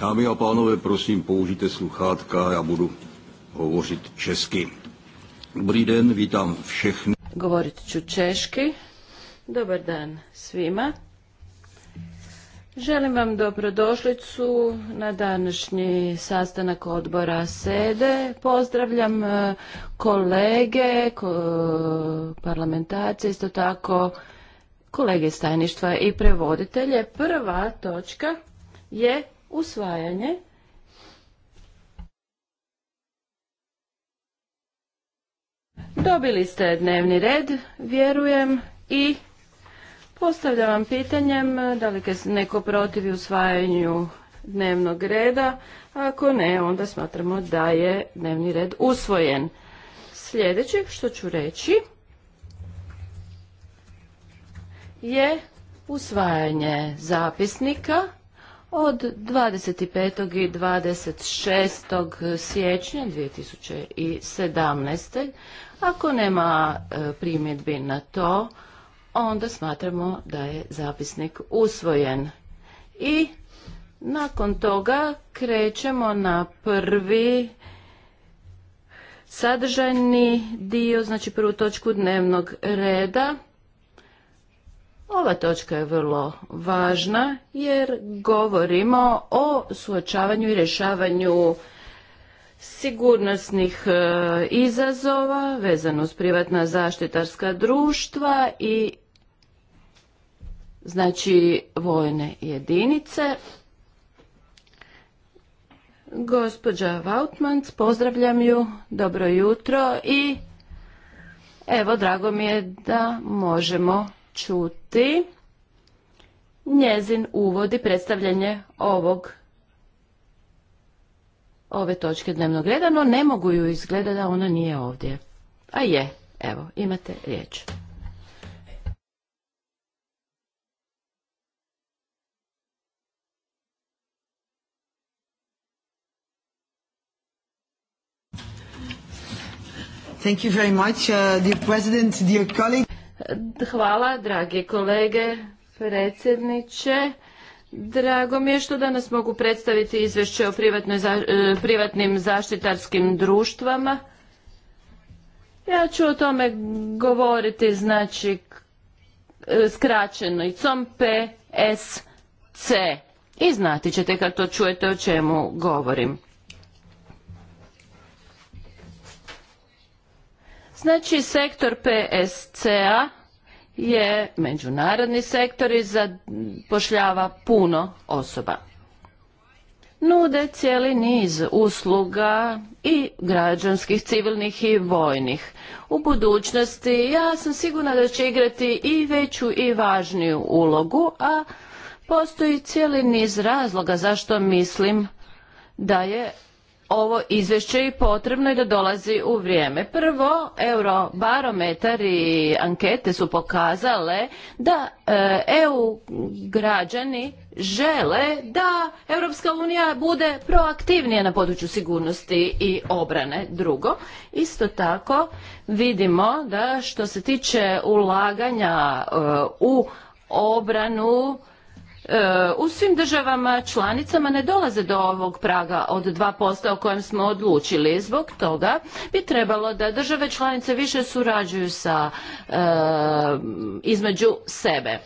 Dámy a pánové, prosím, použijte sluchátka, já budu hovořit česky. Dobrý den, vítám všechny. Govorit ću češki. Dobar dan svima. Želim vam dobrodošlicu na današnji sastanak odbora SEDE. Pozdravljam e, kolege, parlamentarce, isto tako kolege iz tajništva i prevoditelje. Prva točka je usvajanje Dobili ste dnevni red, vjerujem, i postavljam vam pitanjem da li neko protivi usvajanju dnevnog reda. Ako ne, onda smatramo da je dnevni red usvojen. Sljedeće što ću reći je usvajanje zapisnika od 25. i 26. siječnja 2017. Ako nema e, primjedbi na to, onda smatramo da je zapisnik usvojen. I nakon toga krećemo na prvi sadržajni dio, znači prvu točku dnevnog reda. Ova točka je vrlo važna jer govorimo o suočavanju i rješavanju sigurnosnih e, izazova vezano uz privatna zaštitarska društva i znači vojne jedinice. Gospođa Vautman, pozdravljam ju, dobro jutro i evo drago mi je da možemo čuti njezin uvod i predstavljanje ovog ove točke dnevnog reda, no ne mogu ju izgleda da ona nije ovdje. A je, evo, imate riječ. Thank you very much, uh, dear President, dear colleague. Hvala, dragi kolege, predsjedniče. Drago mi je što danas mogu predstaviti izvješće o e, privatnim zaštitarskim društvama. Ja ću o tome govoriti, znači, e, skraćenicom PSC. I znati ćete kad to čujete o čemu govorim. Znači, sektor PSCA je međunarodni sektor i zapošljava puno osoba. Nude cijeli niz usluga i građanskih, civilnih i vojnih. U budućnosti ja sam sigurna da će igrati i veću i važniju ulogu, a postoji cijeli niz razloga zašto mislim da je ovo izvješće i potrebno i da dolazi u vrijeme. Prvo, eurobarometar i ankete su pokazale da e, EU građani žele da Europska unija bude proaktivnija na području sigurnosti i obrane. Drugo, isto tako vidimo da što se tiče ulaganja e, u obranu E, u svim državama članicama ne dolaze do ovog praga od 2% o kojem smo odlučili. Zbog toga bi trebalo da države članice više surađuju sa, e, između sebe.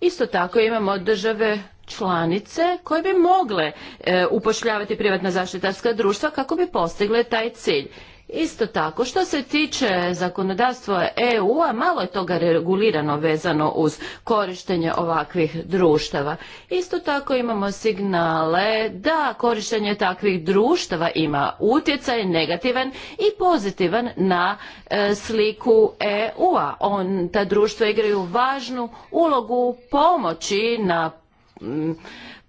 Isto tako imamo države članice koje bi mogle e, upošljavati privatna zaštitarska društva kako bi postigle taj cilj. Isto tako, što se tiče zakonodavstva EU-a, malo je toga regulirano vezano uz korištenje ovakvih društava. Isto tako imamo signale da korištenje takvih društava ima utjecaj negativan i pozitivan na e, sliku EU-a. Ta društva igraju važnu ulogu pomoći na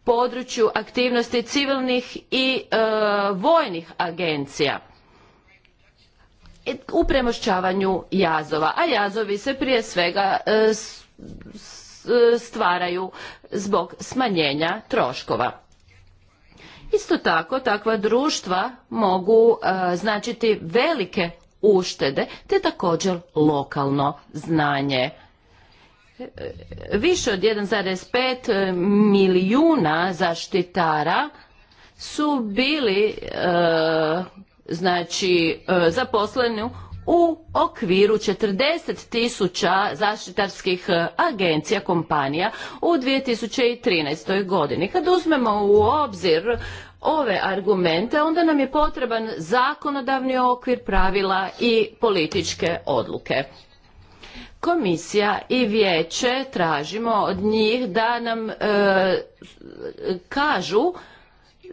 području aktivnosti civilnih i e, vojnih agencija u premošćavanju jazova, a jazovi se prije svega e, stvaraju zbog smanjenja troškova. Isto tako, takva društva mogu e, značiti velike uštede, te također lokalno znanje. Više od 1,5 e, milijuna zaštitara su bili znači e, zaposlenu u okviru 40 tisuća zaštitarskih e, agencija kompanija u 2013. godini. Kad uzmemo u obzir ove argumente, onda nam je potreban zakonodavni okvir pravila i političke odluke. Komisija i vijeće tražimo od njih da nam e, kažu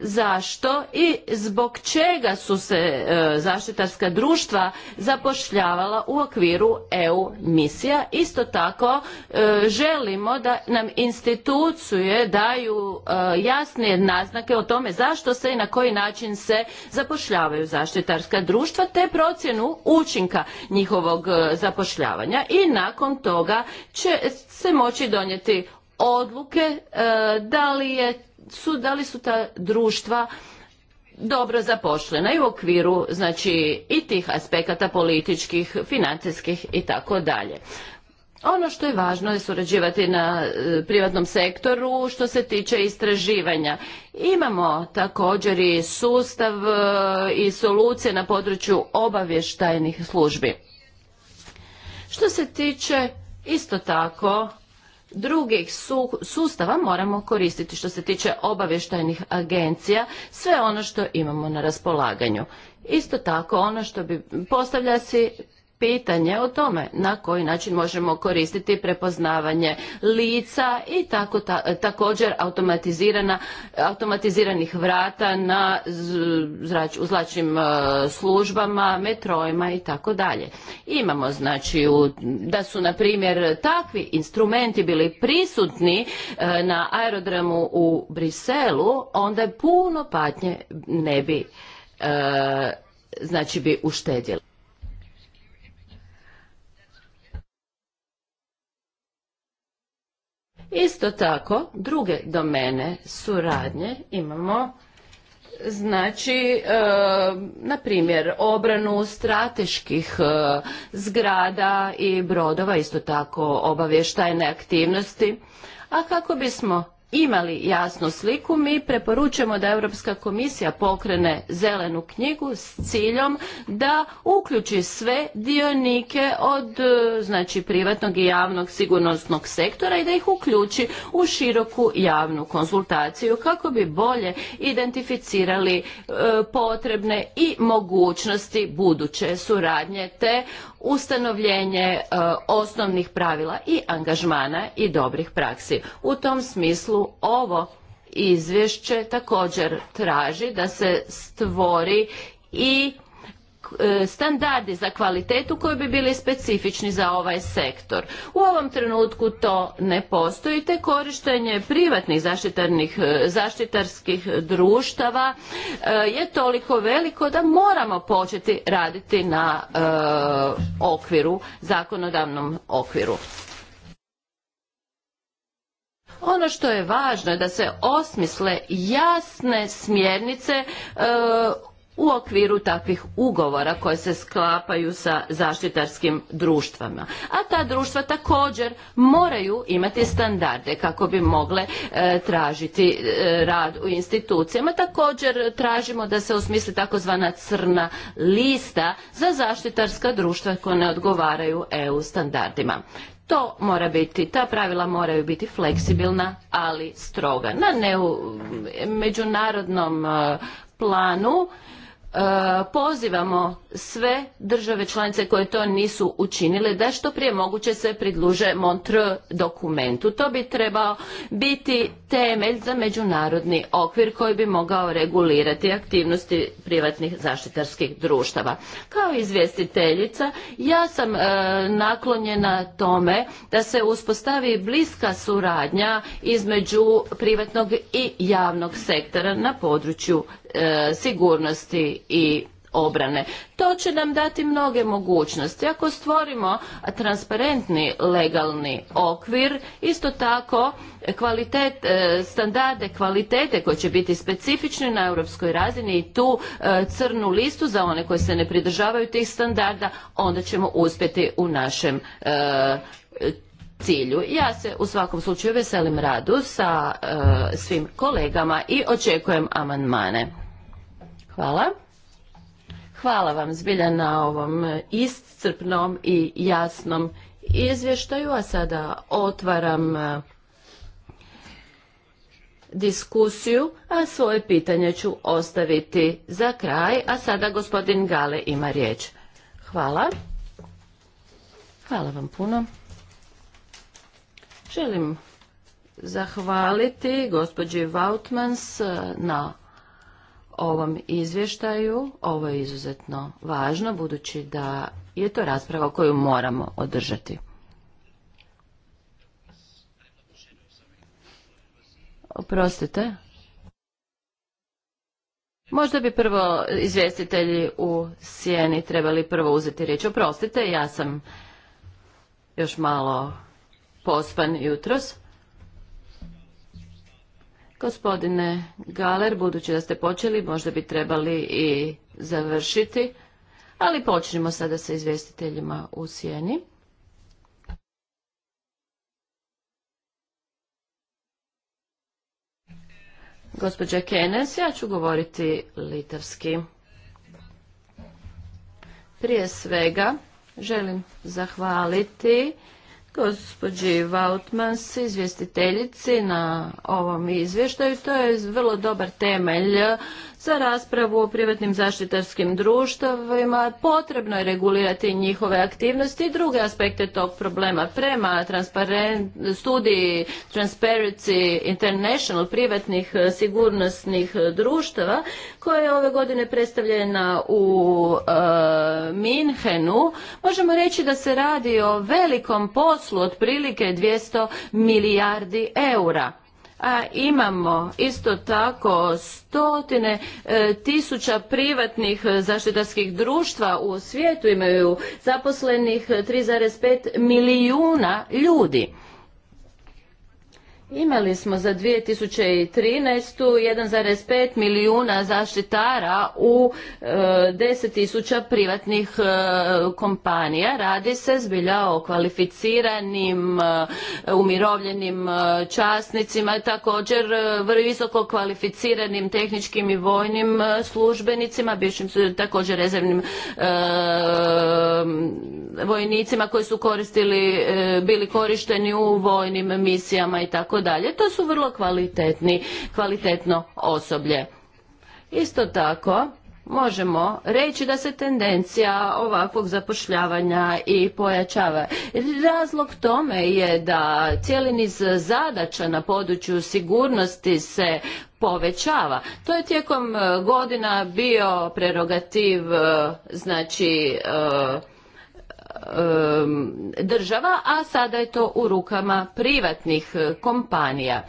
zašto i zbog čega su se e, zaštitarska društva zapošljavala u okviru EU misija. Isto tako e, želimo da nam institucije daju jasne jasnije naznake o tome zašto se i na koji način se zapošljavaju zaštitarska društva te procjenu učinka njihovog e, zapošljavanja i nakon toga će se moći donijeti odluke da li je su, da li su ta društva dobro zapošljena i u okviru znači i tih aspekata političkih, financijskih i tako dalje. Ono što je važno je surađivati na e, privatnom sektoru što se tiče istraživanja. Imamo također i sustav e, i solucije na području obavještajnih službi. Što se tiče isto tako drugih sustava moramo koristiti što se tiče obavještajnih agencija, sve ono što imamo na raspolaganju. Isto tako ono što bi postavlja pitanje o tome na koji način možemo koristiti prepoznavanje lica i tako također automatiziranih vrata na u zračnim e, službama, metrojima i tako dalje. Imamo znači da su na primjer takvi instrumenti bili prisutni e, na aerodromu u Briselu, onda je puno patnje ne bi e, znači bi uštedjeli. Isto tako, druge domene suradnje imamo znači e, na primjer obranu strateških e, zgrada i brodova isto tako obavještajne aktivnosti a kako bismo imali jasnu sliku, mi preporučujemo da Europska komisija pokrene zelenu knjigu s ciljom da uključi sve dionike od e, znači, privatnog i javnog sigurnosnog sektora i da ih uključi u široku javnu konzultaciju kako bi bolje identificirali e, potrebne i mogućnosti buduće suradnje te ustanovljenje e, osnovnih pravila i angažmana i dobrih praksi. U tom smislu ovo izvješće također traži da se stvori i E, standardi za kvalitetu koji bi bili specifični za ovaj sektor. U ovom trenutku to ne postoji te korištenje privatnih zaštitarnih, e, zaštitarskih društava e, je toliko veliko da moramo početi raditi na okviru, zakonodavnom okviru. Ono što je važno je da se osmisle jasne smjernice u okviru takvih ugovora koje se sklapaju sa zaštitarskim društvama. A ta društva također moraju imati standarde kako bi mogle e, tražiti e, rad u institucijama. Također tražimo da se osmisli takozvana crna lista za zaštitarska društva koja ne odgovaraju EU standardima. To mora biti, ta pravila moraju biti fleksibilna, ali stroga. Na neu, međunarodnom e, planu E, pozivamo sve države članice koje to nisu učinile da što prije moguće se pridruže Montreux dokumentu. To bi trebao biti temelj za međunarodni okvir koji bi mogao regulirati aktivnosti privatnih zaštitarskih društava. Kao izvjestiteljica ja sam e, naklonjena tome da se uspostavi bliska suradnja između privatnog i javnog sektora na području E, sigurnosti i obrane. To će nam dati mnoge mogućnosti. Ako stvorimo transparentni legalni okvir, isto tako kvalitet, e, standarde kvalitete koji će biti specifični na europskoj razini i tu e, crnu listu za one koji se ne pridržavaju tih standarda, onda ćemo uspjeti u našem cilju. Ja se u svakom slučaju veselim radu sa e, svim kolegama i očekujem amandmane. Hvala. Hvala vam zbilja na ovom e, iscrpnom i jasnom izvještaju, a sada otvaram e, diskusiju, a svoje pitanje ću ostaviti za kraj, a sada gospodin Gale ima riječ. Hvala. Hvala vam puno. Želim zahvaliti gospođi Vautmans eh, na ovom izvještaju. Ovo je izuzetno važno budući da je to rasprava koju moramo održati. Oprostite. Možda bi prvo izvjestitelji u sjeni trebali prvo uzeti riječ. Oprostite, ja sam još malo pospan jutros. Gospodine Galer, budući da ste počeli, možda bi trebali i završiti, ali počnimo sada sa izvjestiteljima u sjeni. Gospođa Kenes, ja ću govoriti litavski. Prije svega želim zahvaliti gospođi Vautmans, izvjestiteljici na ovom izvještaju. To je vrlo dobar temelj za raspravu o privatnim zaštitarskim društvima. Potrebno je regulirati njihove aktivnosti i druge aspekte tog problema. Prema studiji Transparency International privatnih e, sigurnosnih e, društava koja je ove godine predstavljena u e, Minhenu, možemo reći da se radi o velikom poslu, otprilike 200 milijardi eura a imamo isto tako stotine e, tisuća privatnih e, zaštitarskih društva u svijetu imaju zaposlenih 3,5 e, milijuna ljudi Imali smo za 2013. 1,5 milijuna zaštitara u 10.000 e, privatnih e, kompanija. Radi se zbilja o kvalificiranim e, umirovljenim časnicima, također vrlo visoko kvalificiranim tehničkim i vojnim službenicima, bivšim su također rezervnim vojnicima koji su koristili, bili korišteni u vojnim misijama i tako dalje. To su vrlo kvalitetni, kvalitetno osoblje. Isto tako, možemo reći da se tendencija ovakvog zapošljavanja i pojačava. Razlog tome je da cijeli niz zadaća na području sigurnosti se povećava. To je tijekom e, godina bio prerogativ e, znači e, država, a sada je to u rukama privatnih eh, kompanija.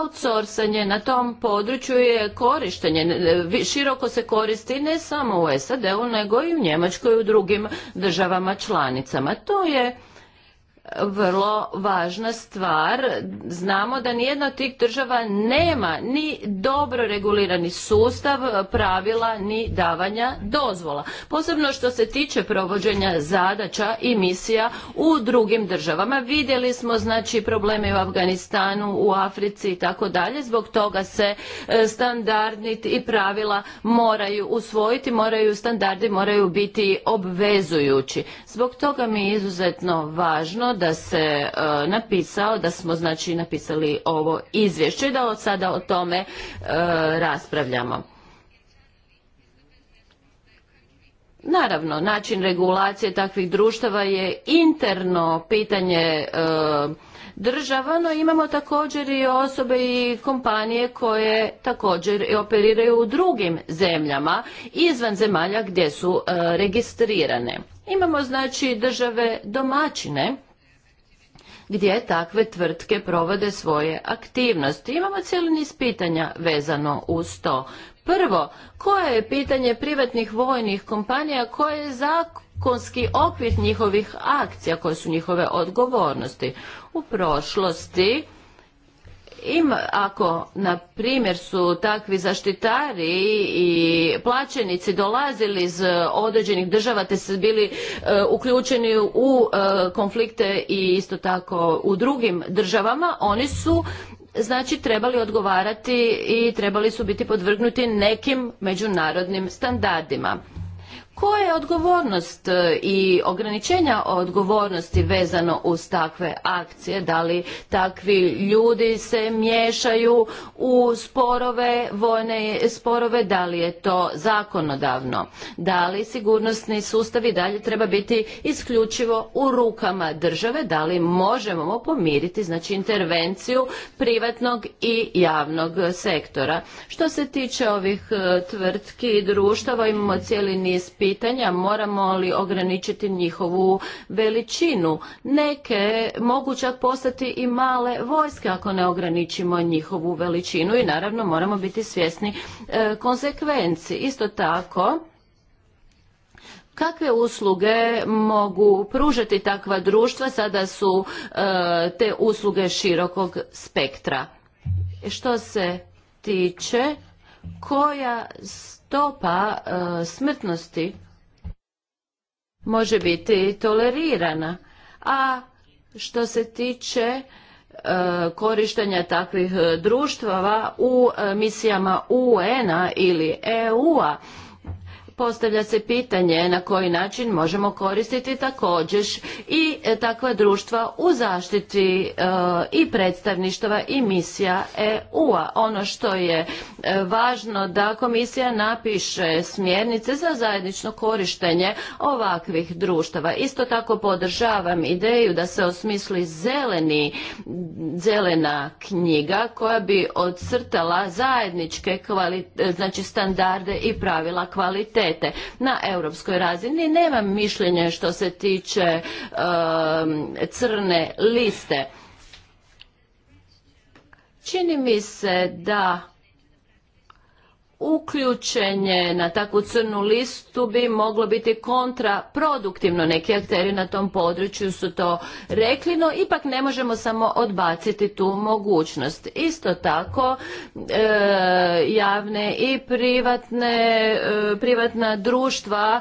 Outsourcanje na tom području je korištenje, široko se koristi ne samo u SAD-u nego i u Njemačkoj i u drugim državama članicama. To je vrlo važna stvar. Znamo da nijedna od tih država nema ni dobro regulirani sustav pravila ni davanja dozvola. Posebno što se tiče provođenja zadaća i misija u drugim državama. Vidjeli smo znači probleme u Afganistanu, u Africi i tako dalje. Zbog toga se e, standardi i pravila moraju usvojiti, moraju standardi moraju biti obvezujući. Zbog toga mi je izuzetno važno da se e, napisao, da smo znači napisali ovo izvješće i da od sada o tome e, raspravljamo. Naravno, način regulacije takvih društava je interno pitanje e, država, no imamo također i osobe i kompanije koje također operiraju u drugim zemljama izvan zemalja gdje su registrirane. Imamo znači države domaćine gdje takve tvrtke provode svoje aktivnosti. Imamo cijeli niz pitanja vezano uz to. Prvo, koje je pitanje privatnih vojnih kompanija koje je zakonski okvir njihovih akcija, koje su njihove odgovornosti? U prošlosti im, ako, na primjer, su takvi zaštitari i plaćenici dolazili iz e, određenih država te su bili e, uključeni u e, konflikte i isto tako u drugim državama, oni su znači trebali odgovarati i trebali su biti podvrgnuti nekim međunarodnim standardima koja je odgovornost e, i ograničenja odgovornosti vezano uz takve akcije? Da li takvi ljudi se miješaju u sporove, vojne sporove? Da li je to zakonodavno? Da li sigurnosni sustav i dalje treba biti isključivo u rukama države? Da li možemo pomiriti znači intervenciju privatnog i javnog sektora? Što se tiče ovih e, tvrtki i društava imamo cijeli niz pitanja pitanja moramo li ograničiti njihovu veličinu. Neke mogu čak postati i male vojske ako ne ograničimo njihovu veličinu i naravno moramo biti svjesni e, konsekvenci. Isto tako kakve usluge mogu pružati takva društva sada su e, te usluge širokog spektra što se tiče koja stopa e, smrtnosti može biti tolerirana a što se tiče e, korištenja takvih e, društava u misijama UN-a ili EU-a Postavlja se pitanje na koji način možemo koristiti također i e, takva društva u zaštiti e, i predstavništava i misija EU-a. Ono što je e, važno da komisija napiše smjernice za zajednično korištenje ovakvih društava. Isto tako podržavam ideju da se osmisli zeleni, zelena knjiga koja bi odcrtala zajedničke znači standarde i pravila kvalitete na europskoj razini. Nemam mišljenje što se tiče um, crne liste. Čini mi se da uključenje na takvu crnu listu bi moglo biti kontraproduktivno. Neki akteri na tom području su to rekli, no ipak ne možemo samo odbaciti tu mogućnost. Isto tako e, javne i privatne, e, privatna društva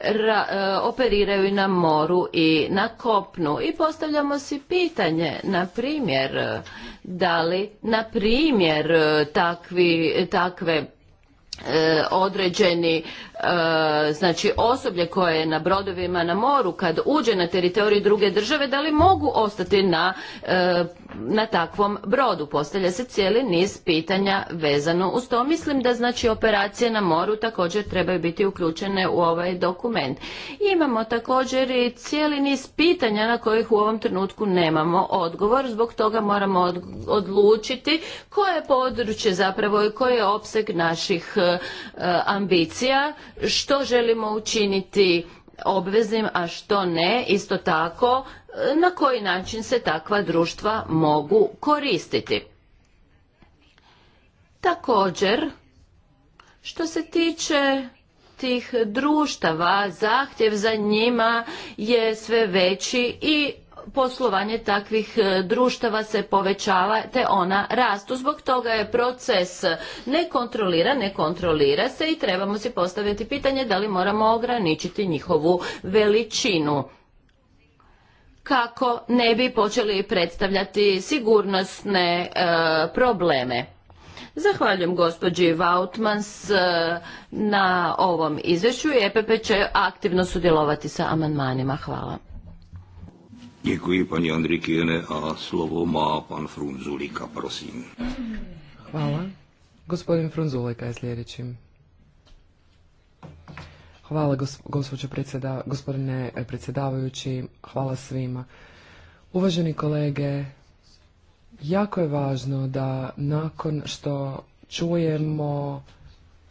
e, operiraju i na moru i na kopnu. I postavljamo si pitanje, na primjer, da li na primjer takvi, takve E, određeni e, znači osoblje koje je na brodovima na moru kad uđe na teritorij druge države da li mogu ostati na e, na takvom brodu. Postavlja se cijeli niz pitanja vezano uz to. Mislim da znači operacije na moru također trebaju biti uključene u ovaj dokument. imamo također i cijeli niz pitanja na kojih u ovom trenutku nemamo odgovor. Zbog toga moramo odlučiti koje je područje zapravo i koji je opseg naših e, e, ambicija, što želimo učiniti obveznim, a što ne. Isto tako na koji način se takva društva mogu koristiti. Također, što se tiče tih društava, zahtjev za njima je sve veći i poslovanje takvih e, društava se povećava te ona rastu. Zbog toga je proces nekontroliran, ne kontrolira se i trebamo si postaviti pitanje da li moramo ograničiti njihovu veličinu kako ne bi počeli predstavljati sigurnosne e, probleme. Zahvaljujem gospođi Vautmans e, na ovom izvješću i EPP će aktivno sudjelovati sa amandmanima. Hvala. Děkuji paní Andrikine a slovo má pan Frunzulika, prosím. Hvala. Gospodin Frunzulika je sljedećim. Hvala gospodine predsjedavajući, hvala svima. Uvaženi kolege, jako je važno da nakon što čujemo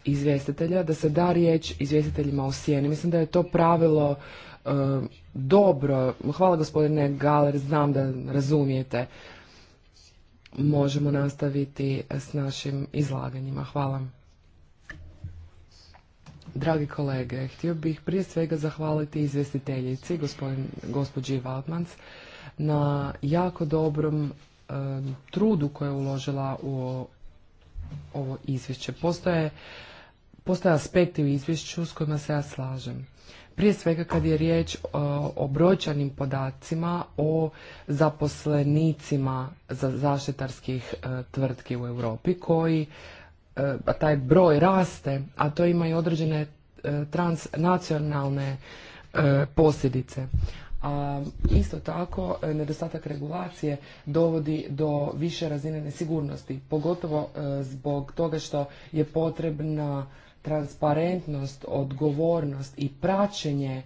izvjestitelja, da se da riječ izvjestiteljima u sjeni. Mislim da je to pravilo e, dobro. Hvala gospodine Galer, znam da razumijete. Možemo nastaviti s našim izlaganjima. Hvala. Dragi kolege, htio bih prije svega zahvaliti izvjestiteljici, gospođi Valtmans, na jako dobrom trudu koje je uložila u ovo izvješće. Postoje, aspekti u izvješću s kojima se ja slažem. Prije svega kad je riječ o, brojčanim podacima o zaposlenicima za zaštitarskih e, tvrtki u Europi koji E, taj broj raste, a to ima i određene e, transnacionalne e, posljedice. A isto tako nedostatak regulacije dovodi do više razine nesigurnosti, pogotovo zbog toga što je potrebna transparentnost, odgovornost i praćenje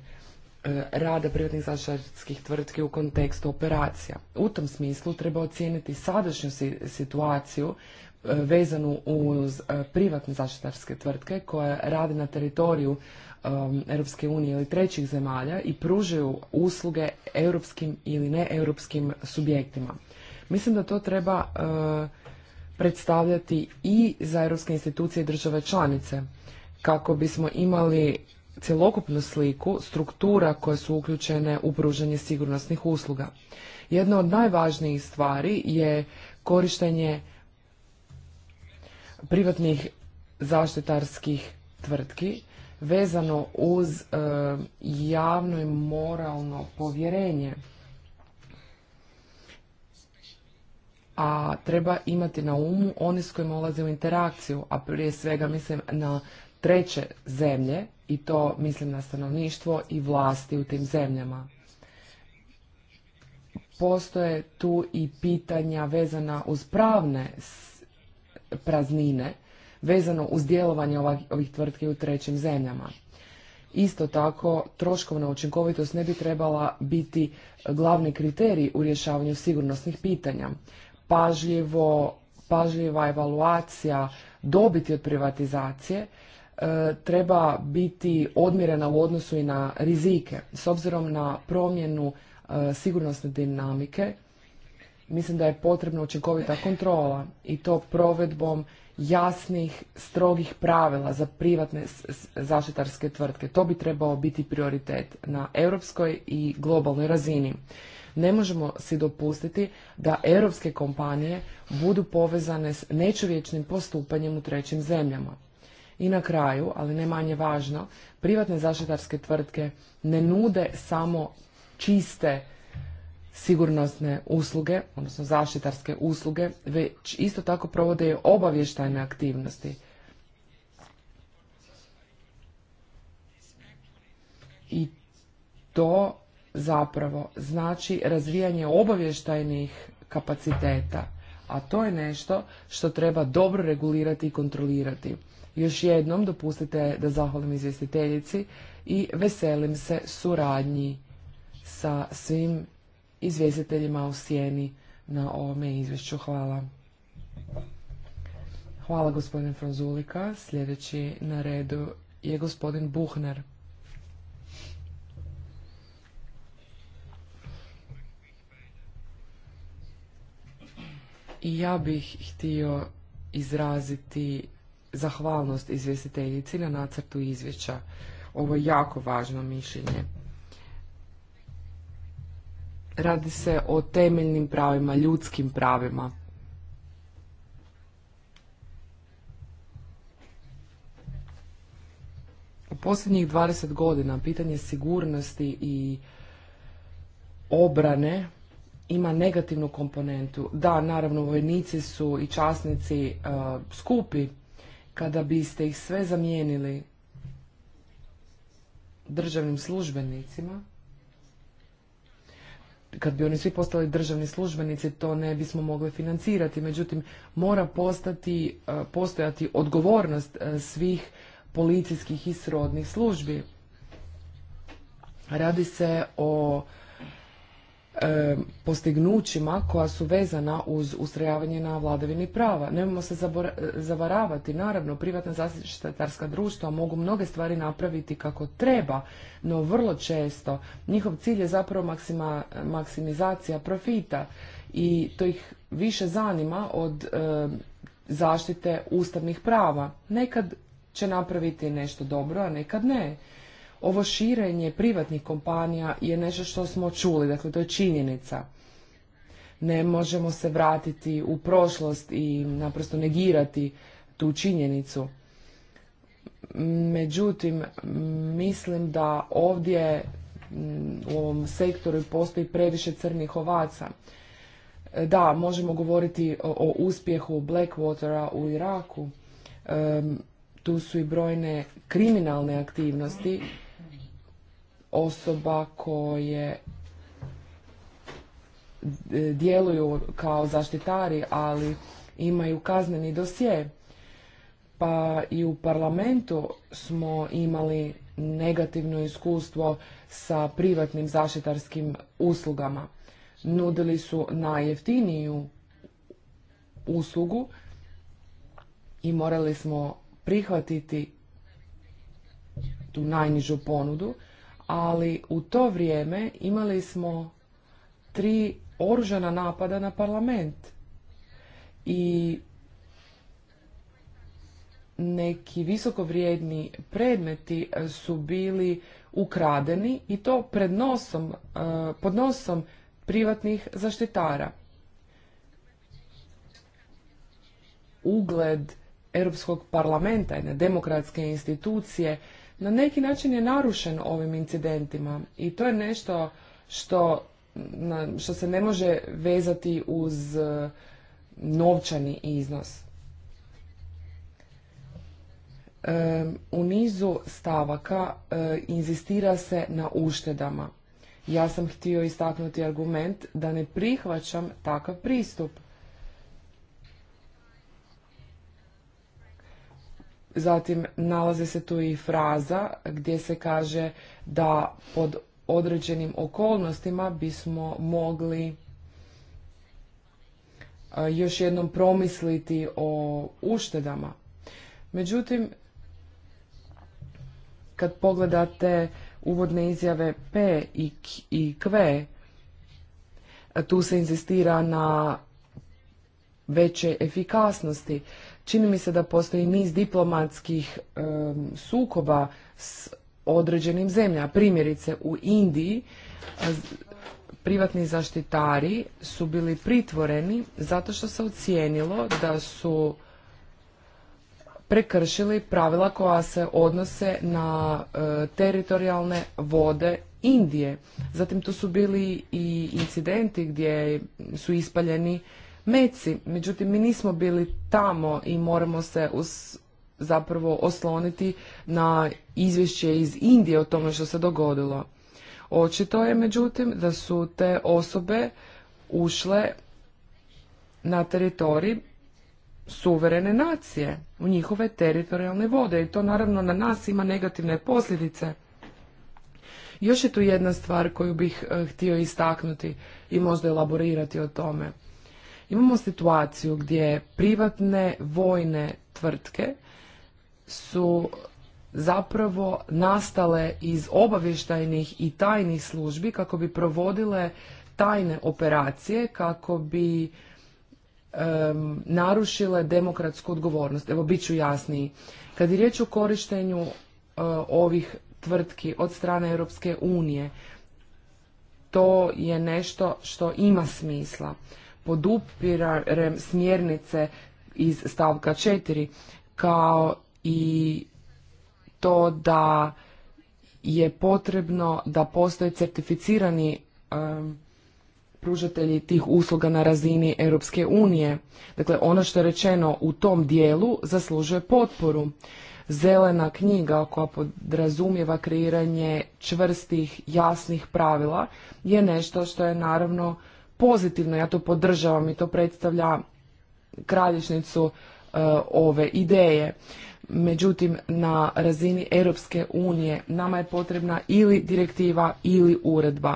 rada privatnih zaštitarskih tvrtki u kontekstu operacija. U tom smislu treba ocijeniti sadašnju situaciju vezanu uz e, privatne zaštitarske tvrtke koje rade na teritoriju um, Europske unije ili trećih zemalja i pružaju usluge europskim ili ne europskim subjektima. Mislim da to treba e, predstavljati i za europske institucije i države članice kako bismo imali cjelokupnu sliku struktura koje su uključene u pružanje sigurnosnih usluga. Jedna od najvažnijih stvari je korištenje privatnih zaštitarskih tvrtki vezano uz e, javno i moralno povjerenje. A treba imati na umu oni s kojima ulaze u interakciju, a prije svega mislim na treće zemlje i to mislim na stanovništvo i vlasti u tim zemljama. Postoje tu i pitanja vezana uz pravne praznine vezano uz djelovanje ovih, tvrtki u trećim zemljama. Isto tako, troškovna učinkovitost ne bi trebala biti glavni kriterij u rješavanju sigurnosnih pitanja. Pažljivo, pažljiva evaluacija dobiti od privatizacije e, treba biti odmjerena u odnosu i na rizike. S obzirom na promjenu e, sigurnosne dinamike, Mislim da je potrebna učinkovita kontrola i to provedbom jasnih, strogih pravila za privatne zaštitarske tvrtke. To bi trebao biti prioritet na europskoj i globalnoj razini. Ne možemo si dopustiti da europske kompanije budu povezane s nečovječnim postupanjem u trećim zemljama. I na kraju, ali ne manje važno, privatne zaštitarske tvrtke ne nude samo čiste sigurnosne usluge, odnosno zaštitarske usluge, već isto tako provode obavještajne aktivnosti. I to zapravo znači razvijanje obavještajnih kapaciteta, a to je nešto što treba dobro regulirati i kontrolirati. Još jednom dopustite da zahvalim izvjestiteljici i veselim se suradnji sa svim izvjestiteljima u sjeni na ovome izvješću. Hvala. Hvala gospodin Franzulika. Sljedeći na redu je gospodin Buhner. I ja bih htio izraziti zahvalnost izvjestiteljici na nacrtu izvješća. Ovo je jako važno mišljenje. Radi se o temeljnim pravima, ljudskim pravima. U posljednjih 20 godina pitanje sigurnosti i obrane ima negativnu komponentu. Da, naravno, vojnici su i časnici e, skupi. Kada biste ih sve zamijenili državnim službenicima, kad bi oni svi postali državni službenici to ne bismo mogli financirati međutim mora postati e, postojati odgovornost e, svih policijskih i srodnih službi radi se o E, postignućima koja su vezana uz ustrajavanje na vladavini prava. Nemojmo se zavaravati, naravno, privatna zaštitarska društva mogu mnoge stvari napraviti kako treba, no vrlo često njihov cilj je zapravo maksimizacija profita i to ih više zanima od e, zaštite ustavnih prava. Nekad će napraviti nešto dobro, a nekad ne. Ovo širenje privatnih kompanija je nešto što smo čuli, dakle to je činjenica. Ne možemo se vratiti u prošlost i naprosto negirati tu činjenicu. Međutim, mislim da ovdje mm, u ovom sektoru postoji previše crnih ovaca. Da, možemo govoriti o, uspjehu Blackwatera u Iraku. tu su i brojne kriminalne aktivnosti osoba koje e, djeluju kao zaštitari, ali imaju kazneni dosje. Pa i u parlamentu smo imali negativno iskustvo sa privatnim zaštitarskim uslugama. Nudili su najjeftiniju uslugu i morali smo prihvatiti tu najnižu ponudu ali u to vrijeme imali smo tri oružana napada na parlament i neki visoko vrijedni predmeti e, su bili ukradeni i to pred e, pod nosom privatnih zaštitara. Ugled Europskog parlamenta, jedne demokratske institucije, na neki način je narušen ovim incidentima i to je nešto što, što se ne može vezati uz e, novčani iznos. E, u nizu stavaka e, inzistira se na uštedama. Ja sam htio istaknuti argument da ne prihvaćam takav pristup Zatim nalazi se tu i fraza gdje se kaže da pod određenim okolnostima bismo mogli e, još jednom promisliti o uštedama. Međutim, kad pogledate uvodne izjave P i Q, tu se inzistira na veće efikasnosti. Čini mi se da postoji niz diplomatskih sukoba s određenim zemljama. Primjerice u Indiji privatni zaštitari su bili pritvoreni zato što se ocijenilo da su prekršili pravila koja se odnose na e, teritorijalne vode Indije. Zatim tu su bili i incidenti gdje su ispaljeni meci. Međutim, mi nismo bili tamo i moramo se zapravo osloniti na izvješće iz Indije o tome što se dogodilo. Očito je, međutim, da su te osobe ušle na teritorij suverene nacije, u njihove teritorijalne vode i to naravno na nas ima negativne posljedice. Još je tu jedna stvar koju bih eh, htio istaknuti i možda elaborirati o tome. Imamo situaciju gdje privatne vojne tvrtke su zapravo nastale iz obavještajnih i tajnih službi kako bi provodile tajne operacije kako bi narušile demokratsku odgovornost. Evo, bit ću jasniji. Kad je riječ o korištenju e, ovih tvrtki od strane Europske unije, to je nešto što ima smisla podupirem smjernice iz stavka 4 kao i to da je potrebno da postoje certificirani pružatelji tih usluga na razini Europske unije. Dakle, ono što je rečeno u tom dijelu zaslužuje potporu. Zelena knjiga koja podrazumijeva kreiranje čvrstih, jasnih pravila je nešto što je naravno pozitivno, ja to podržavam i to predstavlja kralječnicu e, ove ideje. Međutim, na razini Europske unije nama je potrebna ili direktiva ili uredba.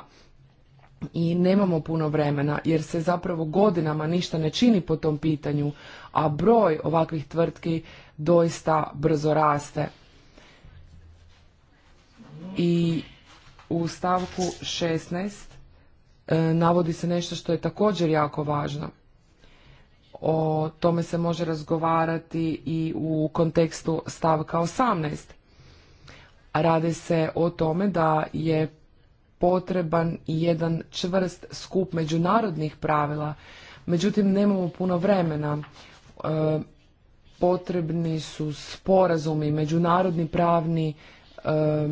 I nemamo puno vremena jer se zapravo godinama ništa ne čini po tom pitanju, a broj ovakvih tvrtki doista brzo raste. I u stavku 16 E, navodi se nešto što je također jako važno. O tome se može razgovarati i u kontekstu stavka 18. radi se o tome da je potreban jedan čvrst skup međunarodnih pravila. Međutim, nemamo puno vremena. E, potrebni su sporazumi, međunarodni pravni e,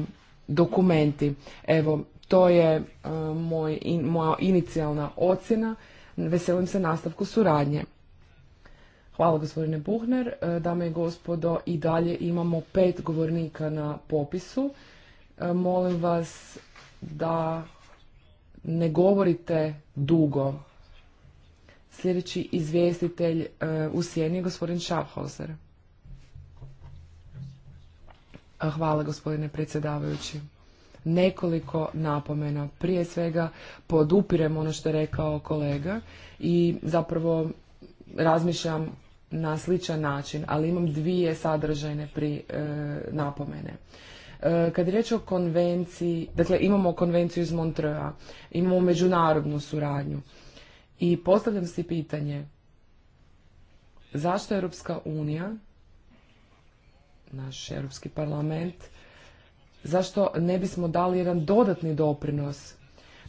dokumenti. Evo, to je e, moja inicijalna ocjena. Veselim se nastavku suradnje. Hvala gospodine Buhner. E, dame i gospodo, i dalje imamo pet govornika na popisu. E, molim vas da ne govorite dugo. Sljedeći izvjestitelj u sjeni je gospodin Schaffhauser. Hvala gospodine predsjedavajući nekoliko napomena. Prije svega podupirem ono što je rekao kolega i zapravo razmišljam na sličan način, ali imam dvije sadržajne pri e, napomene. E, kad je riječ o konvenciji, dakle imamo konvenciju iz Montreja, imamo međunarodnu suradnju i postavljam si pitanje zašto Europska unija, naš Europski parlament, zašto ne bismo dali jedan dodatni doprinos?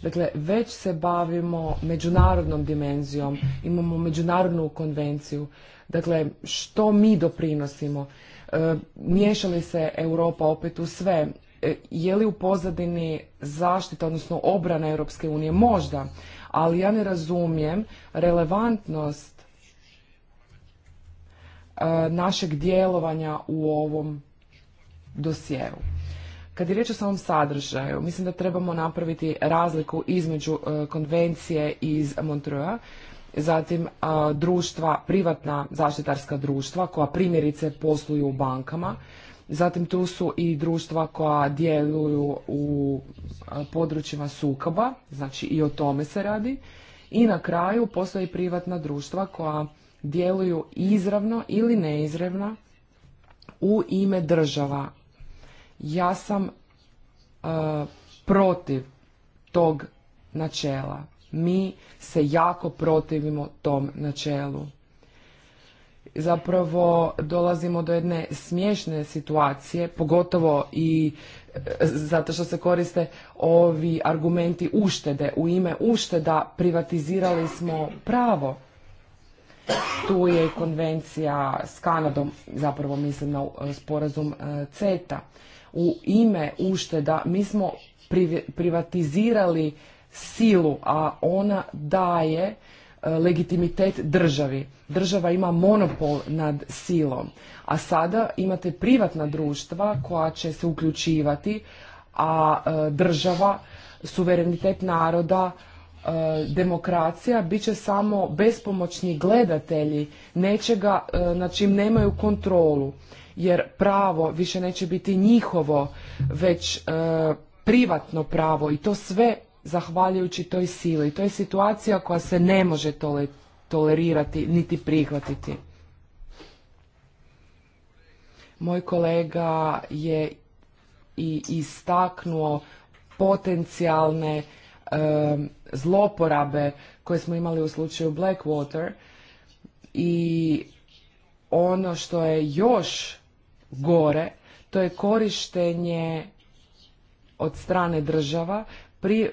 Dakle, već se bavimo međunarodnom dimenzijom, imamo međunarodnu konvenciju. Dakle, što mi doprinosimo? E, miješa li se Europa opet u sve? E, je li u pozadini zaštita, odnosno obrana Europske unije? Možda, ali ja ne razumijem relevantnost e, našeg djelovanja u ovom dosjeru. Kad je riječ o samom sadržaju, mislim da trebamo napraviti razliku između e, konvencije iz Montreux, zatim e, društva, privatna zaštitarska društva koja primjerice posluju u bankama, zatim tu su i društva koja djeluju u e, područjima sukoba, znači i o tome se radi. I na kraju postoje privatna društva koja djeluju izravno ili neizravno u ime država ja sam e, protiv tog načela. Mi se jako protivimo tom načelu. Zapravo dolazimo do jedne smiješne situacije, pogotovo i e, zato što se koriste ovi argumenti uštede. U ime ušteda privatizirali smo pravo. Tu je konvencija s Kanadom, zapravo mislim na e, sporazum CETA u ime ušteda mi smo privatizirali silu, a ona daje e, legitimitet državi. Država ima monopol nad silom, a sada imate privatna društva koja će se uključivati, a e, država, suverenitet naroda, e, demokracija bit će samo bespomoćni gledatelji nečega na čim nemaju kontrolu jer pravo više neće biti njihovo, već e, privatno pravo i to sve zahvaljujući toj sili. To je situacija koja se ne može tolerirati niti prihvatiti. Moj kolega je i istaknuo potencijalne e, zloporabe koje smo imali u slučaju Blackwater i ono što je još gore, to je korištenje od strane država pri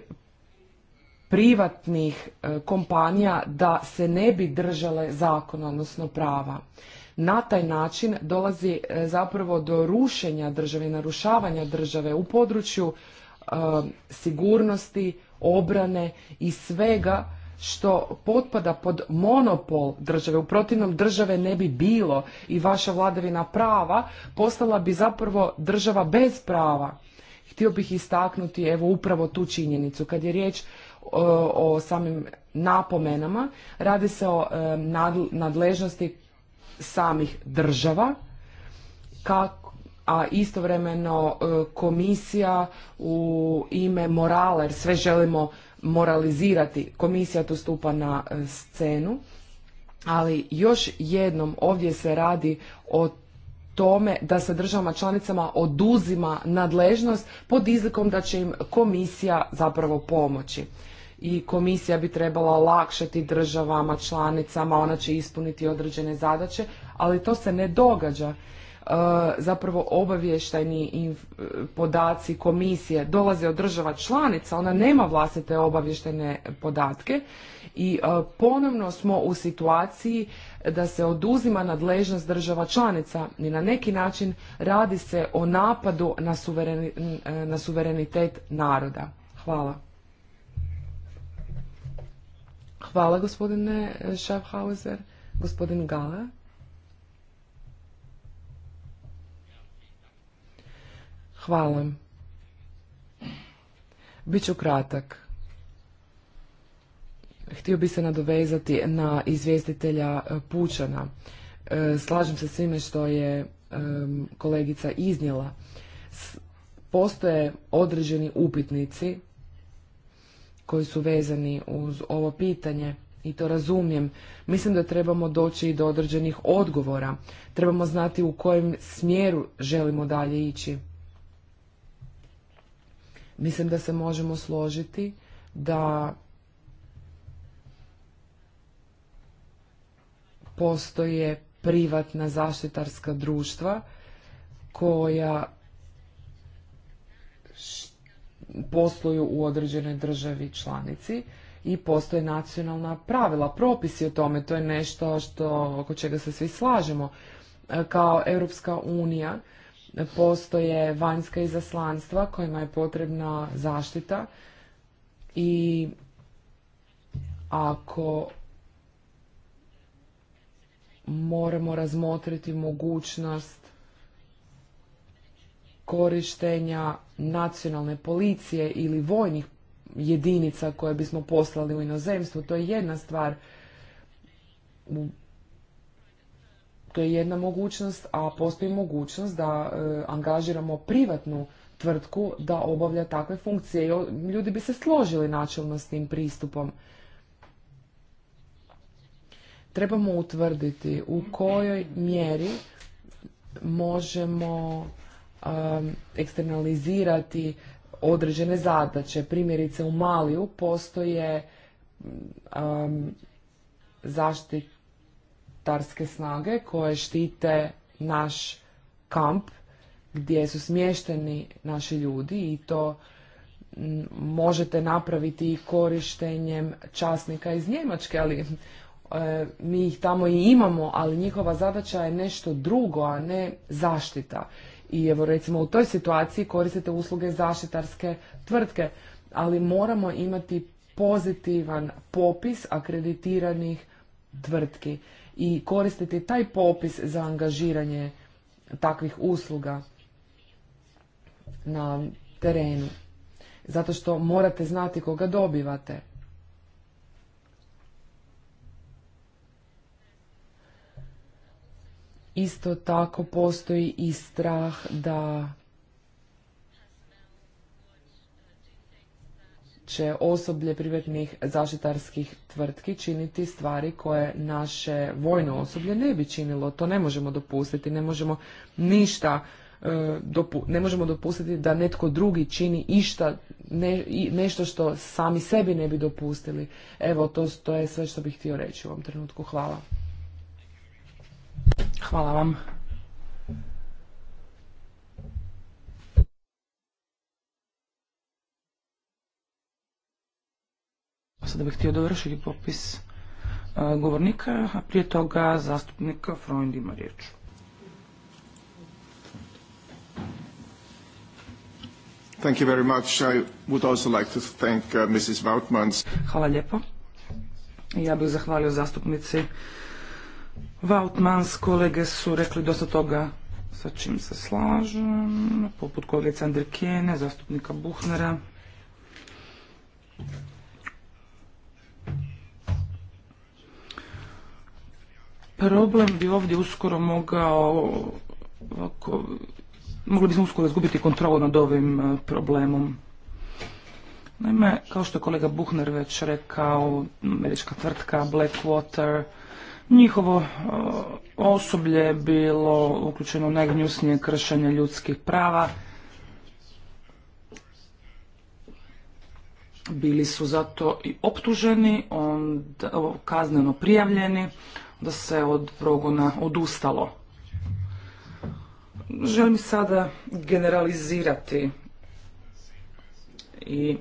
privatnih e, kompanija da se ne bi držale zakona, odnosno prava. Na taj način dolazi e, zapravo do rušenja države, narušavanja države u području e, sigurnosti, obrane i svega što potpada pod monopol države. U protivnom države ne bi bilo i vaša vladavina prava postala bi zapravo država bez prava. Htio bih istaknuti evo upravo tu činjenicu. Kad je riječ e, o, samim napomenama, radi se o e, nadležnosti samih država, a istovremeno e, komisija u ime morala, jer sve želimo moralizirati. Komisija tu stupa na e, scenu, ali još jednom ovdje se radi o tome da se državama članicama oduzima nadležnost pod izlikom da će im komisija zapravo pomoći. I komisija bi trebala olakšati državama članicama, ona će ispuniti određene zadaće, ali to se ne događa E, zapravo obavještajni e, podaci komisije dolaze od država članica, ona nema vlastite obavještajne podatke i e, ponovno smo u situaciji da se oduzima nadležnost država članica i na neki način radi se o napadu na, suverenitet naroda. Hvala. Hvala gospodine Schaffhauser. Gospodin Gala. Hvala. Biću kratak. Htio bi se nadovezati na izvjestitelja e, Pučana. E, slažem se svime što je e, kolegica iznijela. Postoje određeni upitnici koji su vezani uz ovo pitanje i to razumijem. Mislim da trebamo doći do određenih odgovora. Trebamo znati u kojem smjeru želimo dalje ići. Mislim da se možemo složiti da postoje privatna zaštitarska društva koja posluju u određenoj državi članici i postoje nacionalna pravila, propisi o tome, to je nešto što, oko čega se svi slažemo. E, kao Europska unija postoje vanjska izaslanstva kojima je potrebna zaštita i ako moramo razmotriti mogućnost korištenja nacionalne policije ili vojnih jedinica koje bismo poslali u inozemstvo. To je jedna stvar. U to je jedna mogućnost, a postoji mogućnost da e, angažiramo privatnu tvrtku da obavlja takve funkcije. ljudi bi se složili načelno s tim pristupom. Trebamo utvrditi u kojoj mjeri možemo eksternalizirati određene zadaće. Primjerice u Maliju postoje um, zaštit tarske snage koje štite naš kamp gdje su smješteni naši ljudi i to možete napraviti korištenjem časnika iz Njemačke, ali e, mi ih tamo i imamo, ali njihova zadaća je nešto drugo, a ne zaštita. I evo recimo u toj situaciji koristite usluge zaštitarske tvrtke, ali moramo imati pozitivan popis akreditiranih tvrtki i koristiti taj popis za angažiranje takvih usluga na terenu. Zato što morate znati koga dobivate. Isto tako postoji i strah da će osoblje privatnih zaštitarskih tvrtki činiti stvari koje naše vojno osoblje ne bi činilo. To ne možemo dopustiti, ne možemo ništa e, ne možemo dopustiti da netko drugi čini išta, nešto što sami sebi ne bi dopustili. Evo, to, to je sve što bih htio reći u ovom trenutku. Hvala. Hvala vam. A sada bih htio dovršiti popis e, govornika, a prije toga zastupnika Freund ima riječ. Thank you very much. I would also like to thank uh, Mrs. Vautmans. Hvala lijepo. Ja bih zahvalio zastupnici Vautmans. Kolege su rekli dosta toga sa čim se slažem, poput kolegice Andrikene, zastupnika Buhnera. problem bi ovdje uskoro mogao ovako, mogli bismo uskoro izgubiti kontrolu nad ovim e, problemom. Naime, kao što je kolega Buhner već rekao, američka tvrtka Blackwater, njihovo e, osoblje bilo uključeno u najgnjusnije kršenje ljudskih prava. Bili su zato i optuženi, onda, kazneno prijavljeni, da se od progona odustalo. Želim sada generalizirati i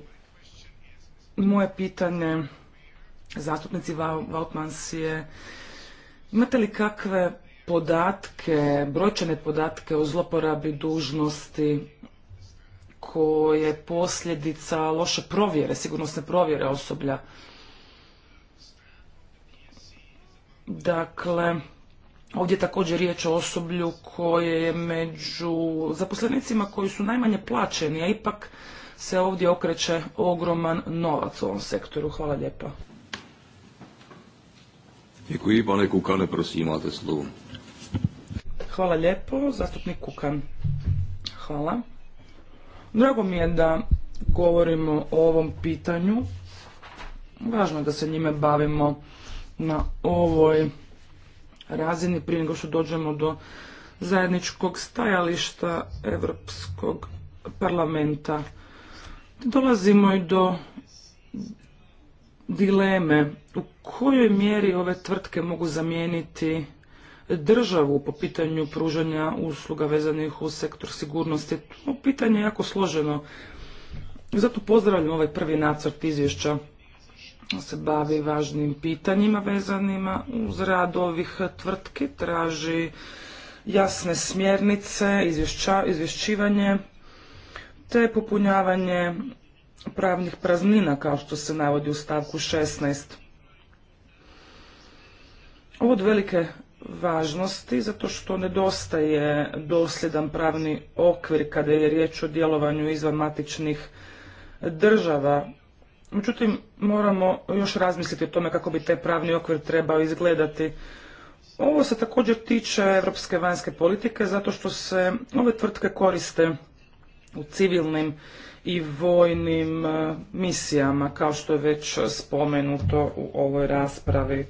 moje pitanje zastupnici Valtmans je imate li kakve podatke, brojčane podatke o zloporabi dužnosti koje je posljedica loše provjere, sigurnosne provjere osoblja Dakle, ovdje je također riječ o osoblju koje je među zaposlenicima koji su najmanje plaćeni, a ipak se ovdje okreće ogroman novac u ovom sektoru. Hvala lijepa. slovo. Hvala lijepo, zastupnik Kukan. Hvala. Drago mi je da govorimo o ovom pitanju. Važno je da se njime bavimo na ovoj razini prije nego što dođemo do zajedničkog stajališta Europskog parlamenta. Dolazimo i do dileme u kojoj mjeri ove tvrtke mogu zamijeniti državu po pitanju pružanja usluga vezanih u sektor sigurnosti. To pitanje je jako složeno. Zato pozdravljam ovaj prvi nacrt izvješća se bavi važnim pitanjima vezanima uz rad ovih tvrtki, traži jasne smjernice, izvješćivanje te popunjavanje pravnih praznina kao što se navodi u stavku 16. Ovo od velike važnosti zato što nedostaje dosljedan pravni okvir kada je riječ o djelovanju izvan matičnih država Međutim, moramo još razmisliti o tome kako bi taj pravni okvir trebao izgledati. Ovo se također tiče europske vanjske politike zato što se ove tvrtke koriste u civilnim i vojnim e, misijama, kao što je već spomenuto u ovoj raspravi.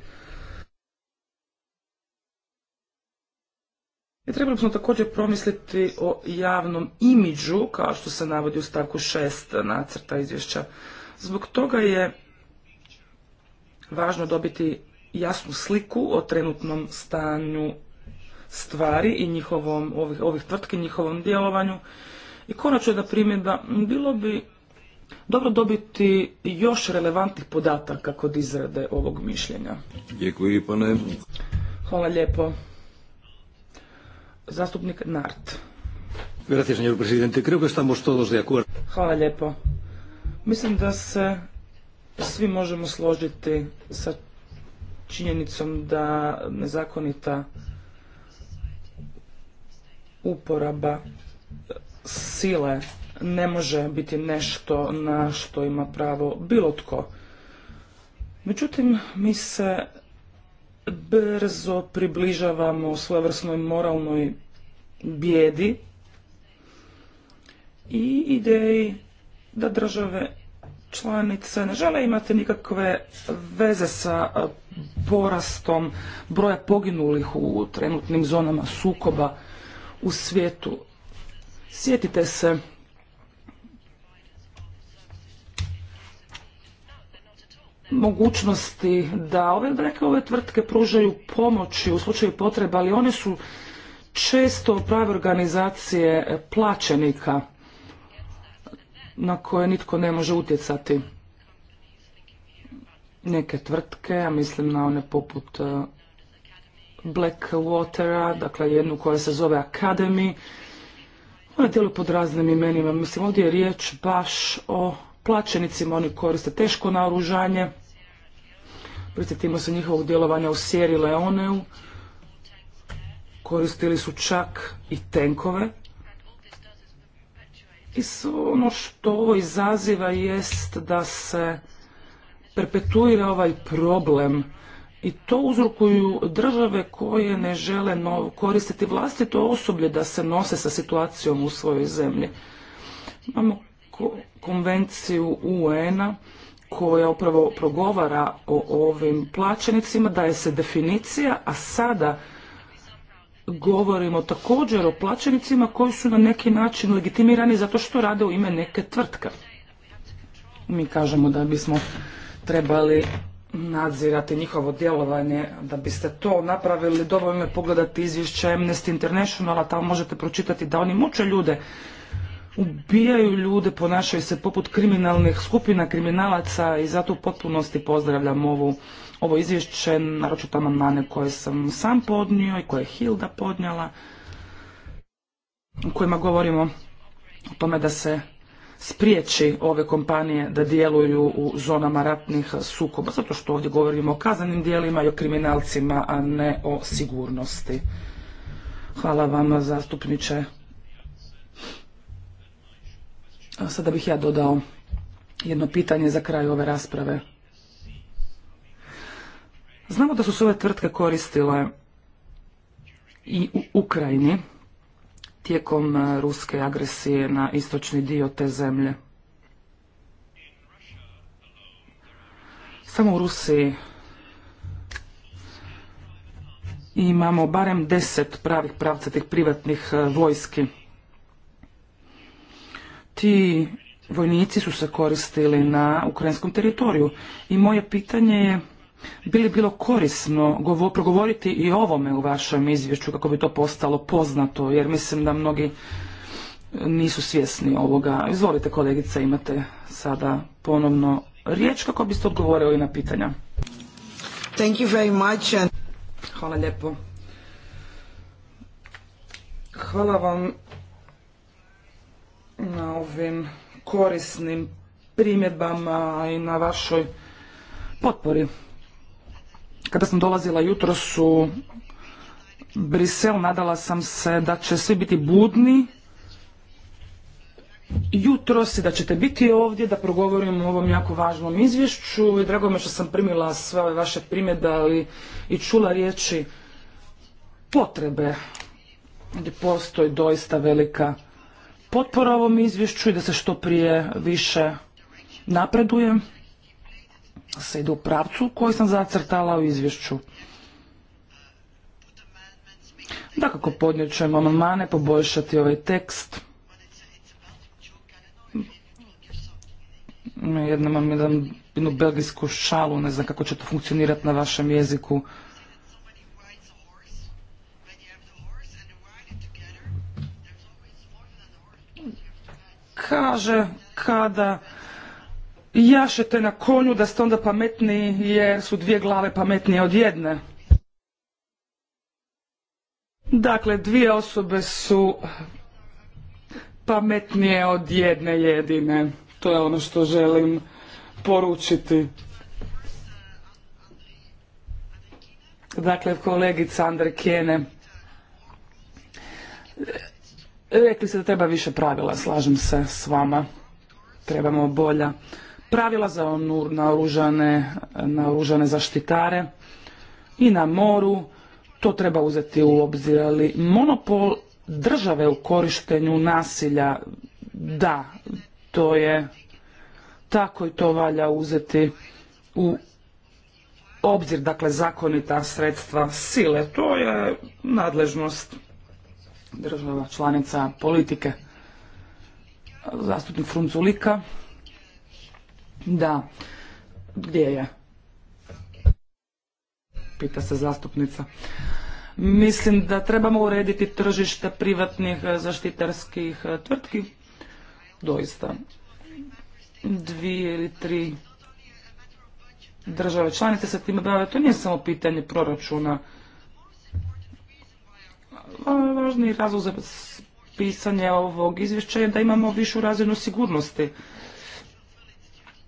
I trebali smo također promisliti o javnom imidžu, kao što se navodi u stavku 6 nacrta izvješća. Zbog toga je važno dobiti jasnu sliku o trenutnom stanju stvari i njihovom, ovih, ovih tvrtki, njihovom djelovanju. I konačno da primjedba, bilo bi dobro dobiti još relevantnih podataka kod izrade ovog mišljenja. Hvala lijepo. Zastupnik Nart. Hvala lijepo. Mislim da se svi možemo složiti sa činjenicom da nezakonita uporaba sile ne može biti nešto na što ima pravo bilo tko. Međutim, mi se brzo približavamo svojevrsnoj moralnoj bijedi i ideji da države članice ne žele imati nikakve veze sa e, porastom broja poginulih u trenutnim zonama sukoba u svijetu. Sjetite se mogućnosti da ove, neke ove tvrtke pružaju pomoći u slučaju potreba, ali one su često prave organizacije plaćenika na koje nitko ne može utjecati. Neke tvrtke, a mislim na one poput e, Blackwatera, dakle jednu koja se zove Academy, one djeluju pod raznim imenima. Mislim, ovdje je riječ baš o plaćenicima, oni koriste teško naoružanje. Prisjetimo se njihovog djelovanja u Sjeri Leoneu. Koristili su čak i tenkove i ono što ovo izaziva jest da se perpetuira ovaj problem i to uzrokuju države koje ne žele koristiti vlastito osoblje da se nose sa situacijom u svojoj zemlji. Imamo konvenciju UN-a koja upravo progovara o ovim plaćenicima, daje se definicija, a sada govorimo također o plaćenicima koji su na neki način legitimirani zato što rade u ime neke tvrtke. Mi kažemo da bismo trebali nadzirati njihovo djelovanje. Da biste to napravili, dovoljno je pogledati izvješće Amnesty a tamo možete pročitati da oni muče ljude, ubijaju ljude, ponašaju se poput kriminalnih skupina kriminalaca i zato u potpunosti pozdravljam ovu ovo izvješće, naročito amandmane koje sam sam podnio i koje je Hilda podnjala, u kojima govorimo o tome da se spriječi ove kompanije da djeluju u zonama ratnih sukoba, zato što ovdje govorimo o kazanim dijelima i o kriminalcima, a ne o sigurnosti. Hvala vam, zastupniče. Sada bih ja dodao jedno pitanje za kraj ove rasprave. Znamo da su se ove tvrtke koristile i u Ukrajini tijekom e, ruske agresije na istočni dio te zemlje. Samo u Rusiji imamo barem deset pravih pravca tih privatnih e, vojski. Ti vojnici su se koristili na ukrajinskom teritoriju i moje pitanje je li bilo korisno progovoriti i ovome u vašem izvješću kako bi to postalo poznato jer mislim da mnogi nisu svjesni ovoga. Izvolite kolegice, imate sada ponovno riječ kako biste odgovorili na pitanja. Thank you very much. Hvala lijepo. Hvala vam na ovim korisnim primjedbama i na vašoj potpori. Kada sam dolazila jutro su Brisel, nadala sam se da će svi biti budni jutro si da ćete biti ovdje, da progovorim o ovom jako važnom izvješću i drago me što sam primila sve ove vaše primjedbe ali i čula riječi potrebe gdje postoji doista velika potpora ovom izvješću i da se što prije više napreduje se ide u pravcu koji sam zacrtala u izvješću. Dakako, podnijet ćemo amandmane, poboljšati ovaj tekst. Jedna imam jednu belgijsku šalu, ne znam kako će to funkcionirati na vašem jeziku. Kaže, kada jašete na konju da ste onda pametniji jer su dvije glave pametnije od jedne. Dakle, dvije osobe su pametnije od jedne jedine. To je ono što želim poručiti. Dakle, kolegica Andre Kene, Rekli ste da treba više pravila, slažem se s vama. Trebamo bolja pravila za onur naoružane, naoružane zaštitare i na moru. To treba uzeti u obzir, ali monopol države u korištenju nasilja, da, to je tako i to valja uzeti u obzir, dakle, zakonita sredstva sile. To je nadležnost država članica politike. Zastupnik Frunzulika. Da, gdje je? Pita se zastupnica. Mislim da trebamo urediti tržište privatnih e, zaštitarskih e, tvrtki. Doista. Dvije ili tri države članice se tim bave. To nije samo pitanje proračuna. Važni razlog za pisanje ovog izvješća je da imamo višu razinu sigurnosti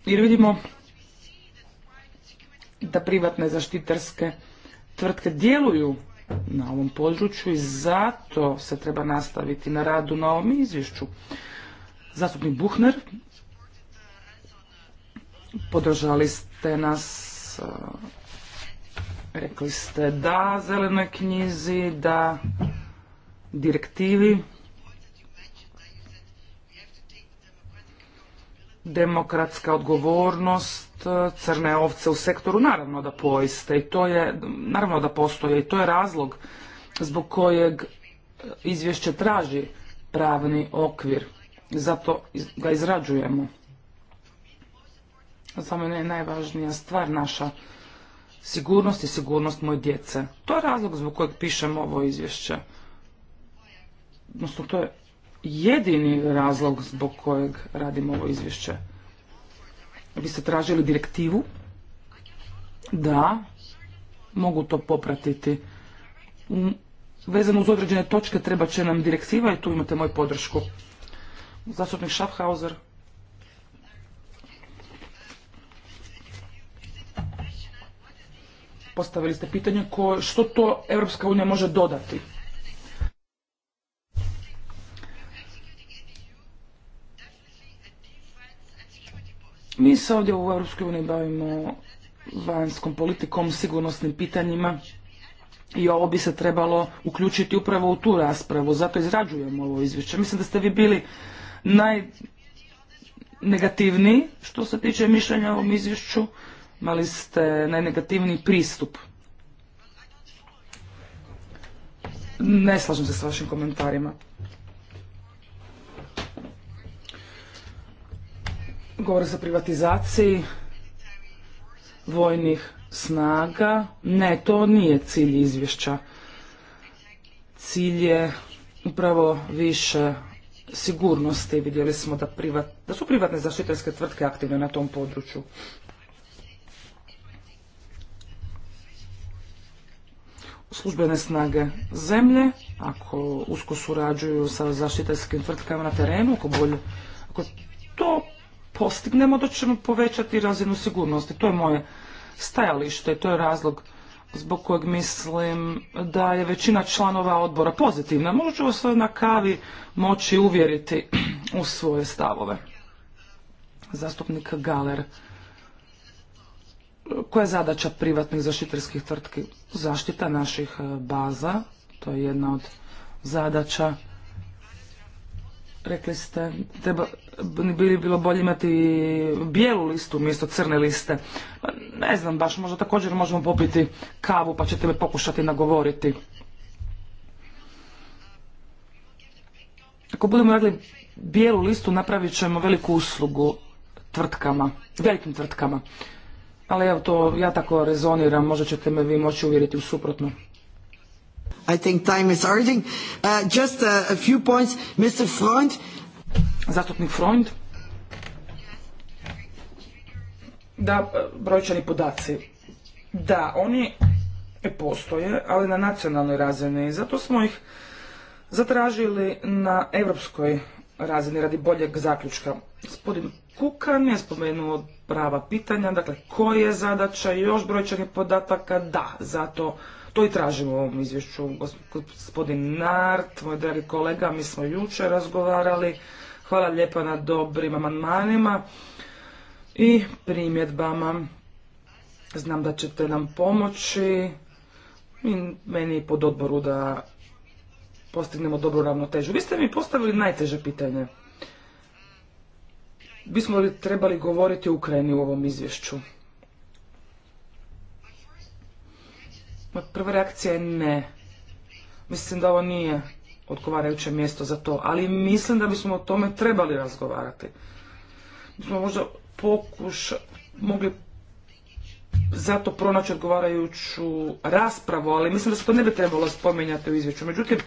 jer vidimo da privatne zaštitarske tvrtke djeluju na ovom području i zato se treba nastaviti na radu na ovom izvješću. Zastupnik Buhner, podržali ste nas, eh, rekli ste da zelenoj knjizi, da direktivi, demokratska odgovornost, e, crne ovce u sektoru, naravno da poiste i to je, naravno da postoje i to je razlog zbog kojeg e, izvješće traži pravni okvir. Zato ga izrađujemo. Za mene je najvažnija stvar naša sigurnost i sigurnost moje djece. To je razlog zbog kojeg pišem ovo izvješće. Odnosno, to je jedini razlog zbog kojeg radimo ovo izvješće. Vi ste tražili direktivu? Da, mogu to popratiti. Vezano uz određene točke treba će nam direktiva i tu imate moju podršku. Zastupnik Schaffhauser. Postavili ste pitanje što to Europska unija može dodati Mi se ovdje u EU bavimo vanjskom politikom, sigurnosnim pitanjima i ovo bi se trebalo uključiti upravo u tu raspravu. Zato izrađujemo ovo izvješće. Mislim da ste vi bili najnegativniji što se tiče mišljenja o ovom izvješću. Imali ste najnegativniji pristup. Ne slažem se s vašim komentarima. Govori se o privatizaciji vojnih snaga. Ne, to nije cilj izvješća. Cilj je upravo više sigurnosti. Vidjeli smo da, privat, da su privatne zaštitarske tvrtke aktivne na tom području. službene snage zemlje, ako usko surađuju sa zaštitarskim tvrtkama na terenu, ako bolje, ako to postignemo, da ćemo povećati razinu sigurnosti. To je moje stajalište, i to je razlog zbog kojeg mislim da je većina članova odbora pozitivna. ću vas na kavi moći uvjeriti u svoje stavove. Zastupnik Galer. Koja je zadaća privatnih zaštitarskih tvrtki? Zaštita naših e, baza. To je jedna od zadaća. Rekli ste, treba bi bilo bolje imati bijelu listu umjesto crne liste. Ne znam baš, možda također možemo popiti kavu pa ćete me pokušati nagovoriti. Ako budemo radili bijelu listu napravit ćemo veliku uslugu tvrtkama, velikim tvrtkama. Ali evo to, ja tako rezoniram, možda ćete me vi moći uvjeriti u suprotno. I think time is urging. Uh, just a few points. Mr. Freund, zastupnik Freund da brojčani podaci da oni postoje ali na nacionalnoj razini zato smo ih zatražili na europskoj razini radi boljeg zaključka. Gospodin Kukan je spomenuo prava pitanja, dakle koja je zadaća i još brojčanih podataka, da, zato to i tražimo u ovom izvješću. Gospodin Nart, moj dragi kolega, mi smo jučer razgovarali Hvala lijepo na dobrim amandmanima i primjedbama. Znam da ćete nam pomoći i meni pod odboru da postignemo dobru ravnotežu. Vi ste mi postavili najteže pitanje. Bismo li trebali govoriti o Ukrajini u ovom izvješću? prva reakcija je ne. Mislim da ovo nije odgovarajuće mjesto za to, ali mislim da bismo o tome trebali razgovarati. Bismo možda pokušali, mogli zato pronaći odgovarajuću raspravu, ali mislim da se to ne bi trebalo spominjati u izvješću. Međutim,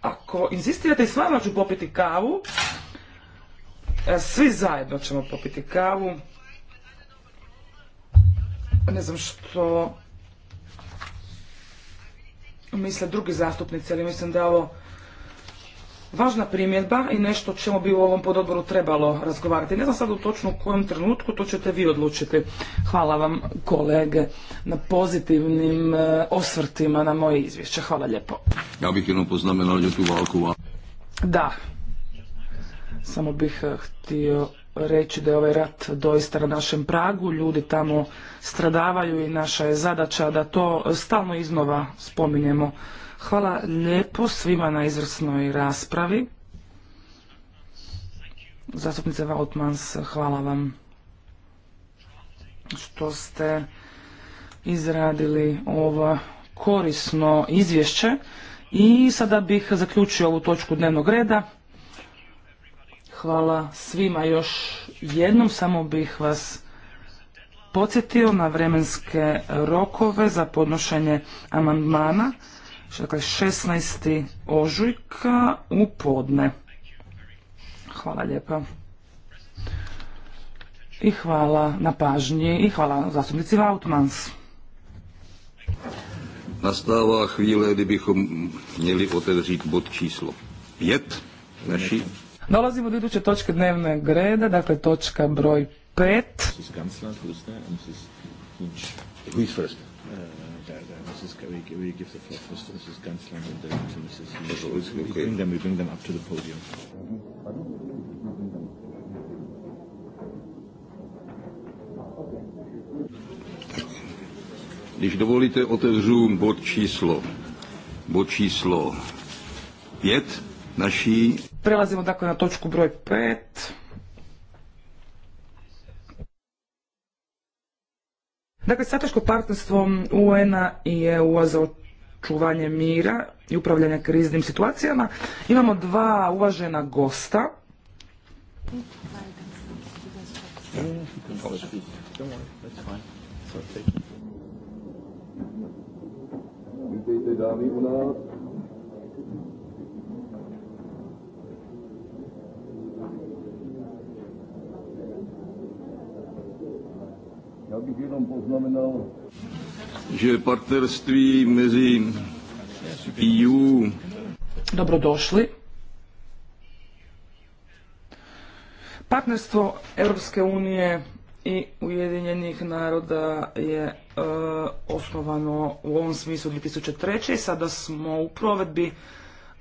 ako insistirate i stvarno vama ću popiti kavu, e, svi zajedno ćemo popiti kavu. Ne znam što misle drugi zastupnici, ali mislim da je ovo važna primjedba i nešto o čemu bi u ovom pododboru trebalo razgovarati. Ne znam sad u točno u kojem trenutku, to ćete vi odlučiti. Hvala vam kolege na pozitivnim e, osvrtima na moje izvješće. Hvala lijepo. Ja bih jednom tu valku. Da, samo bih e, htio reći da je ovaj rat doista na našem pragu, ljudi tamo stradavaju i naša je zadaća da to stalno iznova spominjemo. Hvala lijepo svima na izvrsnoj raspravi. Zastupnice Vautmans, hvala vam što ste izradili ovo korisno izvješće. I sada bih zaključio ovu točku dnevnog reda. Hvala svima još jednom, samo bih vas podsjetio na vremenske rokove za podnošenje amandmana dakle 16. ožujka u podne. Hvala lijepa. I hvala na pažnji i hvala zastupnici Vautmans. Nastává chvíle, kdy bychom měli otevřít bod číslo 5 naší. Dolazimo do iduće točke dnevnog reda, dakle točka broj 5. Who is first? Uh, Když dovolíte, otevřu bod číslo. Bod číslo Pět naší. Prelazimo dakle na točku broj pet. Dakle, strateško partnerstvo UN-a i EU-a za očuvanje mira i upravljanje kriznim situacijama. Imamo dva uvažena gosta. Já bych jenom poznamenal, že mezi EU... Dobrodošli. Partnerstvo Europske unije i Ujedinjenih naroda je e, osnovano u ovom smislu 2003. i sada smo u provedbi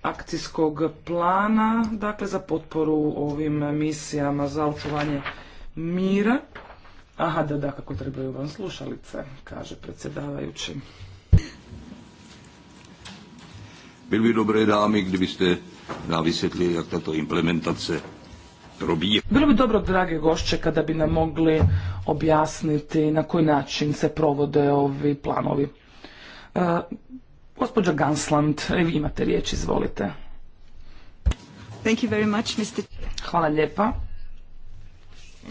akcijskog plana dakle, za potporu ovim misijama za očuvanje mira Aha, da, da, kako trebaju vam slušalice, kaže predsjedavajući. Bilo bi dami gdje biste biste vysvetlili, jak tato implementace probije. Bilo bi dobro, drage gošće, kada bi nam mogli objasniti na koji način se provode ovi planovi. E, Gospodža Gansland, vi imate riječ, izvolite. Thank you very much, Mr. Hvala lijepa.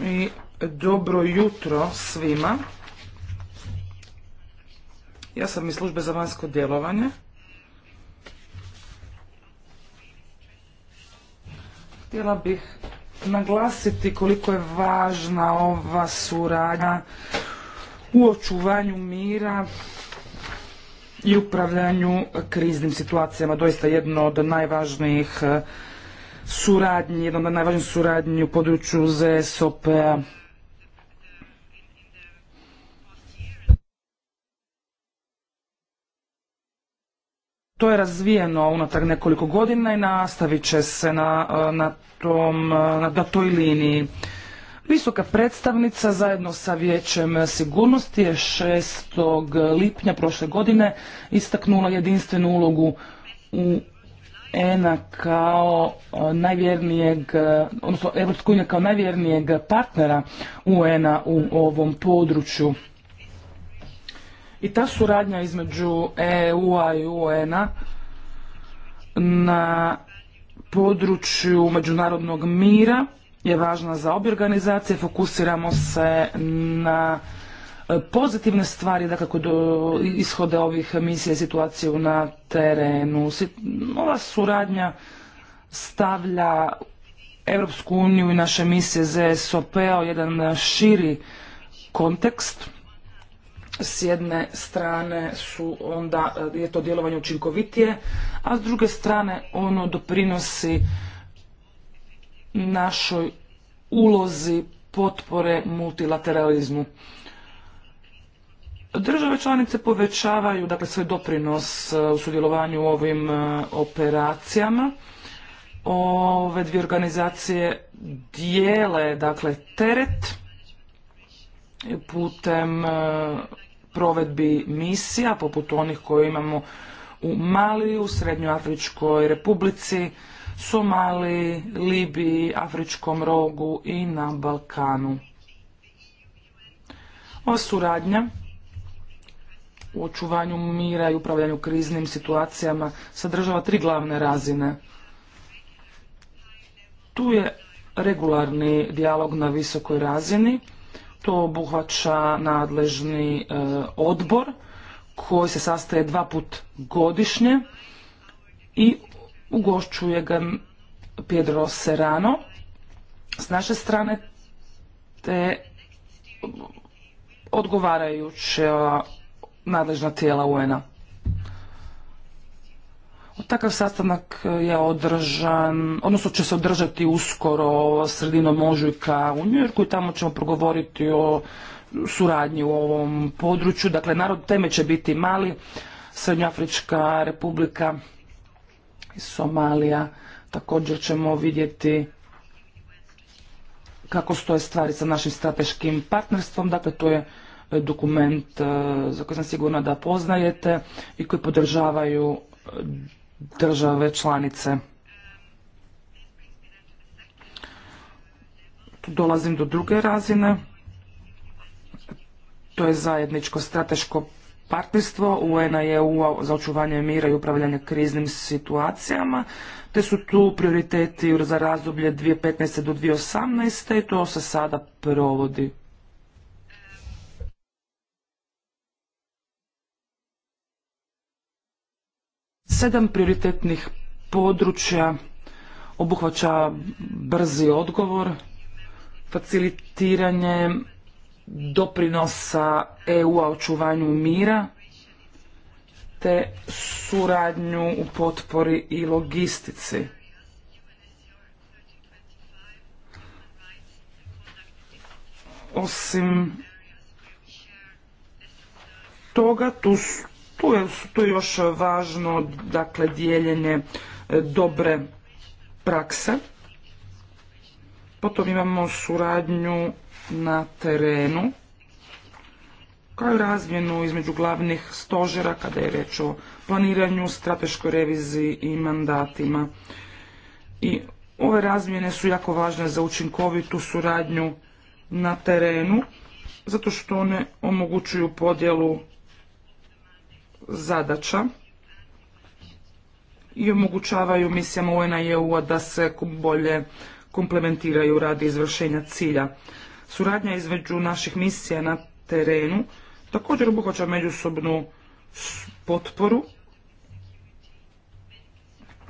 I dobro jutro svima. Ja sam iz službe za vanjsko djelovanje. Htjela bih naglasiti koliko je važna ova suradnja u očuvanju mira i upravljanju kriznim situacijama. Doista jedno od najvažnijih eh, suradnji, jedno od najvažnijih suradnji u području ZSOP-a To je razvijeno unatrag nekoliko godina i nastavit će se na, e, na, tom, e, na toj liniji. Visoka predstavnica zajedno sa Vijećem sigurnosti je 6. lipnja prošle godine istaknula jedinstvenu ulogu u ENA kao e, najvjernijeg, odnosno EU kao najvjernijeg partnera un u ovom području. I ta suradnja između EU-a i UN-a na području međunarodnog mira je važna za obje organizacije. Fokusiramo se na pozitivne stvari, dakle kod ishode ovih misija i situaciju na terenu. Ova suradnja stavlja Europsku uniju i naše misije ZSOP-a u jedan širi kontekst s jedne strane su onda e, je to djelovanje učinkovitije, a s druge strane ono doprinosi našoj ulozi potpore multilateralizmu. Države članice povećavaju dakle svoj doprinos e, u sudjelovanju u ovim e, operacijama. Ove dvije organizacije dijele dakle teret putem provedbi misija, poput onih koje imamo u Maliju, Srednjoafričkoj republici, Somaliji, Libiji, Afričkom rogu i na Balkanu. Ova suradnja u očuvanju mira i upravljanju kriznim situacijama sadržava tri glavne razine. Tu je regularni dijalog na visokoj razini, to obuhvaća nadležni e, odbor koji se sastaje dva put godišnje i ugošćuje ga Pedro Serrano s naše strane te odgovarajuća nadležna tijela UN-a. Takav sastanak je održan, odnosno će se održati uskoro sredinom ožujka u Njujorku i tamo ćemo progovoriti o suradnji u ovom području. Dakle, narod teme će biti Mali, Srednjoafrička republika i Somalija. Također ćemo vidjeti kako stoje stvari sa našim strateškim partnerstvom. Dakle, to je dokument eh, za koji sam sigurna da poznajete i koji podržavaju države članice. Tu dolazim do druge razine. To je zajedničko strateško partnerstvo UN-a i EU za očuvanje mira i upravljanje kriznim situacijama, te su tu prioriteti za razdoblje 2015. do 2018. i to se sada provodi. Sedam prioritetnih područja obuhvaća brzi odgovor, facilitiranje doprinosa EU-a očuvanju mira, te suradnju u potpori i logistici. Osim toga, tu tu je, još važno dakle, dijeljenje e, dobre prakse. Potom imamo suradnju na terenu, kao i razmjenu između glavnih stožera kada je reč o planiranju, strateškoj reviziji i mandatima. I ove razmjene su jako važne za učinkovitu suradnju na terenu, zato što one omogućuju podjelu zadaća i omogućavaju misijama un i EU-a da se bolje komplementiraju radi izvršenja cilja. Suradnja između naših misija na terenu također obuhvaća međusobnu potporu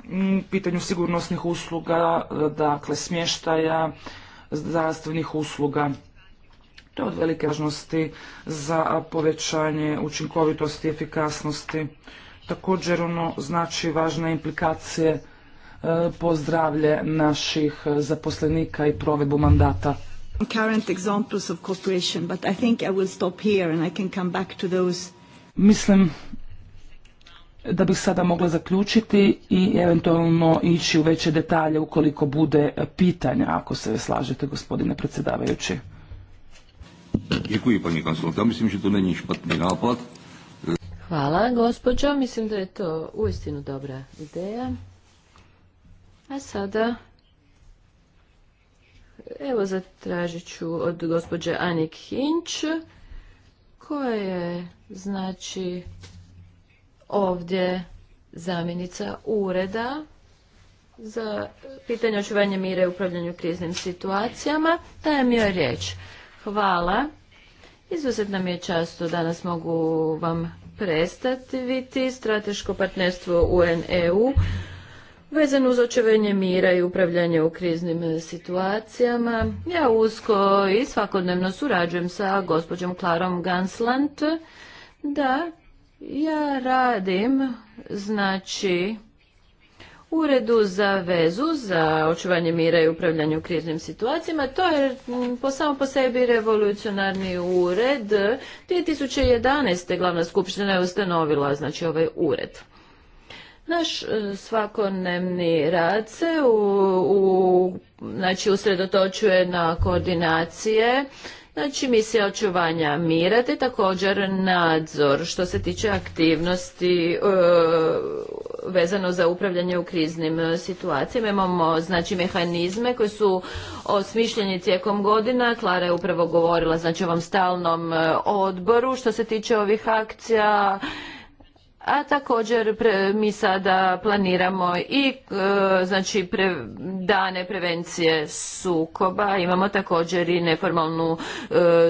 u pitanju sigurnosnih usluga, dakle smještaja, zdravstvenih usluga. To je od velike važnosti za povećanje učinkovitosti i efikasnosti. Također ono znači važne implikacije e, pozdravlje naših zaposlenika i provedbu mandata. Mislim da bih sada mogla zaključiti i eventualno ići u veće detalje ukoliko bude pitanja, ako se slažete gospodine predsjedavajući. Děkuji, paní Mislim, že to není špatný Hvala, gospođo. Mislim da je to uistinu dobra ideja. A sada... Evo zatražit ću od gospođe Anik Hinč, koja je, znači, ovdje zamjenica ureda za pitanje očuvanja mire i upravljanju kriznim situacijama. Dajem joj riječ. Hvala. izuzetno mi je často danas mogu vam predstaviti strateško partnerstvo UN-EU vezano uz očevenje mira i upravljanje u kriznim situacijama. Ja usko i svakodnevno surađujem sa gospođom Klarom Ganslant. Da, ja radim, znači uredu za vezu, za očuvanje mira i upravljanje u kriznim situacijama. To je mm, po samo po sebi revolucionarni ured. 2011. glavna skupština je ustanovila znači, ovaj ured. Naš e, svakodnevni rad se znači, usredotočuje na koordinacije, znači misija očuvanja mira te također nadzor što se tiče aktivnosti e, vezano za upravljanje u kriznim e, situacijama. Imamo znači mehanizme koji su osmišljeni tijekom godina. Klara je upravo govorila znači o ovom stalnom e, odboru što se tiče ovih akcija. A također mi sada planiramo i e, znači dane prevencije sukoba, imamo također i neformalnu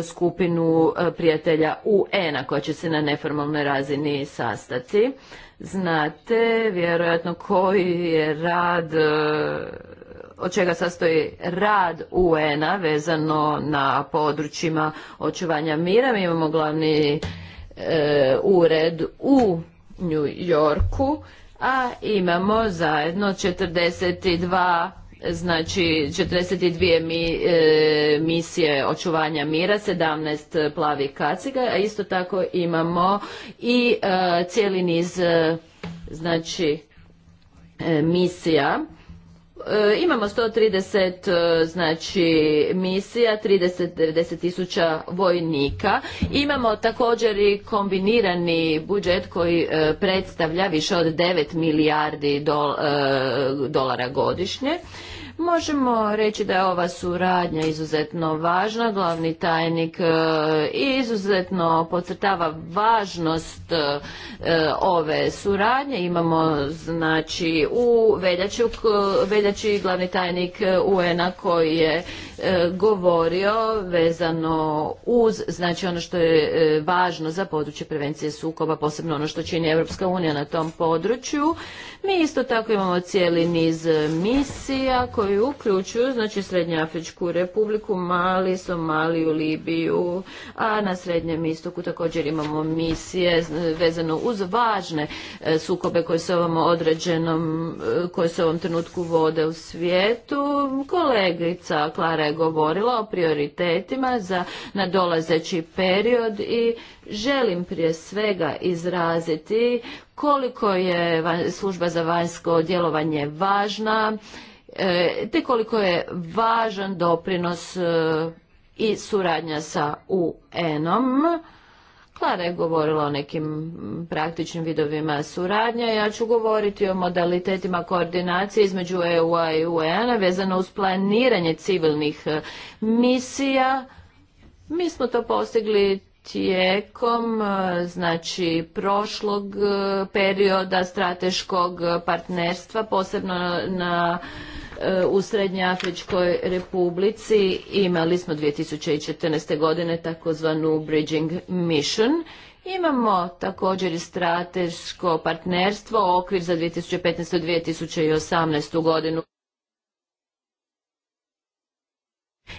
skupinu prijatelja UN-a koja će se na neformalnoj razini sastati znate vjerojatno koji je rad e, od čega sastoji rad UN-a vezano na područjima očuvanja mira. Mi imamo glavni e, ured u New Yorku, a imamo zajedno 42 znači 42 e, misije očuvanja mira, 17 plavih kaciga, a isto tako imamo i e, cijeli niz e, znači misija E, imamo 130 e, znači misija, 30, 90 tisuća vojnika. Imamo također i kombinirani budžet koji e, predstavlja više od 9 milijardi dolara godišnje. Možemo reći da je ova suradnja izuzetno važna. Glavni tajnik e, izuzetno podcrtava važnost e, e, ove suradnje. Imamo znači u veljači, veljači glavni tajnik UN-a koji je govorio vezano uz znači ono što je važno za područje prevencije sukoba, posebno ono što čini Europska unija na tom području. Mi isto tako imamo cijeli niz misija koje koji uključuju znači Srednjoafričku republiku, Mali, Somaliju, Libiju, a na Srednjem istoku također imamo misije vezano uz važne e, sukobe koje se ovom određenom, e, koje se ovom trenutku vode u svijetu. Kolegica Klara je govorila o prioritetima za nadolazeći period i želim prije svega izraziti koliko je služba za vanjsko djelovanje važna E, te koliko je važan doprinos e, i suradnja sa UN-om. Klara je govorila o nekim praktičnim vidovima suradnja. Ja ću govoriti o modalitetima koordinacije između EU-a i UN-a vezano uz planiranje civilnih e, misija. Mi smo to postigli tijekom znači prošlog perioda strateškog partnerstva, posebno na E, u srednjoafričkoj republici imali smo 2014. godine takozvanu Bridging Mission. Imamo također i strateško partnerstvo, okvir za 2015. 2018. godinu.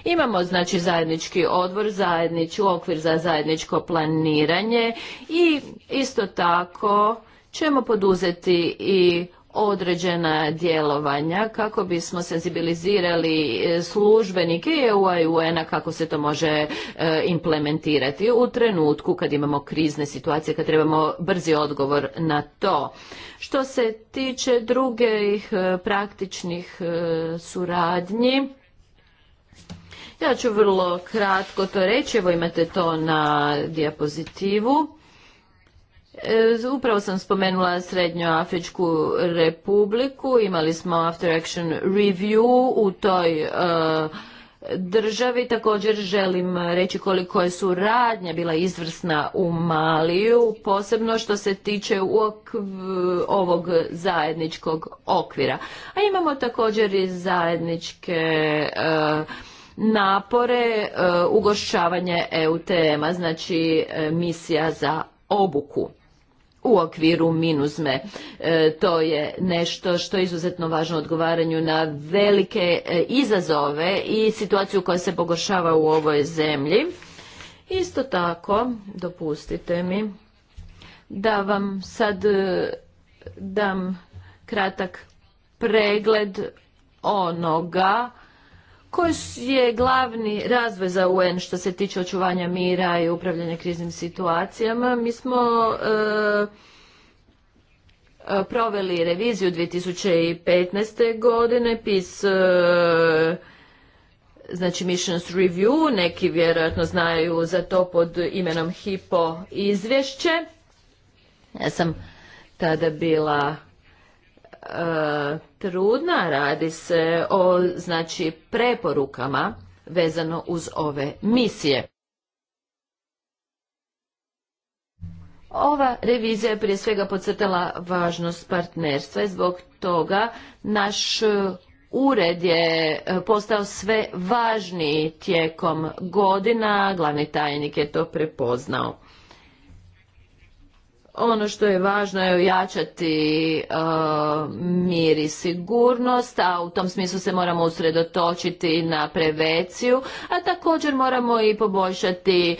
Imamo znači zajednički odbor, zajednički okvir za zajedničko planiranje i isto tako ćemo poduzeti i određena djelovanja kako bismo senzibilizirali e, službenike EU-a i UN-a kako se to može e, implementirati u trenutku kad imamo krizne situacije, kad trebamo brzi odgovor na to. Što se tiče drugih e, praktičnih suradnji, ja ću vrlo kratko to reći, evo imate to na diapozitivu. E, upravo sam spomenula Srednjoafričku republiku, imali smo After Action Review u toj e, državi. Također želim reći koliko je suradnja bila izvrsna u Maliju, posebno što se tiče ovog zajedničkog okvira. A imamo također i zajedničke e, napore, ugošćavanje EU tema, znači misija za obuku u okviru minuzme. E, to je nešto što je izuzetno važno odgovaranju na velike e, izazove i situaciju koja se pogoršava u ovoj zemlji. Isto tako, dopustite mi da vam sad e, dam kratak pregled onoga koji je glavni razvoj za UN što se tiče očuvanja mira i upravljanja kriznim situacijama. Mi smo e, e, proveli reviziju 2015. godine, PIS e, znači Missions Review, neki vjerojatno znaju za to pod imenom HIPO izvješće. Ja sam tada bila trudna, radi se o znači preporukama vezano uz ove misije. Ova revizija je prije svega podcrtala važnost partnerstva i zbog toga naš ured je e, postao sve važniji tijekom godina, glavni tajnik je to prepoznao. Ono što je važno je ojačati e, mir i sigurnost, a u tom smislu se moramo usredotočiti na prevenciju, a također moramo i poboljšati e,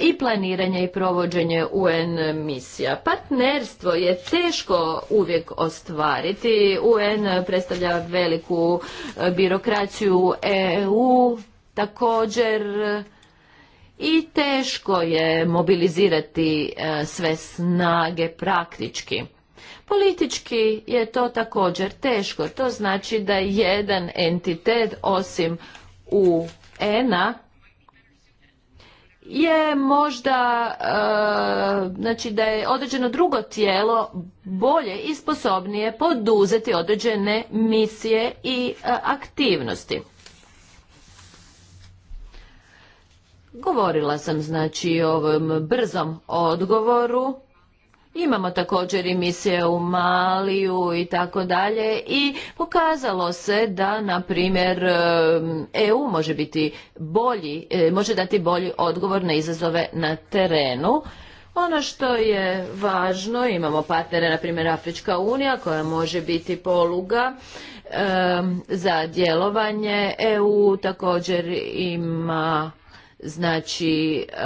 i planiranje i provođenje UN misija. Partnerstvo je teško uvijek ostvariti. UN predstavlja veliku e, birokraciju EU također i teško je mobilizirati e, sve snage praktički. Politički je to također teško. To znači da jedan entitet osim u ENA je možda, e, znači da je određeno drugo tijelo bolje i sposobnije poduzeti određene misije i e, aktivnosti. Govorila sam znači o ovom brzom odgovoru. Imamo također i misije u Maliju i tako dalje i pokazalo se da, na primjer, EU e može biti bolji, e, može dati bolji odgovor na izazove na terenu. Ono što je važno, imamo partnere, na primjer Afrička unija koja može biti poluga za djelovanje. EU također ima znači e,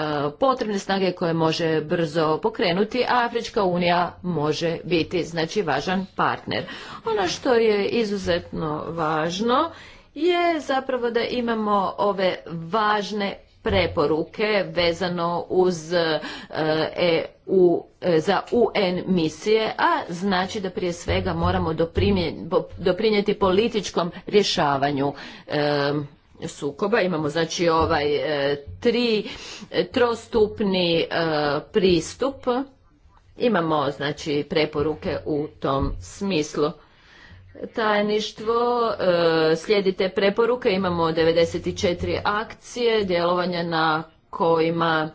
potrebne snage koje može brzo pokrenuti, a Afrička unija može biti znači važan partner. Ono što je izuzetno važno je zapravo da imamo ove važne preporuke vezano uz EU e e, za UN misije, a znači da prije svega moramo doprinijeti političkom rješavanju sukoba. Imamo znači ovaj e, tri e, trostupni e, pristup. Imamo znači preporuke u tom smislu tajništvo, slijedite preporuke, imamo 94 akcije, djelovanja na kojima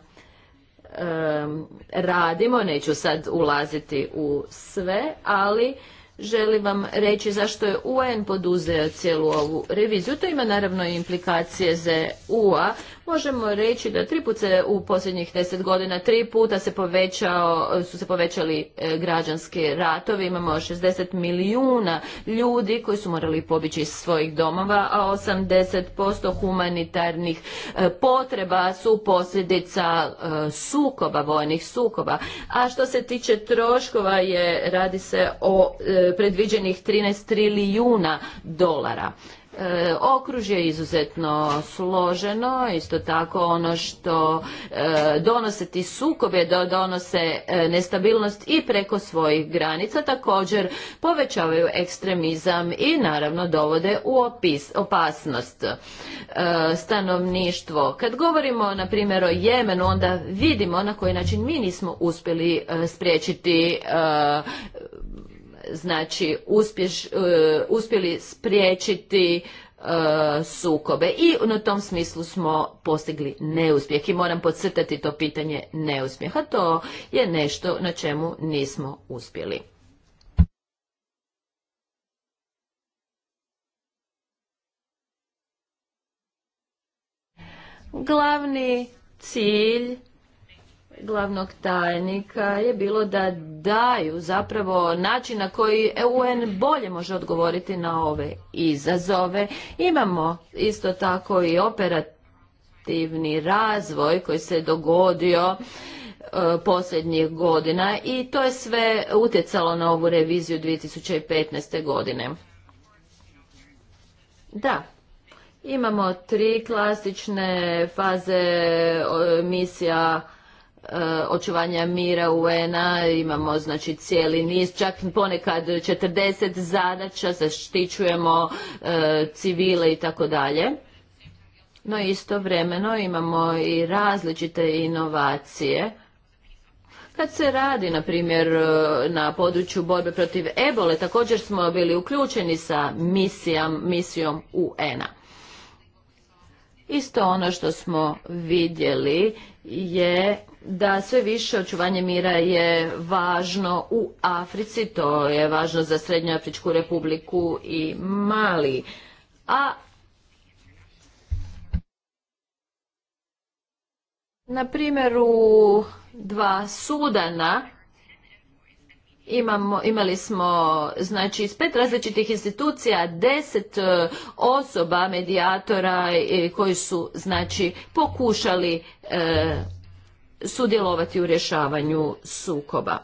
radimo, neću sad ulaziti u sve, ali želim vam reći zašto je UN poduzeo cijelu ovu reviziju. To ima naravno i implikacije za Ua možemo reći da tri puta se u posljednjih deset godina, tri puta se povećao, su se povećali e, građanski ratovi, imamo 60 milijuna ljudi koji su morali pobići iz svojih domova, a 80% humanitarnih e, potreba su posljedica e, sukoba, vojnih sukoba. A što se tiče troškova je, radi se o predviđenih 13 trilijuna dolara. E, okružje je izuzetno složeno, isto tako ono što e, donose ti sukobe, donose e, nestabilnost i preko svojih granica, također povećavaju ekstremizam i naravno dovode u opasnost stanovništvo. Kad govorimo na primjer o Jemenu, onda vidimo na koji način mi nismo uspjeli spriječiti znači e, uspjeli spriječiti e, sukobe i na tom smislu smo postigli neuspjeh i moram podcrtati to pitanje neuspjeha. To je nešto na čemu nismo uspjeli. Glavni cilj glavnog tajnika je bilo da daju zapravo način na koji e UN bolje može odgovoriti na ove izazove. Imamo isto tako i operativni razvoj koji se dogodio e, posljednjih godina i to je sve utjecalo na ovu reviziju 2015. godine. Da, imamo tri klasične faze misija Eh, očuvanja mira UN-a, imamo znači cijeli niz, čak ponekad 40 zadaća, zaštićujemo eh, civile i tako dalje. No istovremeno imamo i različite inovacije. Kad se radi, na primjer, eh, na području borbe protiv ebole, također smo bili uključeni sa misijom, misijom UN-a. Isto ono što smo vidjeli je da sve više očuvanje mira je važno u Africi, to je važno za Srednjoafričku republiku i Mali. A na primjeru dva Sudana Imamo, imali smo znači iz pet različitih institucija deset e, osoba medijatora e, koji su znači pokušali e, sudjelovati u rješavanju sukoba.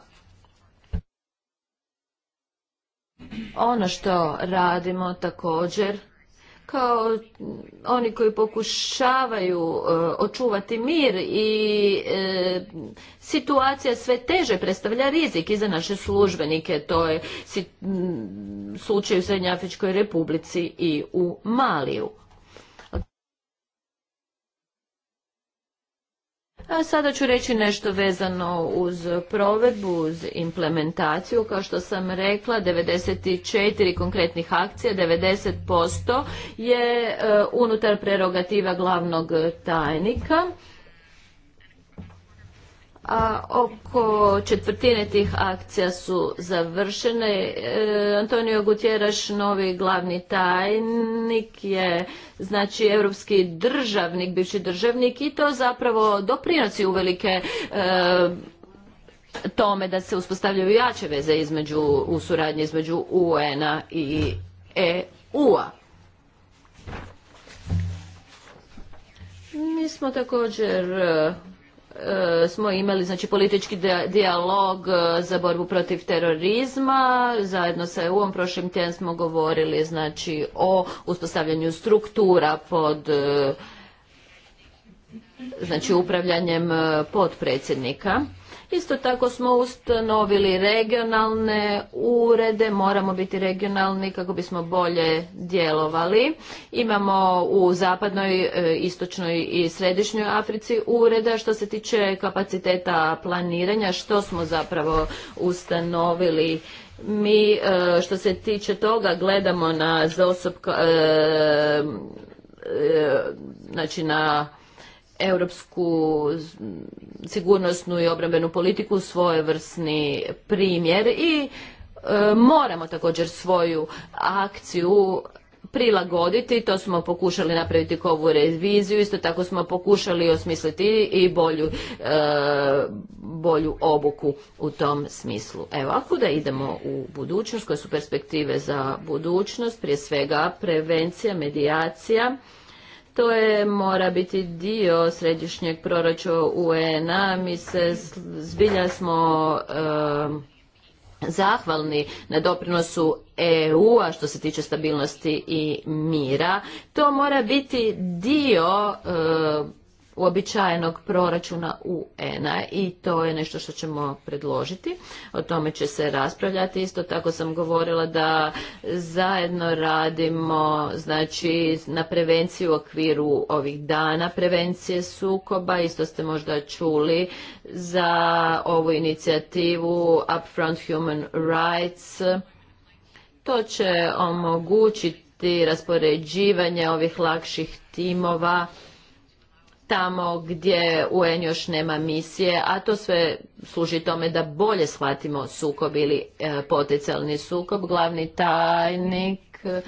Ono što radimo također kao oni koji pokušavaju e, očuvati mir i e, situacija sve teže predstavlja rizik i za naše službenike. To je slučaj u Srednjafričkoj republici i u Maliju. sada ću reći nešto vezano uz provedbu, uz implementaciju. Kao što sam rekla, 94 konkretnih akcija, 90% je e, unutar prerogativa glavnog tajnika a oko četvrtine tih akcija su završene. E, Antonio Gutjeraš, novi glavni tajnik, je znači europski državnik, bivši državnik i to zapravo doprinosi uvelike velike tome da se uspostavljaju jače veze između, u suradnji između UN-a i EU-a. Mi smo također E, smo imali znači politički dijalog e, za borbu protiv terorizma zajedno sa EU-om prošlim tjedan smo govorili znači o uspostavljanju struktura pod e, znači upravljanjem potpredsjednika Isto tako smo ustanovili regionalne urede, moramo biti regionalni kako bismo bolje djelovali. Imamo u zapadnoj, e, istočnoj i središnjoj Africi ureda što se tiče kapaciteta planiranja, što smo zapravo ustanovili mi e, što se tiče toga gledamo na e, znači na europsku sigurnosnu i obrambenu politiku svojevrsni primjer i e, moramo također svoju akciju prilagoditi, to smo pokušali napraviti ovu reviziju, isto tako smo pokušali osmisliti i bolju, e, bolju obuku u tom smislu. Evo, ako da idemo u budućnost, koje su perspektive za budućnost, prije svega prevencija, medijacija, to je, mora biti dio središnjeg proračuna UN-a. Mi se zbilja smo zahvalni na doprinosu EU-a što se tiče stabilnosti i mira. To mora biti dio uobičajenog proračuna un i to je nešto što ćemo predložiti. O tome će se raspravljati. Isto tako sam govorila da zajedno radimo znači, na prevenciju u okviru ovih dana prevencije sukoba. Isto ste možda čuli za ovu inicijativu Upfront Human Rights. To će omogućiti raspoređivanje ovih lakših timova tamo gdje UN još nema misije, a to sve služi tome da bolje shvatimo sukob ili e, potencijalni sukob. Glavni tajnik e,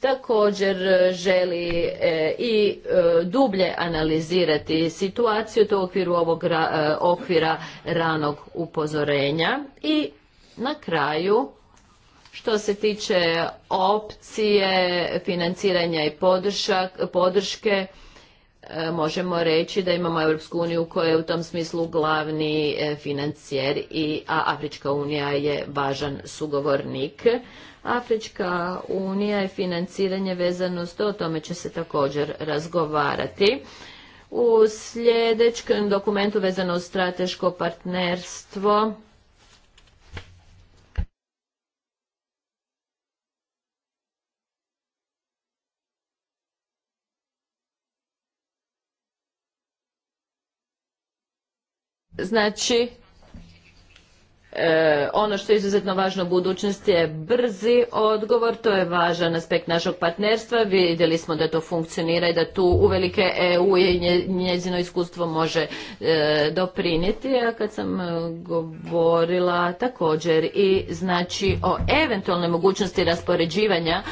također e, želi e, i dublje analizirati situaciju u okviru ovog okvira ranog upozorenja i na kraju što se tiče opcije financiranja i podrške E, možemo reći da imamo Europsku uniju koja je u tom smislu glavni e, financijer, i, a Afrička unija je važan sugovornik. Afrička unija je financiranje vezano s to, o tome će se također razgovarati. U sljedećem dokumentu vezano uz strateško partnerstvo Znači, e, ono što je izuzetno važno u budućnosti je brzi odgovor, to je važan aspekt našeg partnerstva, vidjeli smo da to funkcionira i da tu uvelike EU i njezino iskustvo može e, doprinijeti, a kad sam e, govorila također i znači o eventualnoj mogućnosti raspoređivanja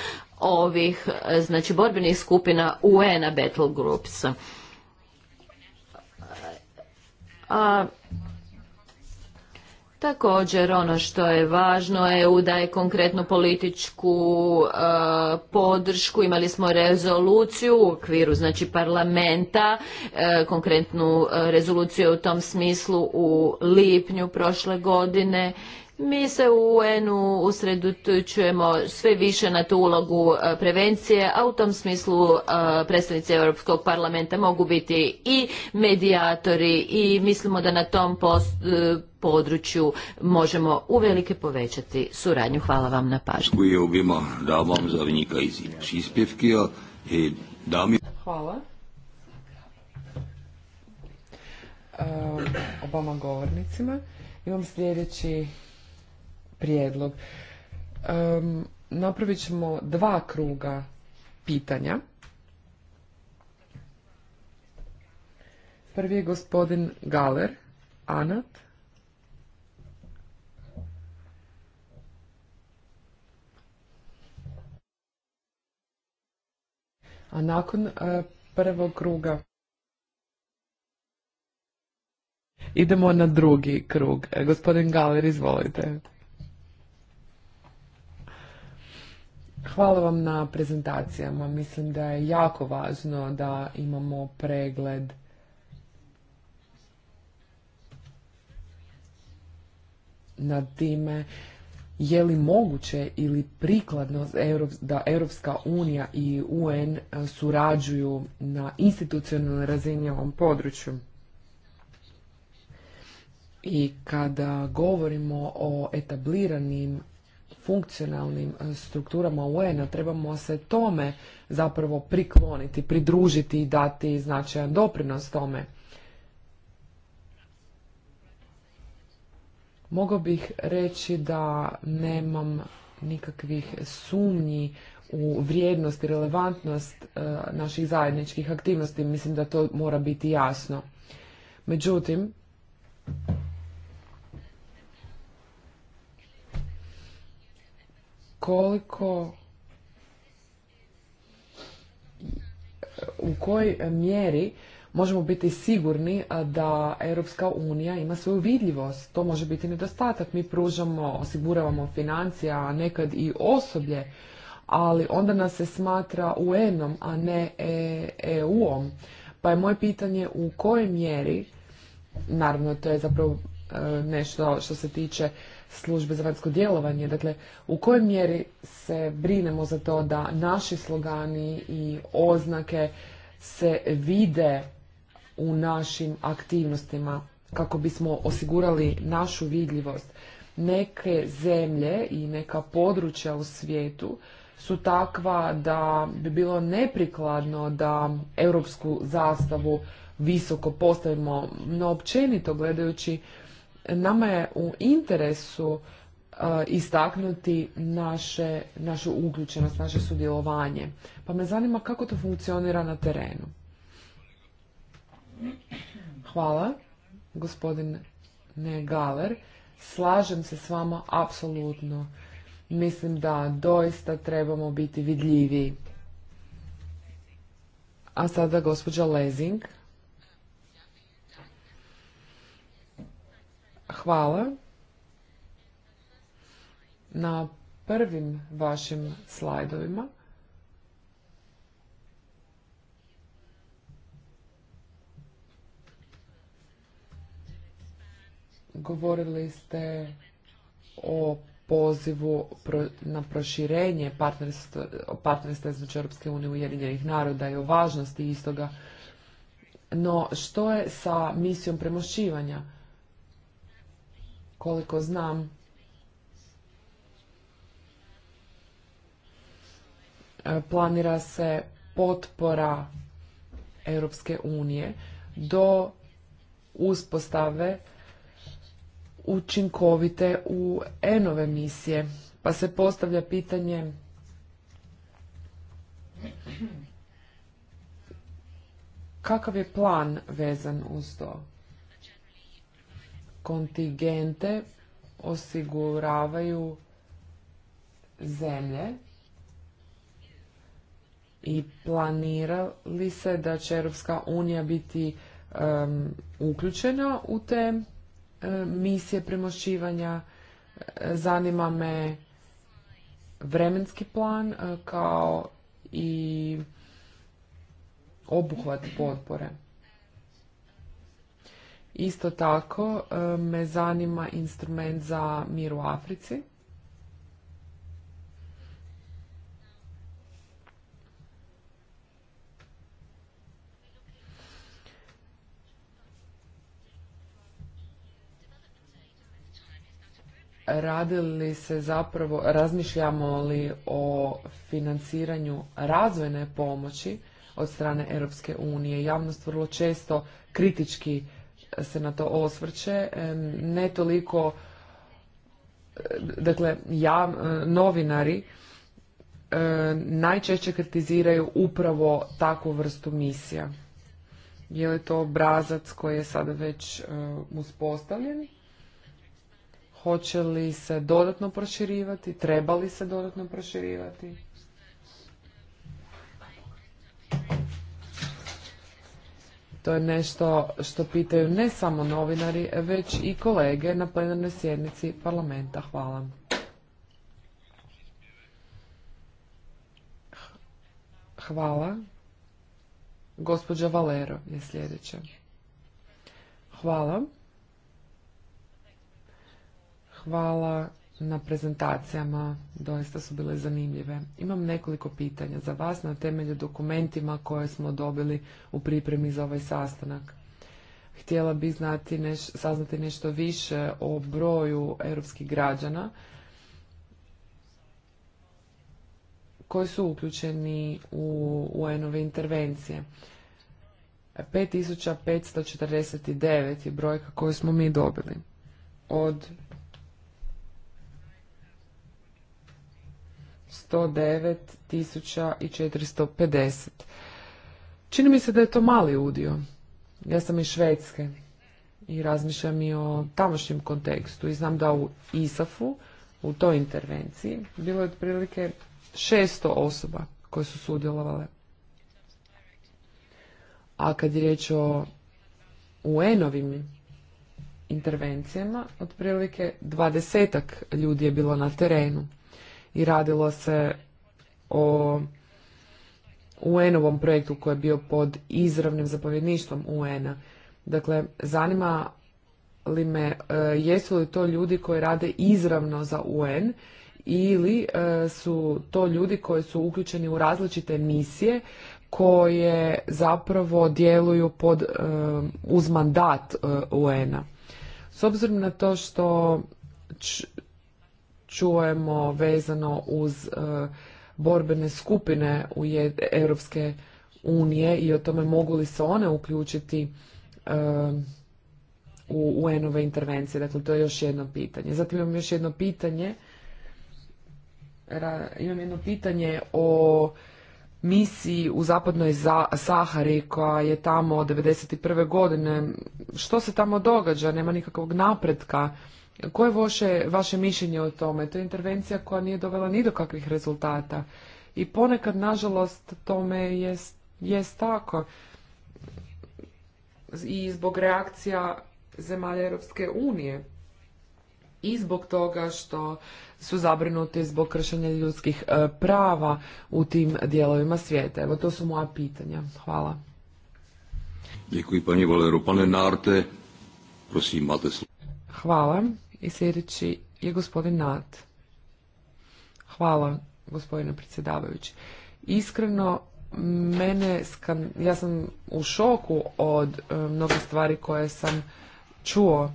ovih e, znači borbenih skupina UN-a Battle Groups. A Također ono što je važno je daje konkretnu političku e, podršku, imali smo rezoluciju u okviru znači parlamenta, e, konkretnu e, rezoluciju u tom smislu u lipnju prošle godine mi se u UN-u sve više na tu ulogu e, prevencije, a u tom smislu e, predstavnici Europskog parlamenta mogu biti i medijatori i mislimo da na tom e, području možemo uvelike povećati suradnju. Hvala vam na pažnju. Hvala. Ehm, govornicima. Imam sljedeći prijedlog. Um, napravit ćemo dva kruga pitanja. Prvi je gospodin Galer, Anat. A nakon e, prvog kruga idemo na drugi krug. E, gospodin Galer, izvolite. Hvala vam na prezentacijama. Mislim da je jako važno da imamo pregled nad time je li moguće ili prikladno da Europska unija i UN surađuju na institucionalnoj razini ovom području. I kada govorimo o etabliranim funkcionalnim e, strukturama UN-a, trebamo se tome zapravo prikloniti, pridružiti i dati značajan doprinos tome. Mogao bih reći da nemam nikakvih sumnji u vrijednost i relevantnost e, naših zajedničkih aktivnosti. Mislim da to mora biti jasno. Međutim, koliko u kojoj mjeri možemo biti sigurni da Europska unija ima svoju vidljivost. To može biti nedostatak. Mi pružamo, osiguravamo financija, a nekad i osoblje, ali onda nas se smatra UN-om, a ne EU-om. Pa je moje pitanje u kojoj mjeri, naravno to je zapravo e, nešto što se tiče službe za vanjsko djelovanje, dakle u kojoj mjeri se brinemo za to da naši slogani i oznake se vide u našim aktivnostima kako bismo osigurali našu vidljivost. Neke zemlje i neka područja u svijetu su takva da bi bilo neprikladno da europsku zastavu visoko postavimo, no općenito gledajući Nama je u interesu e, istaknuti našu uključenost, naše sudjelovanje. Pa me zanima kako to funkcionira na terenu. Hvala, gospodin Galer. Slažem se s vama apsolutno. Mislim da doista trebamo biti vidljivi. A sada gospođa Lezing. Hvala na prvim vašim slajdovima. Govorili ste o pozivu na proširenje partnerstva, između Europske unije i Ujedinjenih naroda i o važnosti istoga. No, što je sa misijom premošćivanja? koliko znam. E, planira se potpora Europske unije do uspostave učinkovite u enove misije. Pa se postavlja pitanje kakav je plan vezan uz to? kontingente osiguravaju zemlje i planira li se da će Europska unija biti uključena u te um, misije premošćivanja? E, zanima me vremenski plan e, kao i obuhvat potpore. Isto tako e, me zanima instrument za mir u Africi. radili se zapravo, razmišljamo li o financiranju razvojne pomoći od strane Europske unije. Javnost vrlo često kritički se na to osvrće, ne toliko e, dakle ja, e, novinari e, najčešće kritiziraju upravo takvu vrstu misija. Je li to obrazac koji je sada već uspostavljen? Hoće li se dodatno proširivati? Treba li se dodatno proširivati? To je nešto što pitaju ne samo novinari, već i kolege na plenarnoj sjednici parlamenta. Hvala. Hvala. Gospođa Valero je sljedeća. Hvala. Hvala na prezentacijama, doista su bile zanimljive. Imam nekoliko pitanja za vas na temelju dokumentima koje smo dobili u pripremi za ovaj sastanak. Htjela bi znati neš, saznati nešto više o broju europskih građana koji su uključeni u UN-ove intervencije. 5549 je brojka koju smo mi dobili od 109.450. Čini mi se da je to mali udio. Ja sam iz Švedske i razmišljam i o tamošnjem kontekstu i znam da u ISAF-u, u toj intervenciji, bilo je otprilike 600 osoba koje su sudjelovale. A kad je riječ o UN-ovim intervencijama, otprilike dvadesetak ljudi je bilo na terenu i radilo se o UN-ovom projektu koji je bio pod izravnim zapovjedništvom UN-a. Dakle, zanima li me e, jesu li to ljudi koji rade izravno za UN ili e, su to ljudi koji su uključeni u različite misije koje zapravo djeluju pod e, uz mandat UN-a. S obzirom na to što čujemo vezano uz e, borbene skupine u Europske unije i o tome mogu li se one uključiti e, u UN-ove intervencije. Dakle, to je još jedno pitanje. Zatim imam još jedno pitanje. Imam jedno pitanje o misiji u zapadnoj Sahari koja je tamo od 1991. godine. Što se tamo događa? Nema nikakvog napretka koje je vaše, mišljenje o tome? To je intervencija koja nije dovela ni do kakvih rezultata. I ponekad, nažalost, tome jest, tako. I zbog reakcija zemalja Europske unije i zbog toga što su zabrinuti zbog kršenja ljudskih e, prava u tim dijelovima svijeta. Evo, to su moja pitanja. Hvala. Hvala. I sljedeći je gospodin Nat. Hvala, gospodine predsjedavajući. Iskreno, mene, ja sam u šoku od e, mnogih stvari koje sam čuo.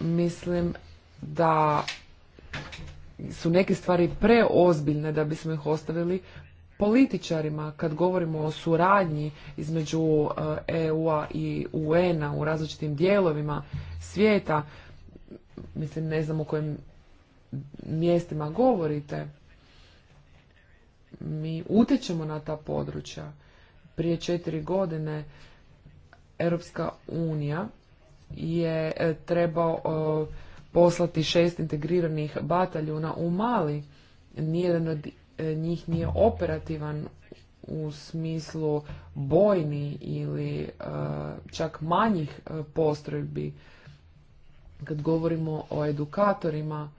Mislim da su neke stvari preozbiljne da bismo ih ostavili političarima kad govorimo o suradnji između EU-a e i UN-a u različitim dijelovima svijeta mislim ne znam o kojim mjestima govorite, mi utječemo na ta područja. Prije četiri godine Europska unija je e, trebao e, poslati šest integriranih bataljuna u Mali. Nijedan od e, njih nije operativan u smislu bojni ili čak manjih postrojbi kad govorimo o edukatorima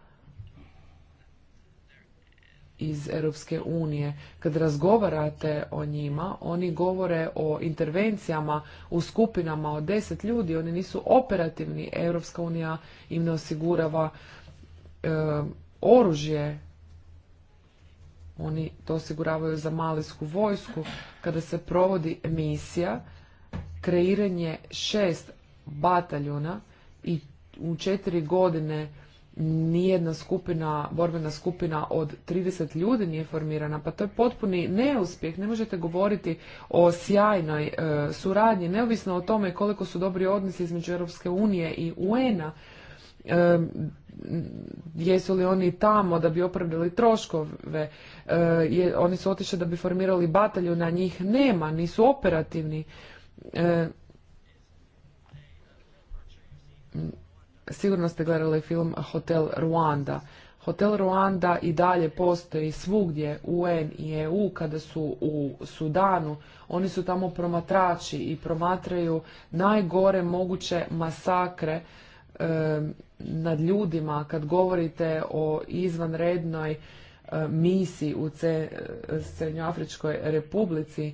iz Europske unije, kad razgovarate o njima, oni govore o intervencijama u skupinama od deset ljudi, oni nisu operativni, Europska unija im ne osigurava e, oružje, oni to osiguravaju za malijsku vojsku, kada se provodi misija, kreiranje šest bataljuna i u četiri godine nijedna skupina, borbena skupina od 30 ljudi nije formirana, pa to je potpuni neuspjeh. Ne možete govoriti o sjajnoj e, suradnji, neovisno o tome koliko su dobri odnosi između Europske unije i UN-a, e, jesu li oni tamo da bi opravdali troškove, e, je, oni su otišli da bi formirali batalju, na njih nema, nisu operativni sigurno ste gledali film Hotel Ruanda. Hotel Ruanda i dalje postoji svugdje UN i EU kada su u Sudanu. Oni su tamo promatrači i promatraju najgore moguće masakre nad ljudima kad govorite o izvanrednoj e, misiji u Srednjoafričkoj republici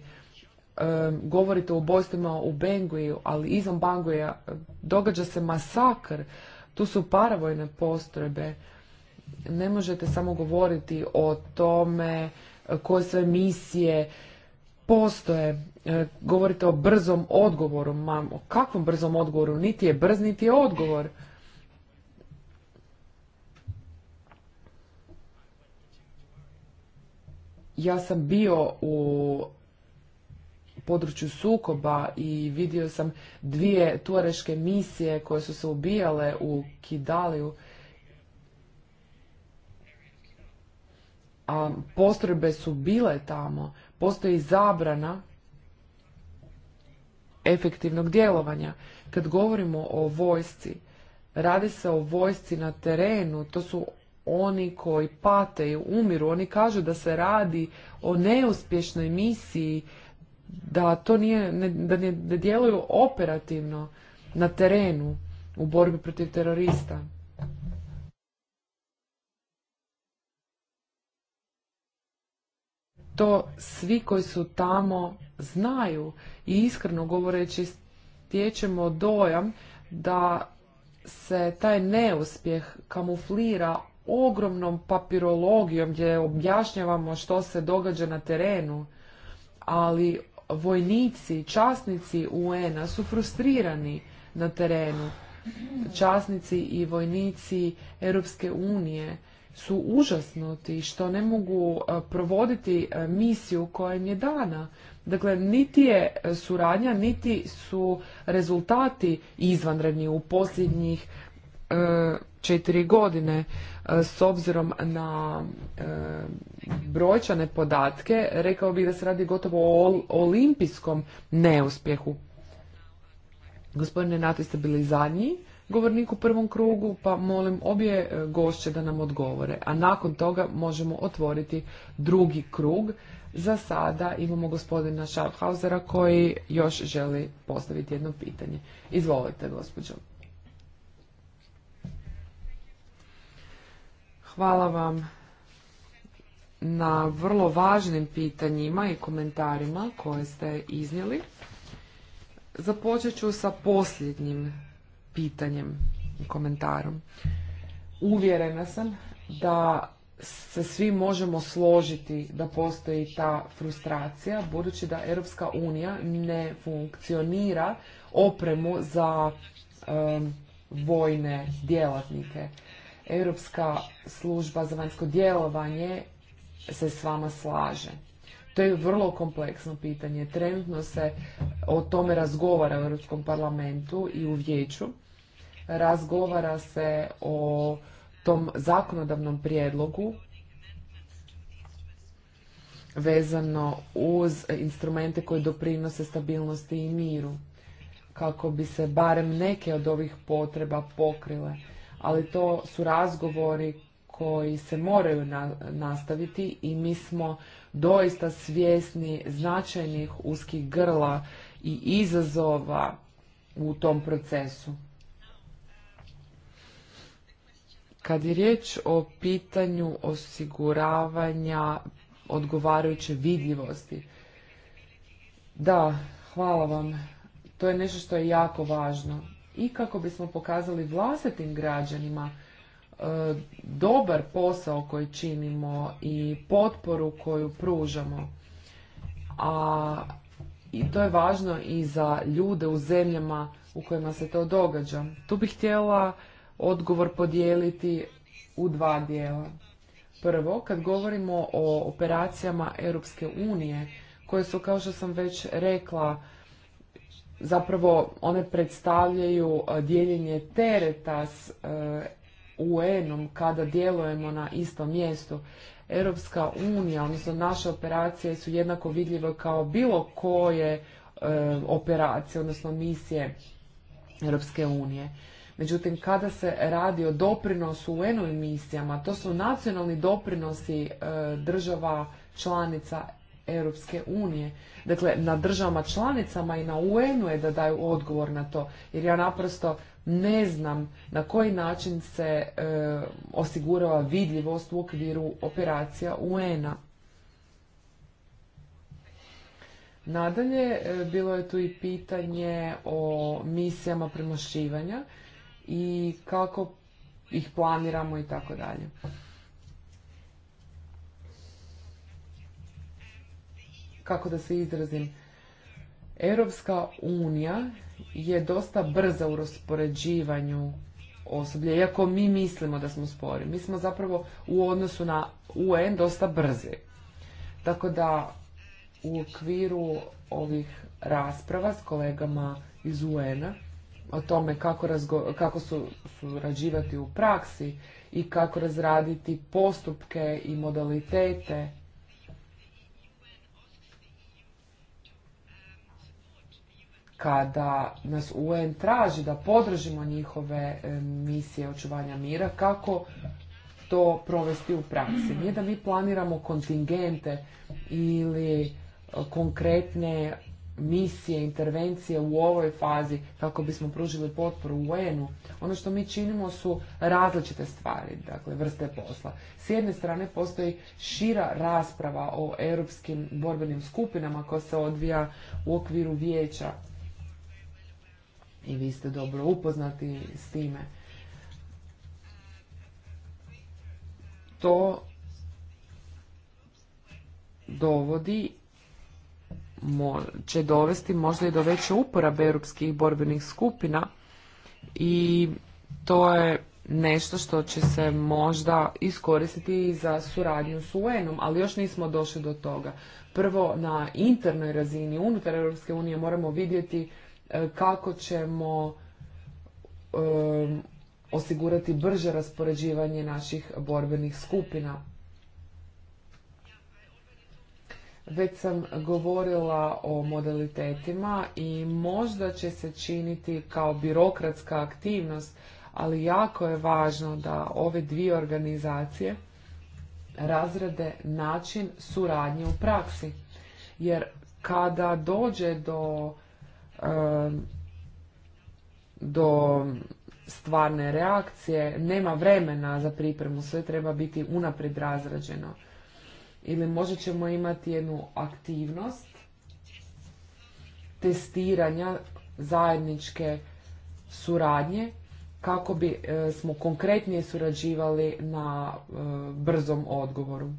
govorite o ubojstvima u Benguiju, ali izvan Banguija događa se masakr, tu su paravojne postrojbe. Ne možete samo govoriti o tome koje sve misije postoje. Govorite o brzom odgovoru. Ma, o kakvom brzom odgovoru? Niti je brz, niti je odgovor. Ja sam bio u području sukoba i vidio sam dvije tuareške misije koje su se ubijale u Kidaliju. A postrojbe su bile tamo. Postoji zabrana efektivnog djelovanja. Kad govorimo o vojsci, radi se o vojsci na terenu, to su oni koji pate i umiru, oni kažu da se radi o neuspješnoj misiji da to nije, ne, da ne djeluju operativno na terenu u borbi protiv terorista. To svi koji su tamo znaju i iskreno govoreći stječemo dojam da se taj neuspjeh kamuflira ogromnom papirologijom gdje objašnjavamo što se događa na terenu, ali vojnici, časnici UN-a su frustrirani na terenu. Časnici i vojnici Europske unije su užasnuti što ne mogu e, provoditi e, misiju koja im je dana. Dakle, niti je e, suradnja, niti su rezultati izvanredni u posljednjih E, četiri godine e, s obzirom na e, brojčane podatke rekao bih da se radi gotovo o olimpijskom neuspjehu. Gospodine Nato, ste bili zadnji govornik u prvom krugu, pa molim obje gošće da nam odgovore, a nakon toga možemo otvoriti drugi krug. Za sada imamo gospodina Schaffhausera koji još želi postaviti jedno pitanje. Izvolite, gospođo. Hvala vam na vrlo važnim pitanjima i komentarima koje ste iznijeli. Započet ću sa posljednjim pitanjem i komentarom. Uvjerena sam da se svi možemo složiti da postoji ta frustracija, budući da Europska unija ne funkcionira opremu za vojne djelatnike. Europska služba za vanjsko djelovanje se s vama slaže. To je vrlo kompleksno pitanje. Trenutno se o tome razgovara u Europskom parlamentu i u vijeću. Razgovara se o tom zakonodavnom prijedlogu vezano uz instrumente koji doprinose stabilnosti i miru kako bi se barem neke od ovih potreba pokrile ali to su razgovori koji se moraju nastaviti i mi smo doista svjesni značajnih uskih grla i izazova u tom procesu. Kad je riječ o pitanju osiguravanja odgovarajuće vidljivosti, da, hvala vam. To je nešto što je jako važno i kako bismo pokazali vlastitim građanima e, dobar posao koji činimo i potporu koju pružamo. A i to je važno i za ljude u zemljama u kojima se to događa. Tu bih htjela odgovor podijeliti u dva dijela. Prvo, kad govorimo o operacijama Europske unije, koje su, kao što sam već rekla, zapravo one predstavljaju e, dijeljenje tereta s e, UN-om kada djelujemo na istom mjestu. Europska unija, odnosno naše operacije su jednako vidljive kao bilo koje e, operacije, odnosno misije Europske unije. Međutim, kada se radi o doprinosu UN-ovim misijama, to su nacionalni doprinosi država članica Europske unije. Dakle, na državama članicama i na UN-u je da daju odgovor na to, jer ja naprosto ne znam na koji način se e, osigurava vidljivost u okviru operacija UN-a. Nadalje, e, bilo je tu i pitanje o misijama premošćivanja i kako ih planiramo i tako dalje. kako da se izrazim, Europska unija je dosta brza u raspoređivanju osoblje, iako mi mislimo da smo spori. Mi smo zapravo u odnosu na UN dosta brzi. Tako da u okviru ovih rasprava s kolegama iz UN-a o tome kako, kako su surađivati u praksi i kako razraditi postupke i modalitete kada nas UN traži da podržimo njihove e, misije očuvanja mira, kako to provesti u praksi. Nije da mi planiramo kontingente ili e, konkretne misije, intervencije u ovoj fazi kako bismo pružili potporu UN-u. Ono što mi činimo su različite stvari, dakle vrste posla. S jedne strane postoji šira rasprava o europskim borbenim skupinama koja se odvija u okviru vijeća i vi ste dobro upoznati s time. To dovodi će dovesti možda i do veće uporabe europskih borbenih skupina i to je nešto što će se možda iskoristiti i za suradnju s UN-om, ali još nismo došli do toga. Prvo, na internoj razini unutar Europske unije moramo vidjeti E, kako ćemo osigurati brže raspoređivanje naših borbenih skupina. Već sam govorila o modalitetima i možda će se činiti kao birokratska aktivnost, ali jako je važno da ove dvije organizacije razrade način suradnje u praksi. Jer kada dođe do do stvarne reakcije, nema vremena za pripremu, sve treba biti unaprijed razrađeno. Ili možda ćemo imati jednu aktivnost testiranja zajedničke suradnje kako bi eh, smo konkretnije surađivali na eh, brzom odgovoru.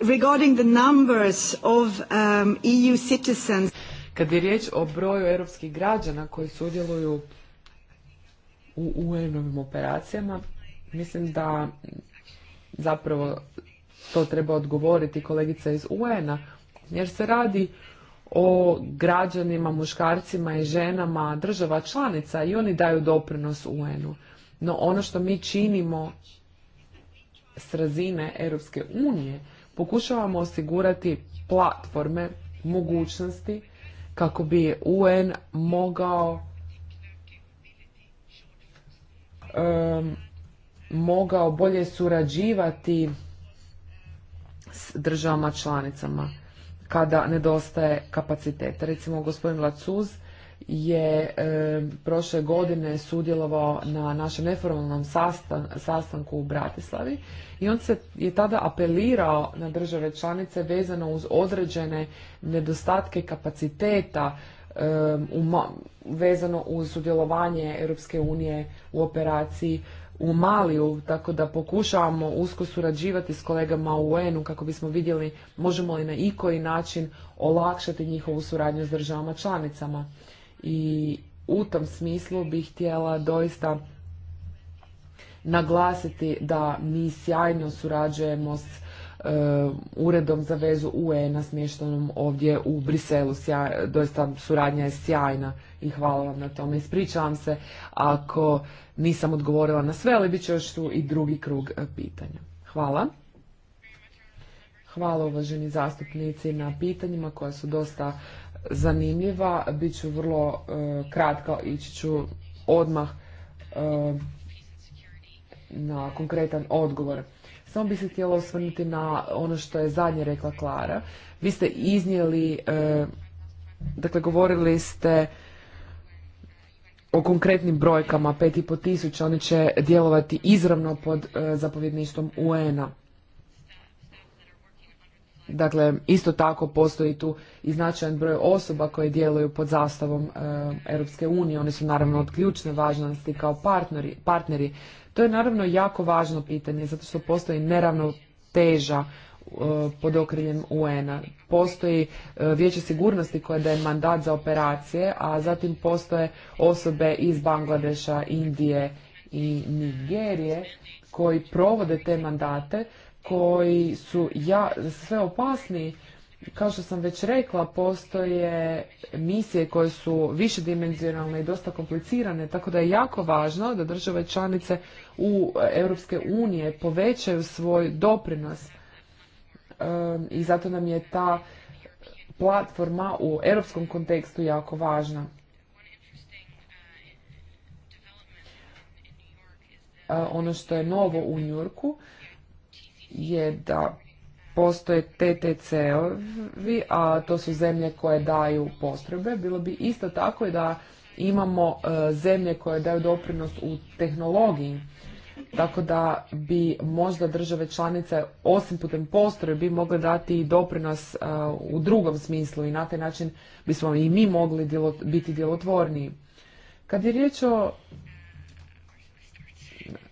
regarding the numbers of um, EU citizens kad je riječ o broju europskih građana koji sudjeluju u UN-ovim operacijama, mislim da zapravo to treba odgovoriti kolegica iz UN-a, jer se radi o građanima, muškarcima i ženama država članica i oni daju doprinos UN-u. No ono što mi činimo s razine Europske unije Pokušavamo osigurati platforme, mogućnosti kako bi UN mogao mogao bolje surađivati s državama članicama kada nedostaje kapaciteta. Recimo gospodin Lacuz je e, prošle godine sudjelovao na našem neformalnom sastanku u Bratislavi i on se je tada apelirao na države članice vezano uz određene nedostatke kapaciteta e, vezano uz sudjelovanje Europske unije u operaciji u Maliju, tako da pokušavamo usko surađivati s kolegama u UN-u kako bismo vidjeli možemo li na i koji način olakšati njihovu suradnju s državama članicama i u tom smislu bih htjela doista naglasiti da mi sjajno surađujemo s e, Uredom za vezu UN-a smještenom ovdje u Briselu. doista suradnja je sjajna i hvala vam na tome. Ispričavam se ako nisam odgovorila na sve, ali bit će još tu i drugi krug e, pitanja. Hvala. Hvala uvaženi zastupnici na pitanjima koja su dosta zanimljiva, bit ću vrlo e, kratka, ići ću odmah e, na konkretan odgovor. Samo bi se htjela osvrnuti na ono što je zadnje rekla Klara. Vi ste iznijeli, e, dakle govorili ste o konkretnim brojkama, pet i po tisuća, oni će djelovati izravno pod zapovjedništvom UN-a. Dakle, isto tako postoji tu i značajan broj osoba koje djeluju pod zastavom e, Europske unije. One su naravno od ključne važnosti kao partneri, To je naravno jako važno pitanje zato što postoji neravnoteža e, pod okriljem UN-a. Postoji e, vijeće sigurnosti koje daje mandat za operacije, a zatim postoje osobe iz Bangladeša, Indije i Nigerije koji provode te mandate koji su ja, sve opasni, Kao što sam već rekla, postoje misije koje su višedimenzionalne i dosta komplicirane, tako da je jako važno da države članice u Europske unije povećaju svoj doprinos. I zato nam je ta platforma u europskom kontekstu jako važna. ono što je novo u Njurku je da postoje TTC-ovi, a to su zemlje koje daju postrebe. Bilo bi isto tako da imamo e, zemlje koje daju doprinos u tehnologiji. Tako da bi možda države članice osim putem postrojbi bi mogle dati doprinos e, u drugom smislu i na taj način bismo i mi mogli biti djelotvorniji. Kad je riječ o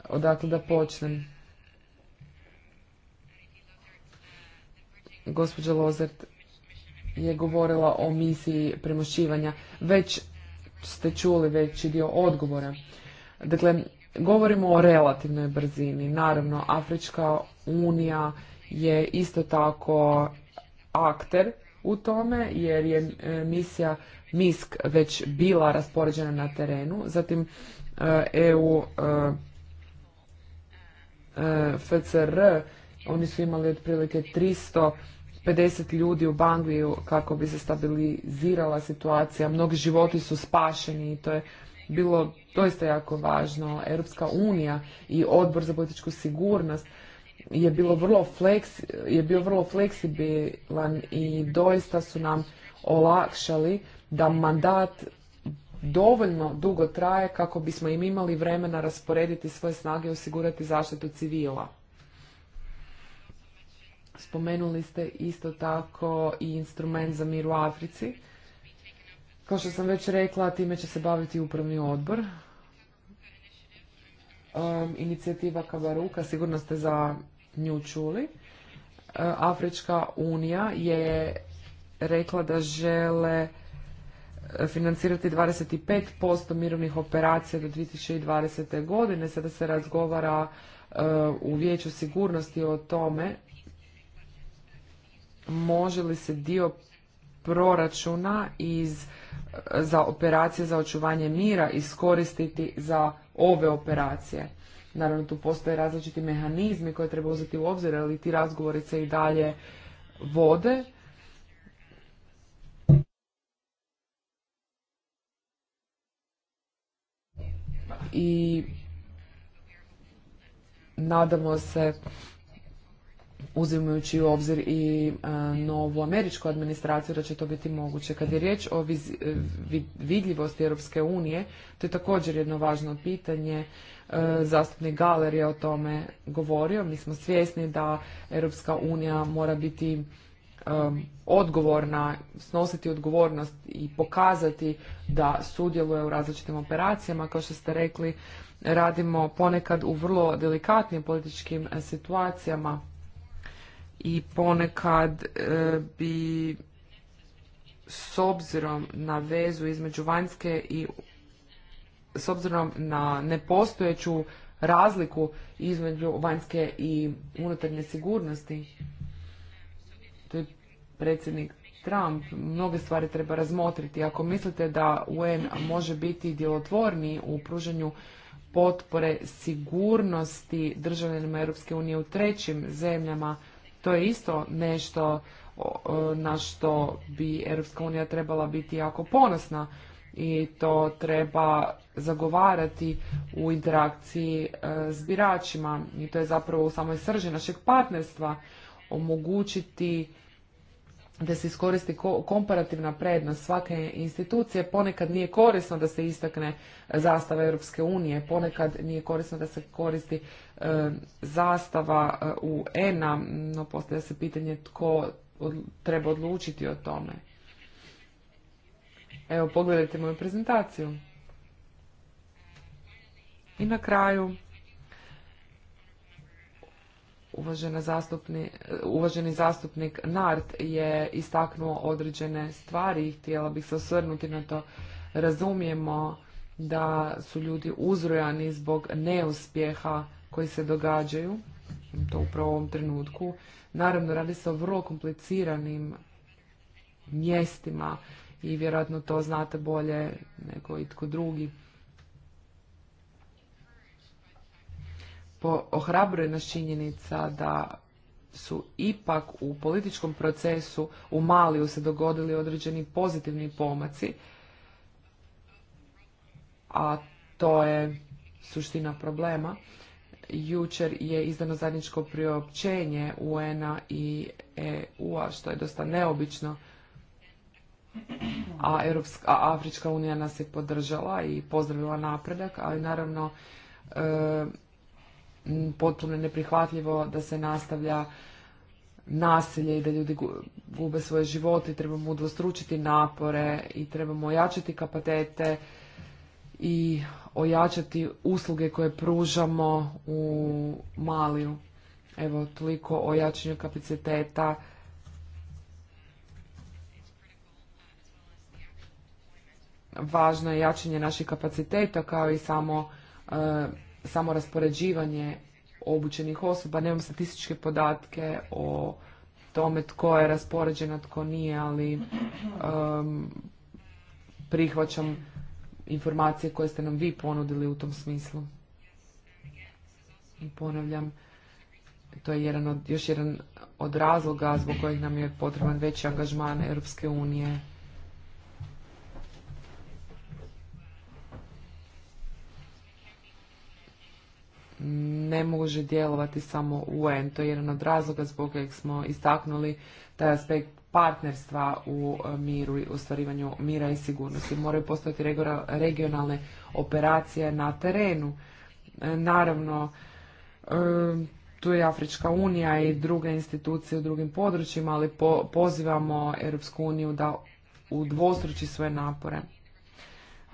odakle da počnem. gospođa Lozert je govorila o misiji premošćivanja. Već ste čuli veći dio odgovora. Dakle, govorimo o relativnoj brzini. Naravno, Afrička unija je isto tako akter u tome, jer je e, misija MISK već bila raspoređena na terenu. Zatim, EU e e, FCR, oni su imali otprilike 300 50 ljudi u Bangliju kako bi se stabilizirala situacija. Mnogi životi su spašeni i to je bilo doista jako važno. Europska unija i odbor za političku sigurnost je, bilo vrlo je bio vrlo fleksibilan i doista su nam olakšali da mandat dovoljno dugo traje kako bismo im imali vremena rasporediti svoje snage i osigurati zaštitu civila. Spomenuli ste isto tako i instrument za mir u Africi. Kao što sam već rekla, time će se baviti upravni odbor. Um, inicijativa Kabaruka, sigurno ste za nju čuli. E, Afrička unija je rekla da žele e, financirati 25% mirovnih operacija do 2020. godine. Sada se razgovara e, u vijeću sigurnosti o tome može li se dio proračuna iz za operacije za očuvanje mira iskoristiti za ove operacije. Naravno, tu postoje različiti mehanizmi koje treba uzeti u obzir, ali ti razgovori se i dalje vode. I nadamo se uzimajući u obzir i novu američku administraciju da će to biti moguće. Kad je riječ o e, vidljivosti Europske unije, to je također jedno važno pitanje. E, zastupnik Galer je o tome govorio. Mi smo svjesni da Europska unija mora biti e, odgovorna, snositi odgovornost i pokazati da sudjeluje u različitim operacijama. Kao što ste rekli, radimo ponekad u vrlo delikatnim političkim situacijama i ponekad e, bi s obzirom na vezu između vanjske i s obzirom na nepostojeću razliku između vanjske i unutarnje sigurnosti, to je predsjednik Trump, mnoge stvari treba razmotriti. Ako mislite da UN može biti djelotvorniji u pružanju potpore sigurnosti državljanima Europske unije u trećim zemljama, to je isto nešto na što bi Europska unija trebala biti jako ponosna i to treba zagovarati u interakciji e, s biračima i to je zapravo u samoj srži našeg partnerstva omogućiti da se iskoristi komparativna prednost svake institucije, ponekad nije korisno da se istakne zastava Europske unije, ponekad nije korisno da se koristi e, zastava e, u a no postavlja se pitanje tko treba odlučiti o tome. Evo, pogledajte moju prezentaciju. I na kraju, uvaženi zastupnik Nart je istaknuo određene stvari i htjela bih se osvrnuti na to. Razumijemo da su ljudi uzrojani zbog neuspjeha koji se događaju, to upravo u ovom trenutku. Naravno, radi se o vrlo kompliciranim mjestima i vjerojatno to znate bolje nego itko drugi. ohrabruje nas činjenica da su ipak u političkom procesu u Maliju se dogodili određeni pozitivni pomaci, a to je suština problema. Jučer je izdano zajedničko priopćenje UN-a i EU-a, što je dosta neobično, a, Europska, Afrička unija nas je podržala i pozdravila napredak, ali naravno e, potpuno neprihvatljivo da se nastavlja nasilje i da ljudi gube svoje živote i trebamo udvostručiti napore i trebamo ojačati kapacitete i ojačati usluge koje pružamo u Maliju. Evo, toliko o jačanju kapaciteta. Važno je jačanje naših kapaciteta kao i samo e, samo raspoređivanje obučenih osoba, nemam statističke podatke o tome tko je raspoređen, a tko nije, ali prihvaćam informacije koje ste nam vi ponudili u tom smislu. I ponavljam, to je jedan od, još jedan od razloga zbog kojih nam je potreban veći angažman Europske unije ne može djelovati samo UN. To je jedan od razloga zbog kojeg smo istaknuli taj aspekt partnerstva u e, miru i ostvarivanju mira i sigurnosti. Moraju postojati regionalne operacije na terenu. E, naravno, e, tu je Afrička unija i druge institucije u drugim područjima, ali pozivamo Europsku uniju da udvostruči svoje napore.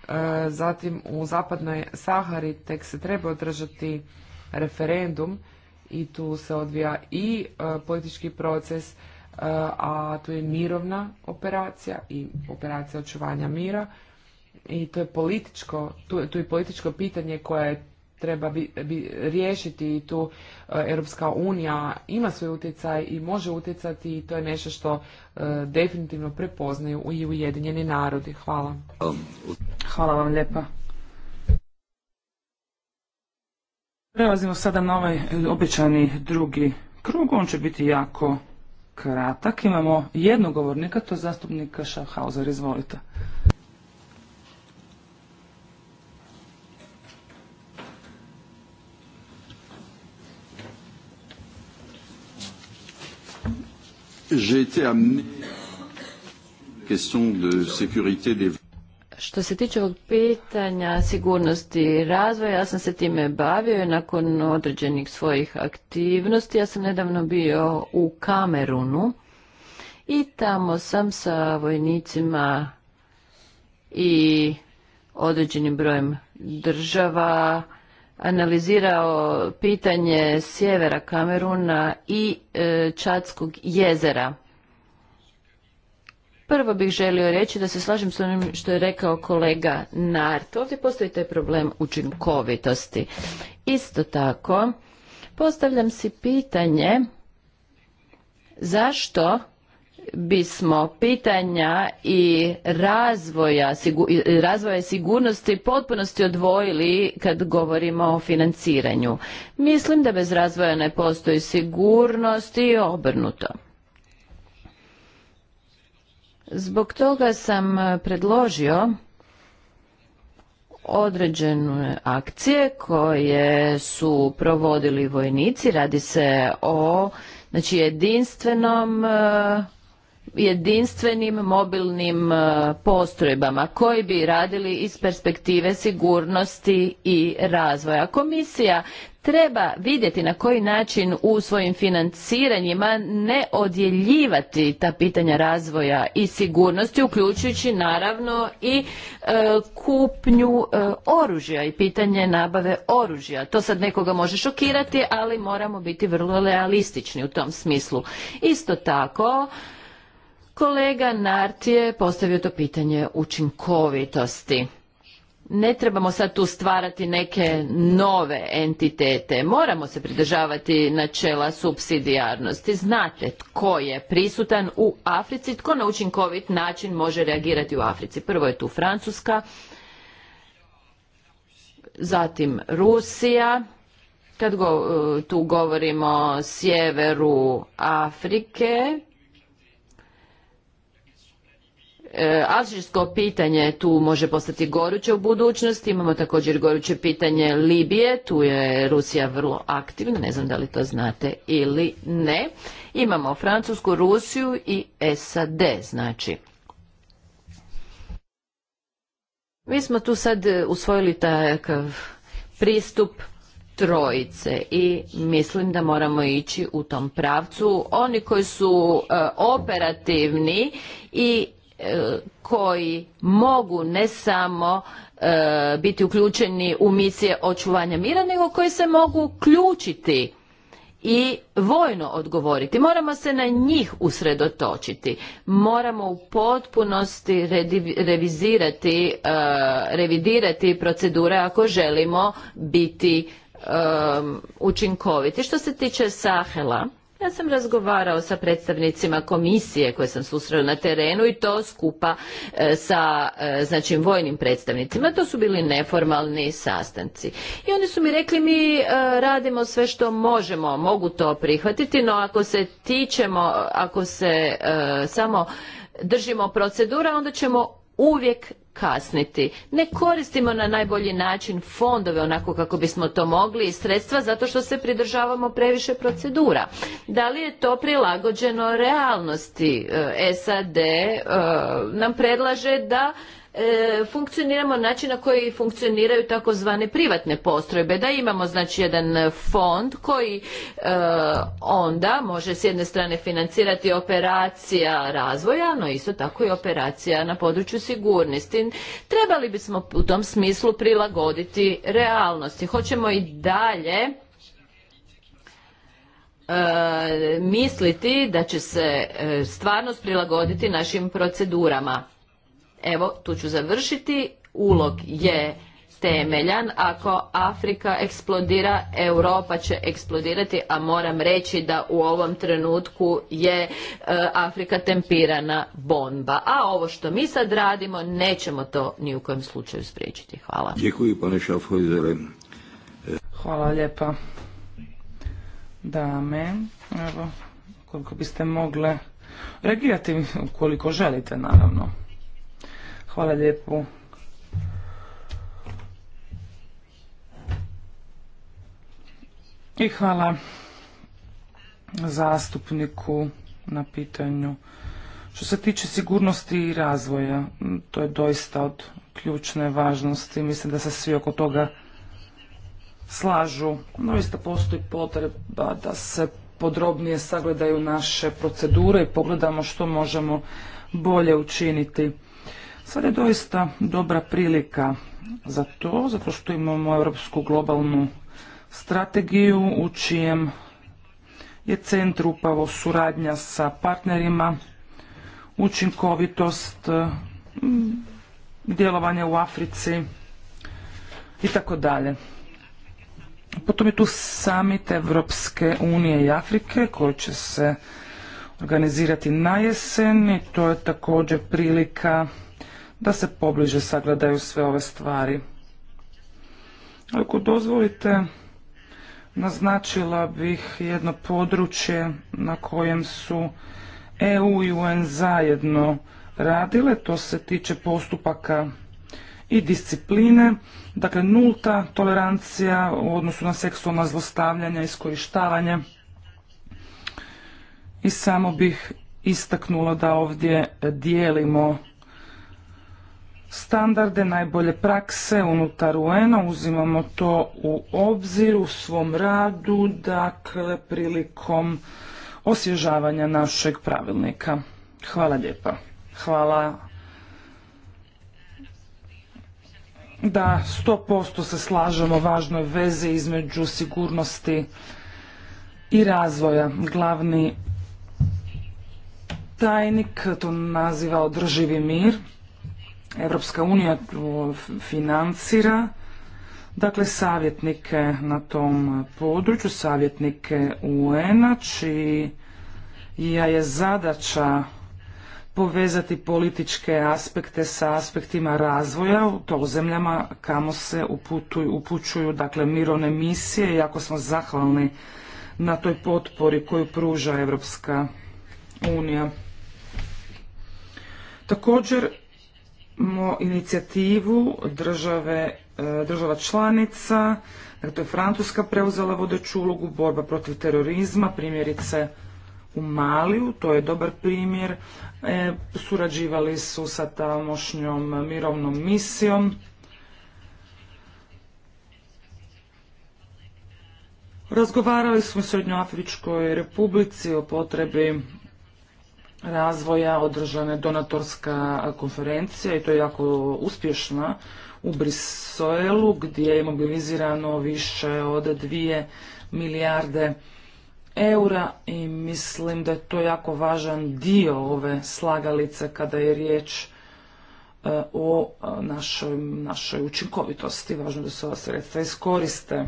E, zatim u zapadnoj Sahari tek se treba održati referendum i tu se odvija i e, politički proces, e, a tu je mirovna operacija i operacija očuvanja mira i to je političko, tu, je političko pitanje koje je treba bi, riješiti i tu e, Europska unija ima svoj utjecaj i može utjecati i to je nešto što e, definitivno prepoznaju i Ujedinjeni narodi. Hvala. Hvala vam lijepa. Prelazimo sada na ovaj običajni drugi krug. On će biti jako kratak. Imamo jednog govornika, to je zastupnik Schaffhauser. Izvolite. što se tiče ovog pitanja sigurnosti i razvoja, ja sam se time bavio i nakon određenih svojih aktivnosti. Ja sam nedavno bio u Kamerunu i tamo sam sa vojnicima i određenim brojem država analizirao pitanje sjevera Kameruna i e, Čadskog jezera. Prvo bih želio reći da se slažem s onim što je rekao kolega Nart. Ovdje postoji taj problem učinkovitosti. Isto tako, postavljam si pitanje zašto bismo pitanja i razvoja, sigurnosti razvoja sigurnosti potpunosti odvojili kad govorimo o financiranju. Mislim da bez razvoja ne postoji sigurnost i obrnuto. Zbog toga sam predložio određene akcije koje su provodili vojnici. Radi se o znači, jedinstvenom jedinstvenim mobilnim e, postrojbama koji bi radili iz perspektive sigurnosti i razvoja. Komisija treba vidjeti na koji način u svojim financiranjima ne odjeljivati ta pitanja razvoja i sigurnosti uključujući naravno i e, kupnju e, oružja i pitanje nabave oružja to sad nekoga može šokirati ali moramo biti vrlo realistični u tom smislu isto tako Kolega Nart je postavio to pitanje učinkovitosti. Ne trebamo sad tu stvarati neke nove entitete. Moramo se pridržavati načela subsidijarnosti. Znate tko je prisutan u Africi, tko na učinkovit način može reagirati u Africi. Prvo je tu Francuska, zatim Rusija, kad tu govorimo o sjeveru Afrike, E, alžirsko pitanje tu može postati goruće u budućnosti, imamo također goruće pitanje Libije, tu je Rusija vrlo aktivna, ne znam da li to znate ili ne. Imamo Francusku, Rusiju i SAD, znači. Mi smo tu sad e, usvojili takav pristup trojice i mislim da moramo ići u tom pravcu. Oni koji su e, operativni i koji mogu ne samo e, biti uključeni u misije očuvanja mira, nego koji se mogu uključiti i vojno odgovoriti. Moramo se na njih usredotočiti. Moramo u potpunosti revizirati, e, revidirati procedure ako želimo biti e, učinkoviti. Što se tiče Sahela, ja sam razgovarao sa predstavnicima komisije koje sam susreo na terenu i to skupa e, sa e, znači, vojnim predstavnicima. To su bili neformalni sastanci. I oni su mi rekli mi e, radimo sve što možemo, mogu to prihvatiti, no ako se tičemo, ako se samo držimo procedura, onda ćemo uvijek kasniti. Ne koristimo na najbolji način fondove onako kako bismo to mogli i sredstva zato što se pridržavamo previše procedura. Da li je to prilagođeno realnosti? E, SAD e, nam predlaže da E, funkcioniramo na način na koji funkcioniraju takozvane privatne postrojbe. Da imamo znači jedan fond koji e, onda može s jedne strane financirati operacija razvoja, no isto tako i operacija na području sigurnosti. Trebali bismo u tom smislu prilagoditi realnosti. Hoćemo i dalje e, misliti da će se stvarnost prilagoditi našim procedurama. Evo, tu ću završiti. Ulog je temeljan. Ako Afrika eksplodira, Europa će eksplodirati, a moram reći da u ovom trenutku je e, Afrika tempirana bomba. A ovo što mi sad radimo, nećemo to ni u kojem slučaju spriječiti. Hvala. Hvala lijepa. Dame, evo, koliko biste mogle reagirati, koliko želite, naravno. Hvala lijepo. I hvala zastupniku na pitanju. Što se tiče sigurnosti i razvoja, to je doista od ključne važnosti. Mislim da se svi oko toga slažu. No isto postoji potreba da se podrobnije sagledaju naše procedure i pogledamo što možemo bolje učiniti. Sada je doista dobra prilika za to, zato što imamo europsku globalnu strategiju u čijem je centru upravo suradnja sa partnerima, učinkovitost, mm, djelovanje u Africi i tako dalje. Potom je tu summit Evropske unije i Afrike koji će se organizirati na jesen i to je također prilika da se pobliže sagledaju sve ove stvari. Ako dozvolite, naznačila bih jedno područje na kojem su EU i UN zajedno radile, to se tiče postupaka i discipline, dakle nulta tolerancija u odnosu na seksualna zlostavljanja, iskorištavanje. I samo bih istaknula da ovdje dijelimo standarde, najbolje prakse unutar UN-a, uzimamo to u obzir u svom radu, dakle prilikom osježavanja našeg pravilnika. Hvala lijepa. Hvala. Da, posto se slažemo važnoj vezi između sigurnosti i razvoja. Glavni tajnik to naziva održivi mir. Evropska unija financira dakle savjetnike na tom području, savjetnike UN-a, čija je zadaća povezati političke aspekte sa aspektima razvoja u to zemljama kamo se uputuju, upućuju dakle mirovne misije i jako smo zahvalni na toj potpori koju pruža Evropska unija. Također inicijativu države, e, država članica, dakle to je Francuska preuzela vodeću ulogu, borba protiv terorizma, primjerice u Maliju, to je dobar primjer, e, surađivali su sa tamošnjom mirovnom misijom. Razgovarali smo u Srednjoafričkoj republici o potrebi razvoja održana donatorska konferencija i to je jako uspješna u Briselu gdje je mobilizirano više od dvije milijarde eura i mislim da je to jako važan dio ove slagalice kada je riječ e, o e, našoj, našoj učinkovitosti. Važno da se ova sredstva iskoriste.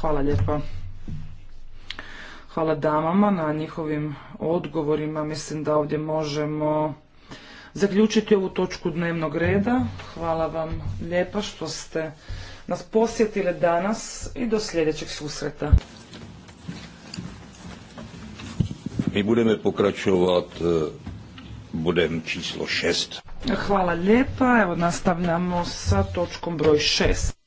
Hvala lijepa. Hvala damama na njihovim odgovorima. Mislim da ovdje možemo zaključiti ovu točku dnevnog reda. Hvala vam lijepa što ste nas posjetile danas i do sljedećeg susreta. Mi budeme pokračovat e, budem číslo 6. Hvala lijepa. Evo nastavljamo sa točkom broj šest.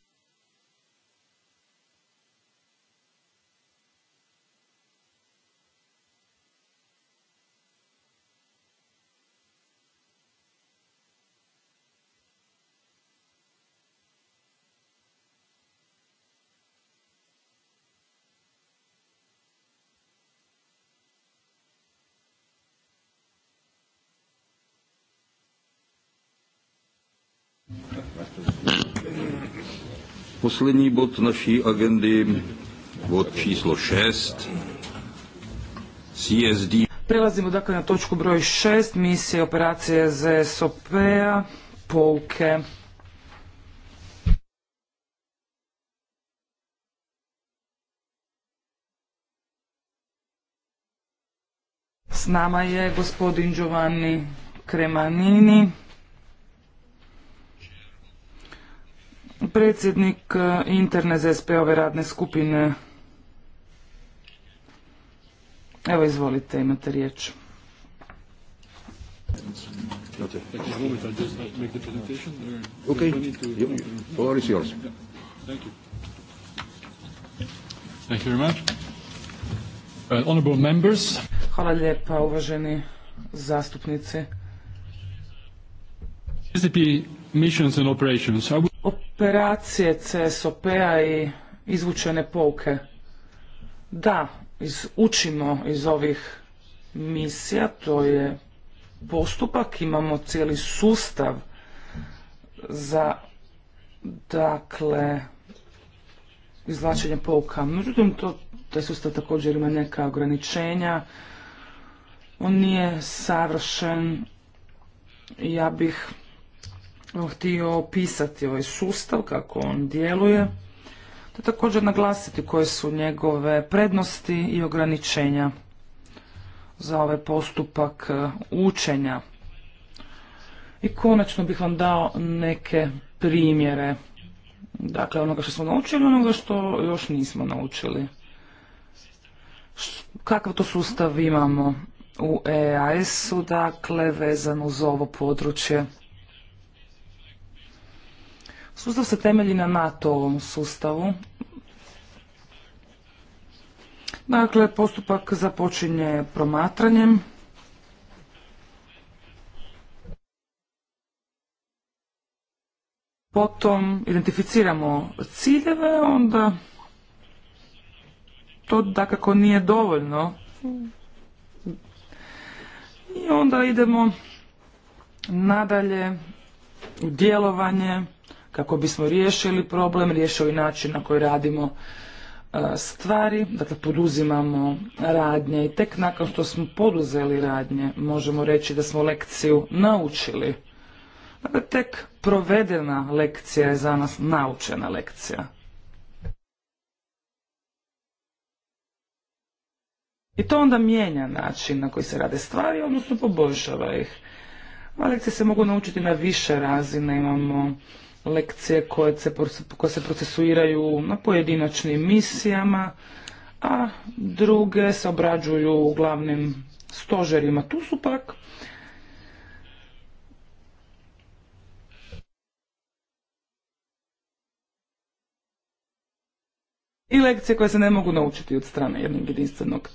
Poslední bod naší agendy, bod číslo 6, CSD. Prelazimo dakle na točku broj 6, misije operacije ZSOP-a, pouke. S nama je gospodin Giovanni Cremanini, predsjednik e, interne ZSP-ove radne skupine. Evo izvolite, imate riječ. Hvala lijepa, uvaženi zastupnici operacije CSOP-a i izvučene pouke. Da, iz, učimo iz ovih misija, to je postupak, imamo cijeli sustav za dakle izvlačenje pouka. Međutim, to, taj sustav također ima neka ograničenja. On nije savršen. Ja bih htio opisati ovaj sustav, kako on djeluje, te također naglasiti koje su njegove prednosti i ograničenja za ovaj postupak e, učenja. I konačno bih vam dao neke primjere, dakle onoga što smo naučili i onoga što još nismo naučili. Kakav to sustav imamo u EAS-u, dakle, vezano uz ovo područje? Sustav se temelji na NATO-ovom sustavu. Dakle, postupak započinje promatranjem. Potom identificiramo ciljeve, onda to dakako nije dovoljno. I onda idemo nadalje u djelovanje kako bismo riješili problem, riješili način na koji radimo e, stvari, dakle poduzimamo radnje i tek nakon što smo poduzeli radnje možemo reći da smo lekciju naučili. Dakle, tek provedena lekcija je za nas naučena lekcija. I to onda mijenja način na koji se rade stvari, odnosno poboljšava ih. lekcije se mogu naučiti na više razine, imamo lekcije koje se, procesuiraju na pojedinačnim misijama, a druge se obrađuju u glavnim stožerima. Tu su pak i lekcije koje se ne mogu naučiti od strane jednog jedinstvenog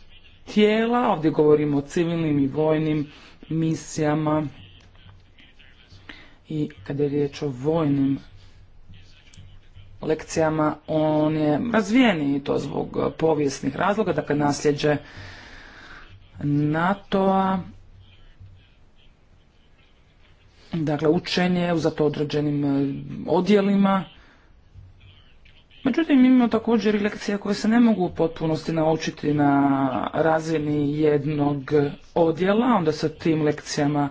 tijela. Ovdje govorimo o civilnim i vojnim misijama i kada je riječ o vojnim lekcijama, on je razvijeniji i to zbog e, povijesnih razloga, dakle nasljeđe NATO-a, dakle učenje u zato određenim e, odjelima. Međutim, imamo također i lekcije koje se ne mogu u potpunosti naučiti na razini jednog odjela, onda se tim lekcijama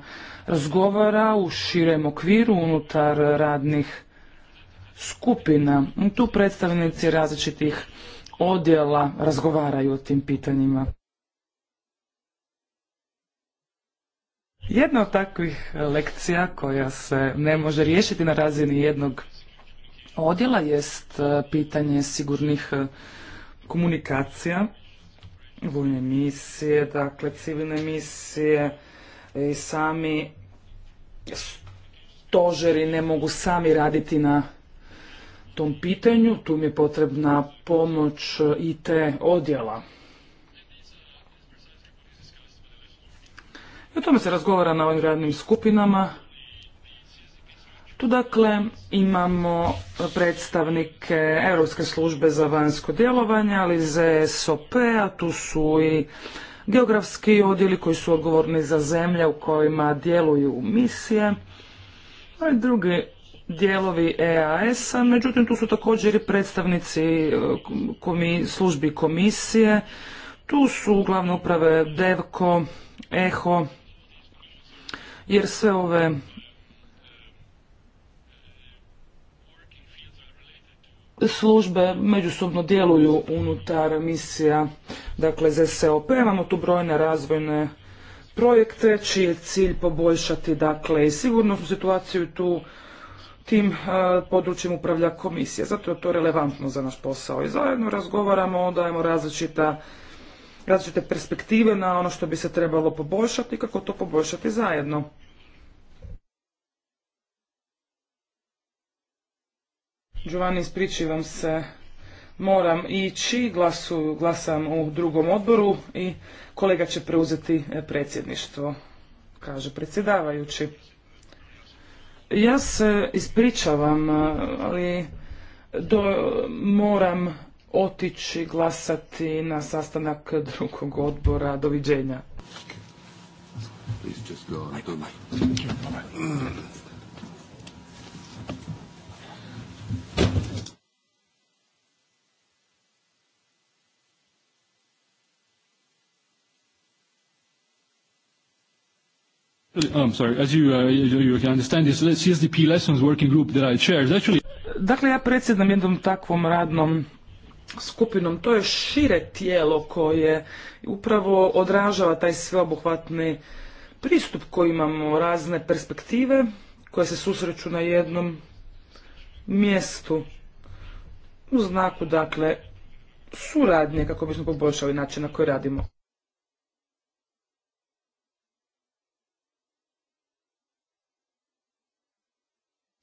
razgovara u širem okviru unutar radnih skupina. Tu predstavnici različitih odjela razgovaraju o tim pitanjima. Jedna od takvih lekcija koja se ne može riješiti na razini jednog odjela jest e, pitanje sigurnih e, komunikacija, vojne misije, dakle civilne misije, sami stožeri ne mogu sami raditi na tom pitanju, tu mi je potrebna pomoć eh, IT odjela. I o tome se razgovara na ovim radnim skupinama. Tu dakle imamo predstavnike Europske službe za vanjsko djelovanje, ali SOP a tu su i geografski odjeli koji su odgovorni za zemlje u kojima djeluju misije, a i drugi dijelovi EAS-a, međutim tu su također i predstavnici e, službi komisije, tu su uglavnom uprave DEVKO, EHO, jer sve ove službe međusobno djeluju unutar misija dakle ZSOP. Imamo tu brojne razvojne projekte čiji je cilj poboljšati dakle i sigurnosnu situaciju tu tim e, područjem upravlja komisija. Zato je to relevantno za naš posao i zajedno razgovaramo, dajemo različita različite perspektive na ono što bi se trebalo poboljšati i kako to poboljšati zajedno. Giovanni, ispričavam se, moram ići, glasam u drugom odboru i kolega će preuzeti e, predsjedništvo, kaže predsjedavajući. Ja se ispričavam, e, ali do, moram otići glasati na sastanak drugog odbora. Doviđenja. Uh, I'm sorry, as you, uh, understand this, uh, lessons working group that I actually... Dakle, ja predsjedam jednom takvom radnom skupinom. To je šire tijelo koje upravo odražava taj sveobuhvatni pristup koji imamo, razne perspektive koje se susreću na jednom mjestu u znaku, dakle, suradnje kako bismo poboljšali način na koji radimo.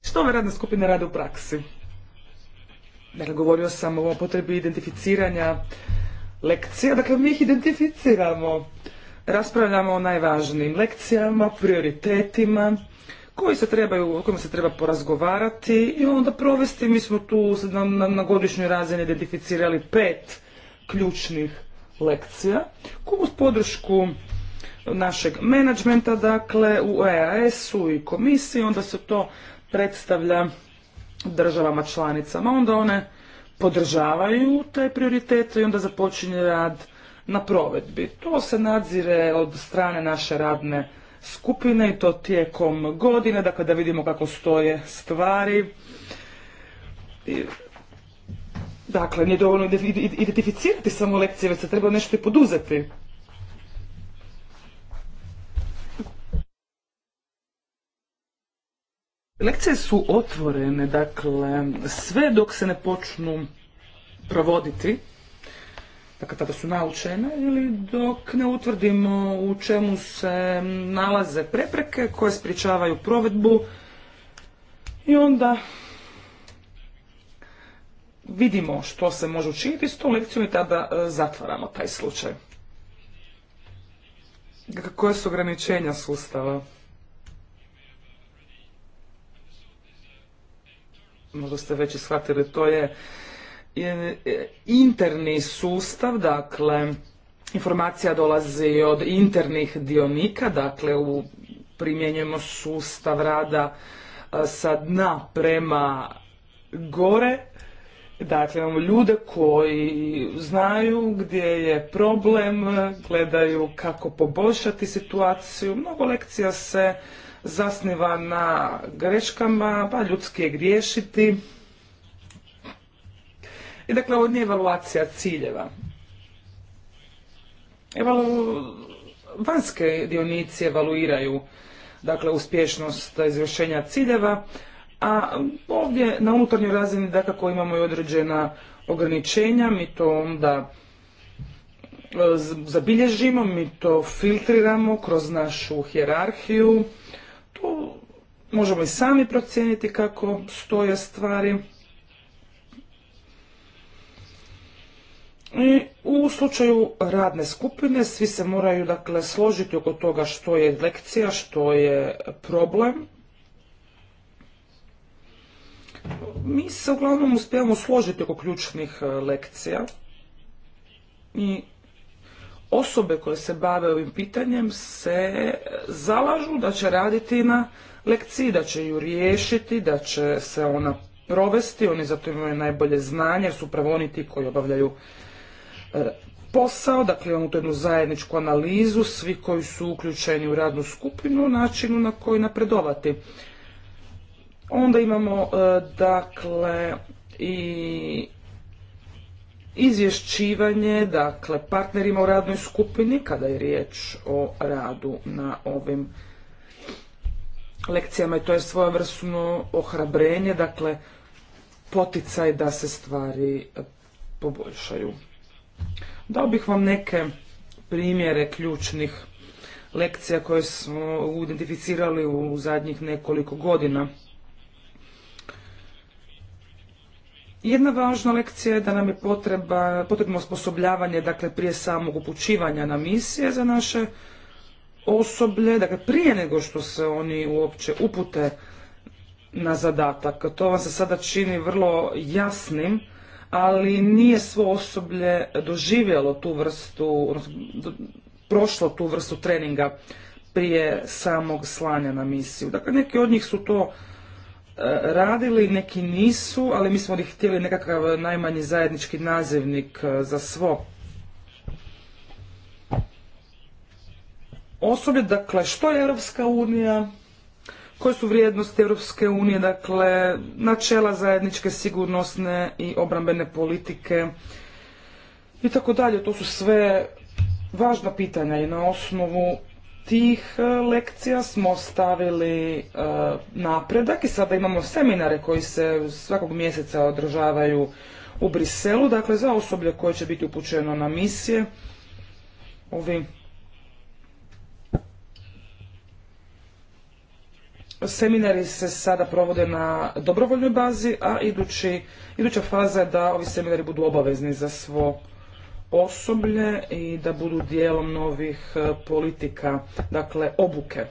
Što ove radne skupine rade u praksi? Dakle, govorio sam o potrebi identificiranja lekcija, dakle mi ih identificiramo. Raspravljamo o najvažnijim lekcijama, prioritetima, koji se o kojima se treba porazgovarati i onda provesti. Mi smo tu na, na godišnjoj razini identificirali pet ključnih lekcija uz podršku našeg menadžmenta, dakle u EAS-u i komisiji, onda se to predstavlja državama članicama. Onda one podržavaju taj prioritet i onda započinje rad na provedbi. To se nadzire od strane naše radne skupine i to tijekom godine, dakle da vidimo kako stoje stvari. dakle, nije dovoljno identificirati samo lekcije, već se treba nešto i poduzeti. Lekcije su otvorene, dakle, sve dok se ne počnu provoditi, dakle tada su naučene, ili dok ne utvrdimo u čemu se nalaze prepreke koje sprječavaju provedbu i onda vidimo što se može učiniti s tom lekcijom i tada e, zatvaramo taj slučaj. Dakle, koje su ograničenja sustava? možda ste već i shvatili, to je interni sustav, dakle, informacija dolazi od internih dionika, dakle, u, primjenjujemo sustav rada sa dna prema gore, Dakle, imamo ljude koji znaju gdje je problem, gledaju kako poboljšati situaciju. Mnogo lekcija se zasniva na greškama, pa ljudski je griješiti. I dakle, ovo nije evaluacija ciljeva. Evalu... Vanjske dionici evaluiraju dakle, uspješnost izvršenja ciljeva, a ovdje na unutarnjoj razini dakako imamo i određena ograničenja, mi to onda e, zabilježimo, mi to filtriramo kroz našu hjerarhiju, možemo i sami procijeniti kako stoje stvari. I u slučaju radne skupine svi se moraju dakle složiti oko toga što je lekcija, što je problem. Mi se uglavnom uspijemo složiti oko ključnih e, lekcija i osobe koje se bave ovim pitanjem se zalažu da će raditi na lekciji, da će ju riješiti, da će se ona provesti, oni zato imaju najbolje znanje, jer su upravo oni ti koji obavljaju e, posao, dakle imamo tu jednu zajedničku analizu, svi koji su uključeni u radnu skupinu, načinu na koji napredovati. Onda imamo, e, dakle, i izvješćivanje, dakle, partnerima u radnoj skupini, kada je riječ o radu na ovim lekcijama i to je svojevrsno ohrabrenje, dakle, poticaj da se stvari poboljšaju. Dao bih vam neke primjere ključnih lekcija koje smo identificirali u zadnjih nekoliko godina. Jedna važna lekcija je da nam je potreba, potrebno osposobljavanje, dakle prije samog upućivanja na misije za naše osoblje, dakle prije nego što se oni uopće upute na zadatak. To vam se sada čini vrlo jasnim, ali nije svo osoblje doživjelo tu vrstu, prošlo tu vrstu treninga prije samog slanja na misiju. Dakle, neki od njih su to E, radili, neki nisu, ali mi smo oni htjeli nekakav najmanji zajednički nazivnik e, za svo osoblje, dakle što je Europska unija, koje su vrijednosti Europske unije, dakle načela zajedničke sigurnosne i obrambene politike i tako dalje. To su sve važna pitanja i na osnovu tih e, lekcija smo stavili e, napredak i sada imamo seminare koji se svakog mjeseca održavaju u Briselu, dakle za osoblje koje će biti upućeno na misije. Ovi Seminari se sada provode na dobrovoljnoj bazi, a iduća faza je da ovi seminari budu obavezni za svo osoblje i da budu dijelom novih e, politika, dakle obuke.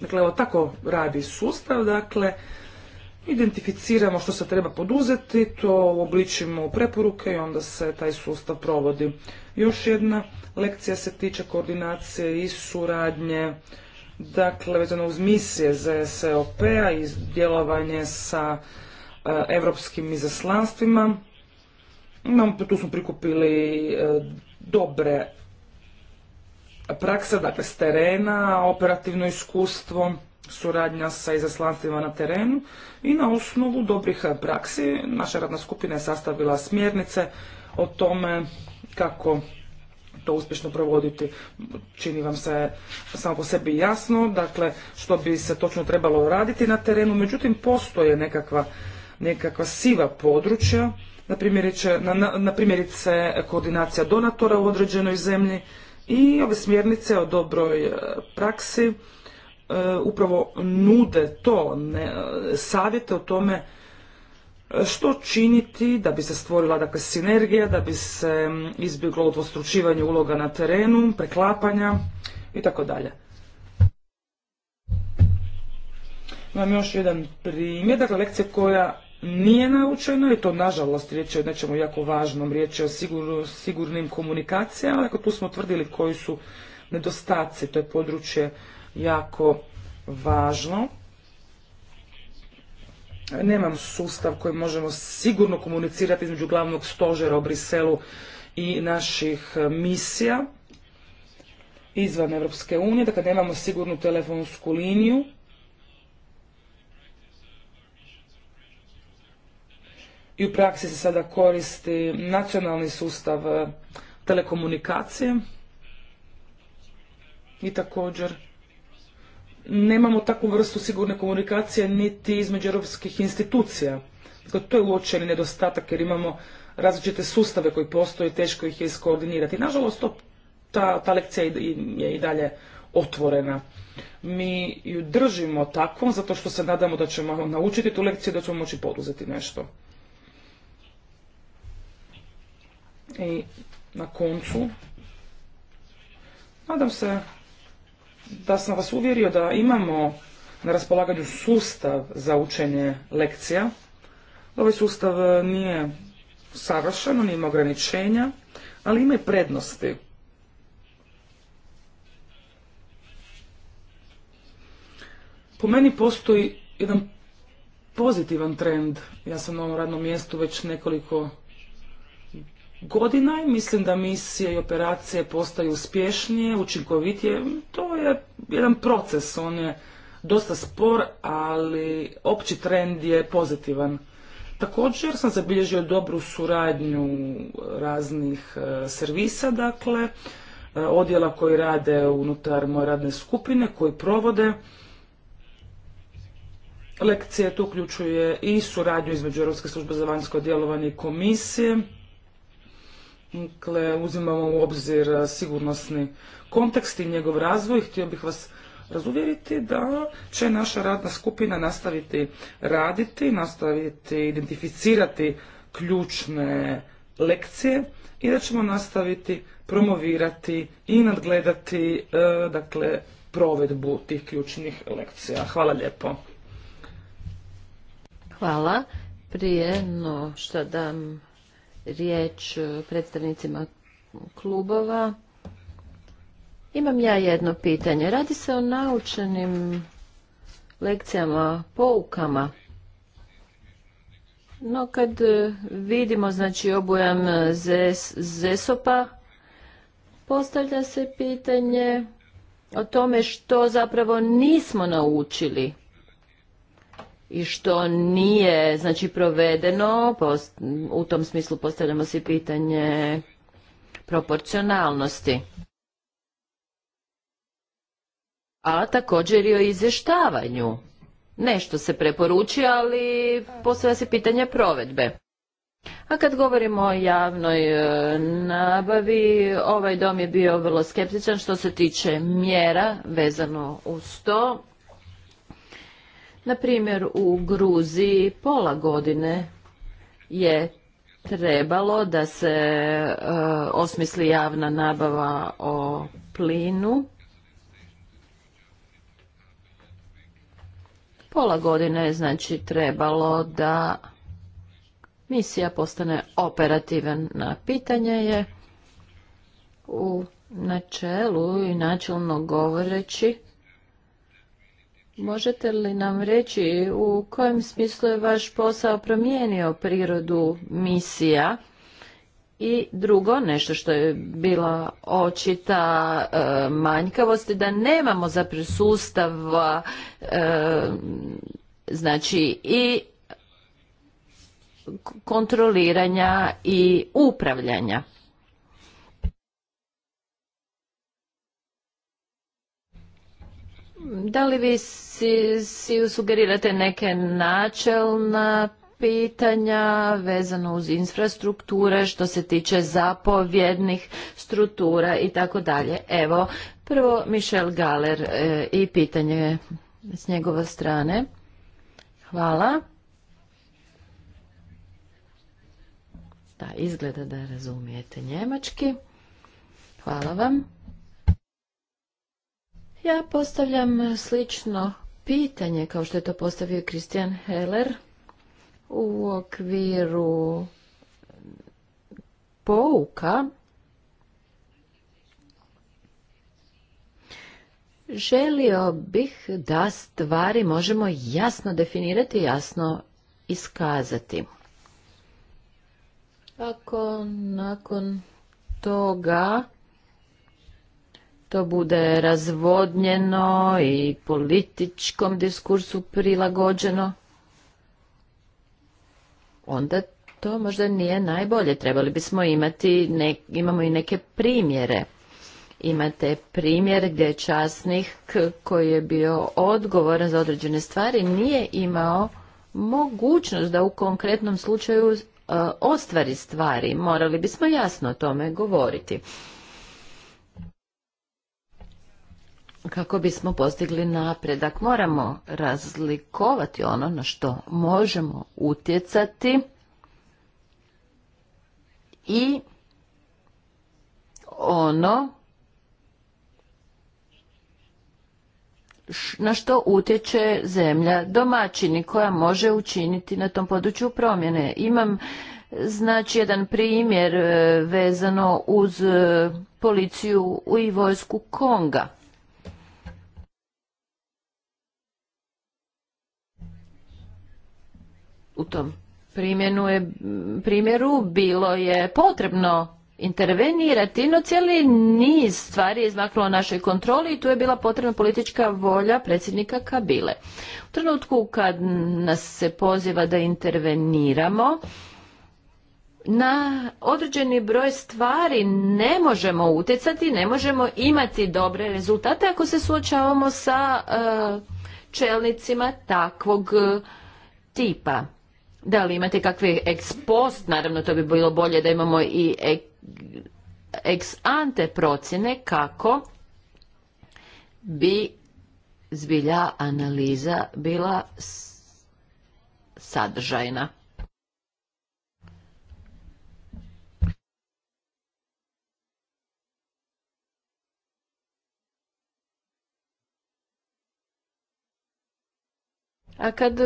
Dakle, evo tako radi sustav, dakle, identificiramo što se treba poduzeti, to obličimo u preporuke i onda se taj sustav provodi. Još jedna lekcija se tiče koordinacije i suradnje, dakle, vezano uz misije sop a i djelovanje sa e, evropskim izaslanstvima tu smo prikupili e, dobre prakse, dakle s terena, operativno iskustvo, suradnja sa izaslanstvima na terenu i na osnovu dobrih e, praksi naša radna skupina je sastavila smjernice o tome kako to uspješno provoditi. Čini vam se samo po sebi jasno, dakle što bi se točno trebalo raditi na terenu, međutim postoje nekakva siva područja na primjerice koordinacija donatora u određenoj zemlji i ove smjernice o dobroj e, praksi e, upravo nude to e, savjete o tome što činiti da bi se stvorila dakle sinergija, da bi se izbjeglo odvostručivanje uloga na terenu, preklapanja i tako dalje. Imam još jedan primjer, dakle lekcija koja nije naučeno i to nažalost riječ je o nečemu jako važnom, riječ je o sigurnim komunikacijama, dakle tu smo tvrdili koji su nedostaci, to je područje jako važno. Nemam sustav koji možemo sigurno komunicirati između glavnog stožera u Briselu i naših e, misija izvan Europske unije, dakle nemamo sigurnu telefonsku liniju i u praksi se sada koristi nacionalni sustav e, telekomunikacije i također nemamo takvu vrstu sigurne komunikacije niti između europskih institucija. Dakle, to je uočeni nedostatak jer imamo različite sustave koji postoje, teško ih je iskoordinirati. Nažalost, ta, ta lekcija je i dalje otvorena. Mi ju držimo takvom zato što se nadamo da ćemo naučiti tu lekciju i da ćemo moći poduzeti nešto. I na koncu, nadam se da sam vas uvjerio da imamo na raspolaganju sustav za učenje lekcija. Ovaj sustav nije savršen, on ima ograničenja, ali ima i prednosti. Po meni postoji jedan pozitivan trend. Ja sam na ovom radnom mjestu već nekoliko godina i mislim da misije i operacije postaju uspješnije, učinkovitije. To je jedan proces, on je dosta spor, ali opći trend je pozitivan. Također sam zabilježio dobru suradnju raznih e, servisa, dakle, e, odjela koji rade unutar moje radne skupine, koji provode lekcije, to uključuje i suradnju između Europske službe za vanjsko djelovanje i komisije, Dakle, uzimamo u obzir sigurnosni kontekst i njegov razvoj. Htio bih vas razuvjeriti da će naša radna skupina nastaviti raditi, nastaviti identificirati ključne lekcije i da ćemo nastaviti promovirati i nadgledati e, dakle, provedbu tih ključnih lekcija. Hvala lijepo. Hvala. Prije no što dam riječ predstavnicima klubova. Imam ja jedno pitanje. Radi se o naučenim lekcijama, poukama. No kad vidimo znači obujam ZESOPA, postavlja se pitanje o tome što zapravo nismo naučili i što nije znači provedeno u tom smislu postavljamo si pitanje proporcionalnosti a također i o izvještavanju nešto se preporučuje ali postavlja se pitanje provedbe a kad govorimo o javnoj e, nabavi, ovaj dom je bio vrlo skeptičan što se tiče mjera vezano uz to. Na primjer, u Gruziji pola godine je trebalo da se eh, osmisli javna nabava o plinu. Pola godine je znači trebalo da misija postane operativan na pitanje je u načelu i načelno govoreći Možete li nam reći u kojem smislu je vaš posao promijenio prirodu misija? I drugo, nešto što je bila očita e, manjkavost je da nemamo za sustav e, znači i kontroliranja i upravljanja. Da li vi si, si sugerirate neke načelna pitanja vezano uz infrastrukture što se tiče zapovjednih struktura i tako dalje. Evo, prvo Michel Galer e, i pitanje s njegove strane. Hvala. Da, izgleda da razumijete njemački. Hvala vam. Ja postavljam slično pitanje kao što je to postavio Kristijan Heller u okviru pouka Želio bih da stvari možemo jasno definirati, jasno iskazati. Ako nakon toga bude razvodnjeno i političkom diskursu prilagođeno, onda to možda nije najbolje. Trebali bismo imati, ne, imamo i neke primjere. Imate primjer gdje časnik koji je bio odgovoran za određene stvari nije imao mogućnost da u konkretnom slučaju e, ostvari stvari. Morali bismo jasno o tome govoriti. kako bismo postigli napredak. Moramo razlikovati ono na što možemo utjecati i ono na što utječe zemlja domaćini koja može učiniti na tom području promjene. Imam znači jedan primjer e, vezano uz e, policiju i vojsku Konga. u tom primjenu primjeru bilo je potrebno intervenirati, no cijeli niz stvari je izmaklo našoj kontroli i tu je bila potrebna politička volja predsjednika Kabile. U trenutku kad nas se poziva da interveniramo, na određeni broj stvari ne možemo utjecati, ne možemo imati dobre rezultate ako se suočavamo sa e, čelnicima takvog e, tipa da li imate kakvi ex post, naravno to bi bilo bolje da imamo i ex ante procjene kako bi zbilja analiza bila sadržajna. A kad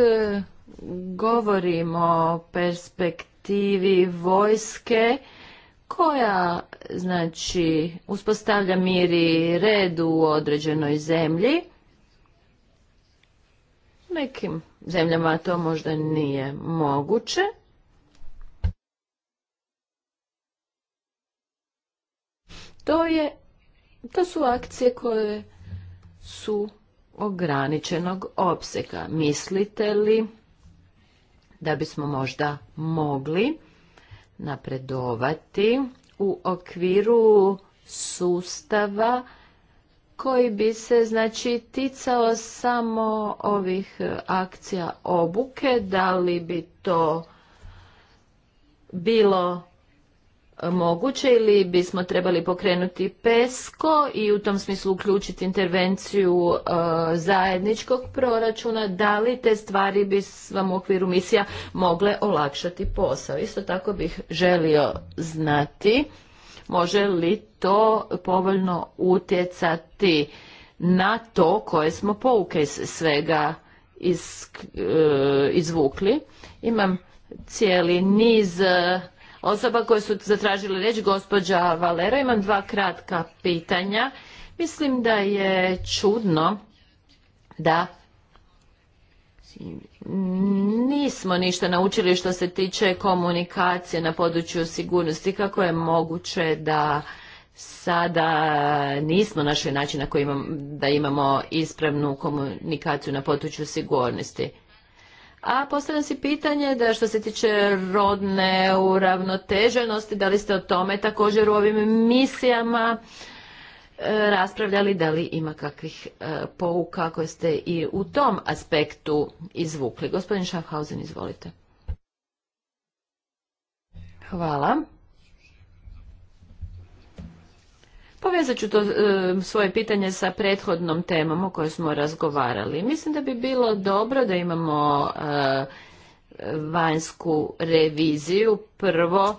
govorimo o perspektivi vojske koja znači uspostavlja mir i red u određenoj zemlji. Nekim zemljama to možda nije moguće. To, je, to su akcije koje su ograničenog opsega. Mislite li da bismo možda mogli napredovati u okviru sustava koji bi se znači ticao samo ovih akcija obuke, da li bi to bilo moguće ili bismo trebali pokrenuti PESCO i u tom smislu uključiti intervenciju e, zajedničkog proračuna, da li te stvari bi vam u okviru misija mogle olakšati posao. Isto tako bih želio znati može li to povoljno utjecati na to koje smo pouke iz svega e, izvukli. Imam cijeli niz osoba koje su zatražile reći gospođa Valera, Imam dva kratka pitanja. Mislim da je čudno da nismo ništa naučili što se tiče komunikacije na području sigurnosti. Kako je moguće da sada nismo našli način na koji da imamo ispravnu komunikaciju na području sigurnosti. A postavljam si pitanje da što se tiče rodne uravnoteženosti, da li ste o tome također u ovim misijama e, raspravljali, da li ima kakvih e, pouka koje ste i u tom aspektu izvukli. Gospodin Schaffhausen, izvolite. Hvala. Povezat ću to e, svoje pitanje sa prethodnom temom o kojoj smo razgovarali. Mislim da bi bilo dobro da imamo e, vanjsku reviziju prvo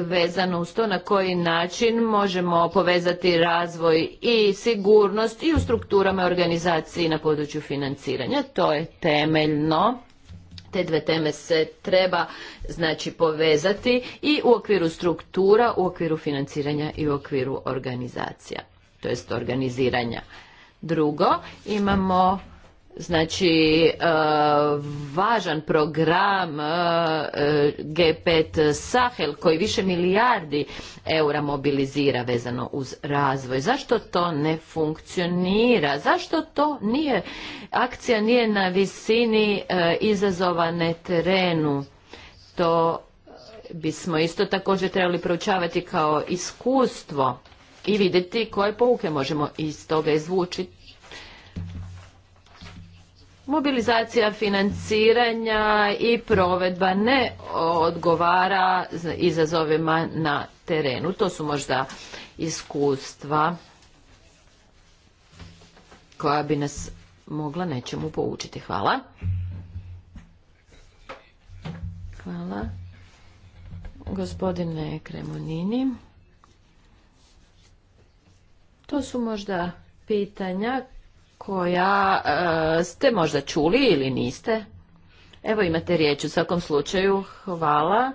vezano uz to na koji način možemo povezati razvoj i sigurnost i u strukturama organizaciji na području financiranja. To je temeljno te dve teme se treba znači povezati i u okviru struktura, u okviru financiranja i u okviru organizacija, to jest organiziranja. Drugo, imamo znači e, važan program e, G5 Sahel koji više milijardi eura mobilizira vezano uz razvoj. Zašto to ne funkcionira? Zašto to nije, akcija nije na visini e, izazova na terenu? To bismo isto također trebali proučavati kao iskustvo i vidjeti koje pouke možemo iz toga izvući mobilizacija financiranja i provedba ne odgovara izazovima na terenu. To su možda iskustva koja bi nas mogla nečemu poučiti. Hvala. Hvala. Gospodine Kremonini. To su možda pitanja koja e, ste možda čuli ili niste. Evo imate riječ u svakom slučaju. Hvala.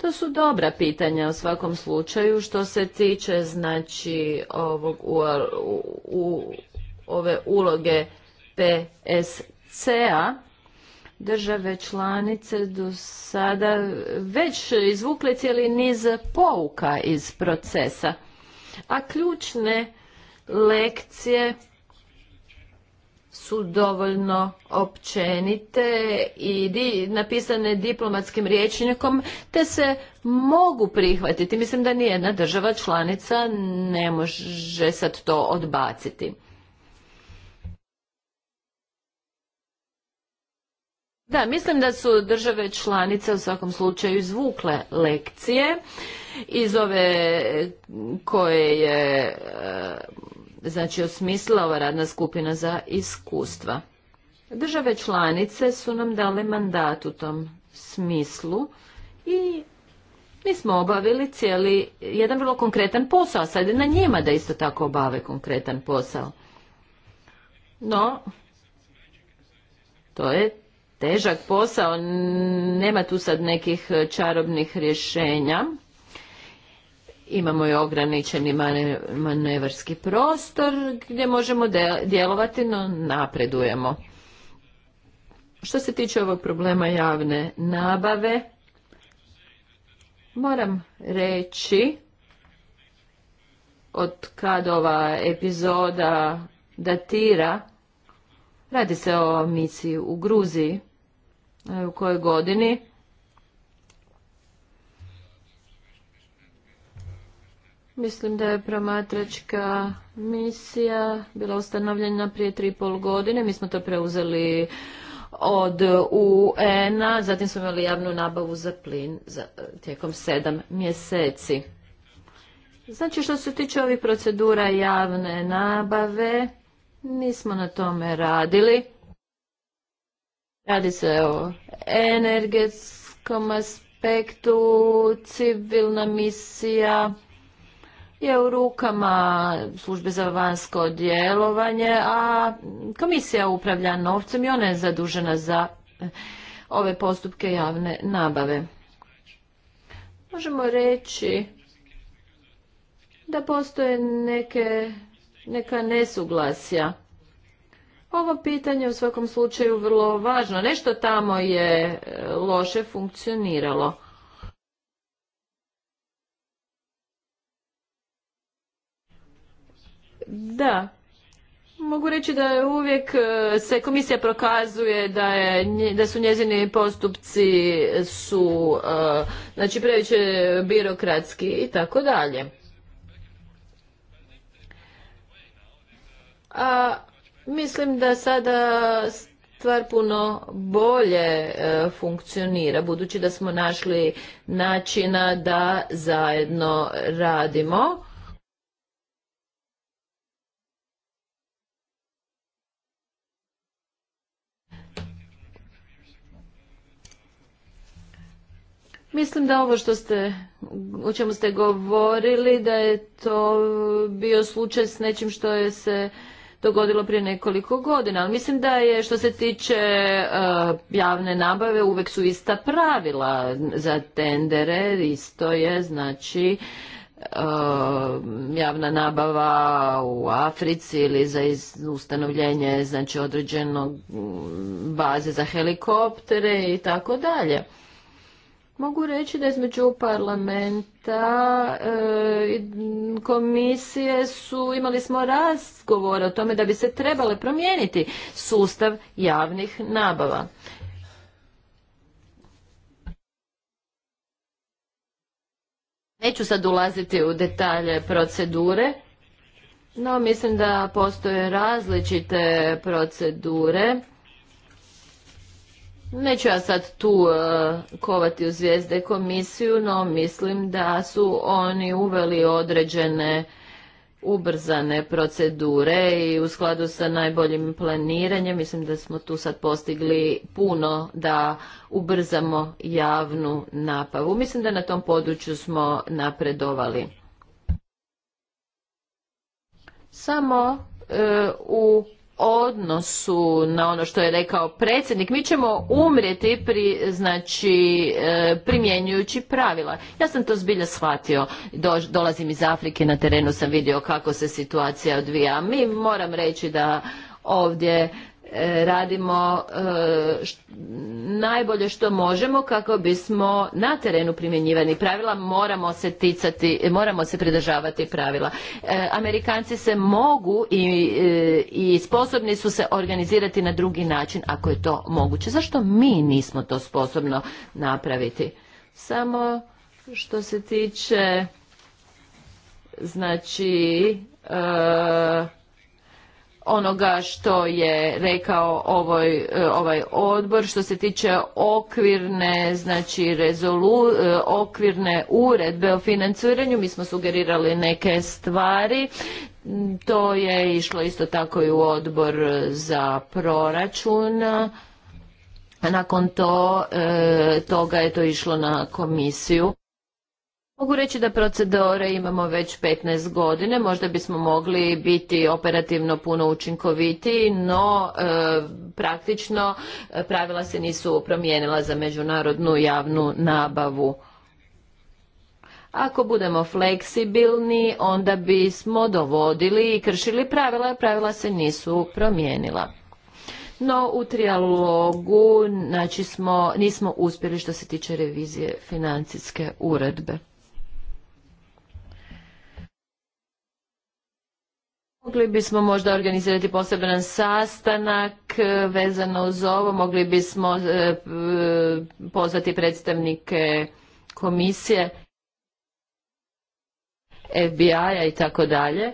To su dobra pitanja u svakom slučaju što se tiče znači ovog u, ove uloge PSC-a države članice do sada već izvukle cijeli niz pouka iz procesa a ključne lekcije su dovoljno općenite i di, napisane diplomatskim rječnikom, te se mogu prihvatiti. Mislim da nijedna država članica ne može sad to odbaciti. Da, mislim da su države članice u svakom slučaju izvukle lekcije iz ove koje je znači osmislila ova radna skupina za iskustva. Države članice su nam dale mandat u tom smislu i mi smo obavili cijeli jedan vrlo konkretan posao, a sad je na njima da isto tako obave konkretan posao. No, to je težak posao, nema tu sad nekih čarobnih rješenja. Imamo i ograničeni manevarski prostor gdje možemo djelovati, no napredujemo. Što se tiče ovog problema javne nabave, moram reći od kad ova epizoda datira, radi se o misiji u Gruziji, e, u kojoj godini, Mislim da je promatračka misija bila ustanovljena prije tri i pol godine. Mi smo to preuzeli od UN-a, zatim smo imali javnu nabavu za plin tijekom sedam mjeseci. Znači što se tiče ovih procedura javne nabave, nismo na tome radili. Radi se o energetskom aspektu, civilna misija, je u rukama službe za vanjsko djelovanje, a komisija upravlja novcem i ona je zadužena za eh, ove postupke javne nabave. Možemo reći da postoje neke, neka nesuglasja. Ovo pitanje u svakom slučaju vrlo važno. Nešto tamo je eh, loše funkcioniralo. Da, mogu reći da uvijek e, se komisija prokazuje da, su njezini postupci su e, znači previše birokratski i tako dalje. A mislim da sada stvar puno bolje e, funkcionira budući da smo našli načina da zajedno radimo Mislim da ovo što ste, o čemu ste govorili, da je to bio slučaj s nečim što je se dogodilo prije nekoliko godina. Ali mislim da je što se tiče e, javne nabave uvek su ista pravila za tendere, isto je znači e, javna nabava u Africi ili za ustanovljenje znači određenog baze za helikoptere i tako dalje. Mogu reći da između parlamenta e, i komisije su, imali smo razgovor o tome da bi se trebale promijeniti sustav javnih nabava. Neću sad ulaziti u detalje procedure, no mislim da postoje različite procedure Neću ja sad tu e, kovati u zvijezde komisiju, no mislim da su oni uveli određene ubrzane procedure i u skladu sa najboljim planiranjem mislim da smo tu sad postigli puno da ubrzamo javnu napavu. Mislim da na tom području smo napredovali. Samo e, u odnosu na ono što je rekao predsjednik, mi ćemo umrijeti pri, znači, e, primjenjujući pravila. Ja sam to zbilja shvatio. dolazim iz Afrike, na terenu sam vidio kako se situacija odvija. Mi moram reći da ovdje E, radimo e, najbolje što možemo kako bismo na terenu primjenjivani pravila moramo se ticati, moramo se pridržavati pravila. E, Amerikanci se mogu i, i sposobni su se organizirati na drugi način ako je to moguće. Zašto mi nismo to sposobno napraviti? Samo što se tiče znači onoga što je rekao e, ovaj odbor što se tiče okvirne znači rezolu, e, okvirne uredbe o financiranju mi smo sugerirali neke stvari to je išlo isto tako i u odbor za proračun nakon to, e, toga je to išlo na komisiju Mogu reći da procedore imamo već 15 godine, možda bismo mogli biti operativno puno učinkovitiji, no e, praktično e, pravila se nisu promijenila za međunarodnu javnu nabavu. Ako budemo fleksibilni, onda bismo dovodili i kršili pravila, pravila se nisu promijenila. No u trialogu znači nismo uspjeli što se tiče revizije financijske uredbe. Mogli bismo možda organizirati poseban sastanak e, vezano uz ovo, mogli bismo e, pozvati predstavnike komisije, FBI-a i tako dalje.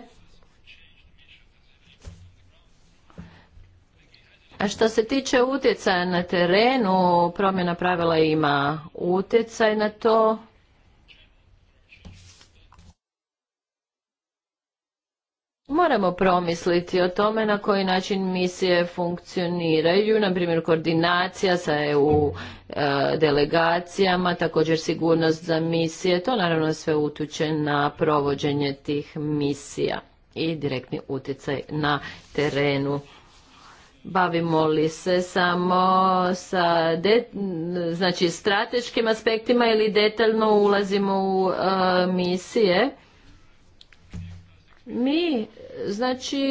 A što se tiče utjecaja na terenu, promjena pravila ima utjecaj na to. Moramo promisliti o tome na koji način misije funkcioniraju, na primjer koordinacija sa EU e, delegacijama, također sigurnost za misije, to naravno sve utuče na provođenje tih misija i direktni utjecaj na terenu. Bavimo li se samo sa znači strateškim aspektima ili detaljno ulazimo u e, misije? Mi, znači,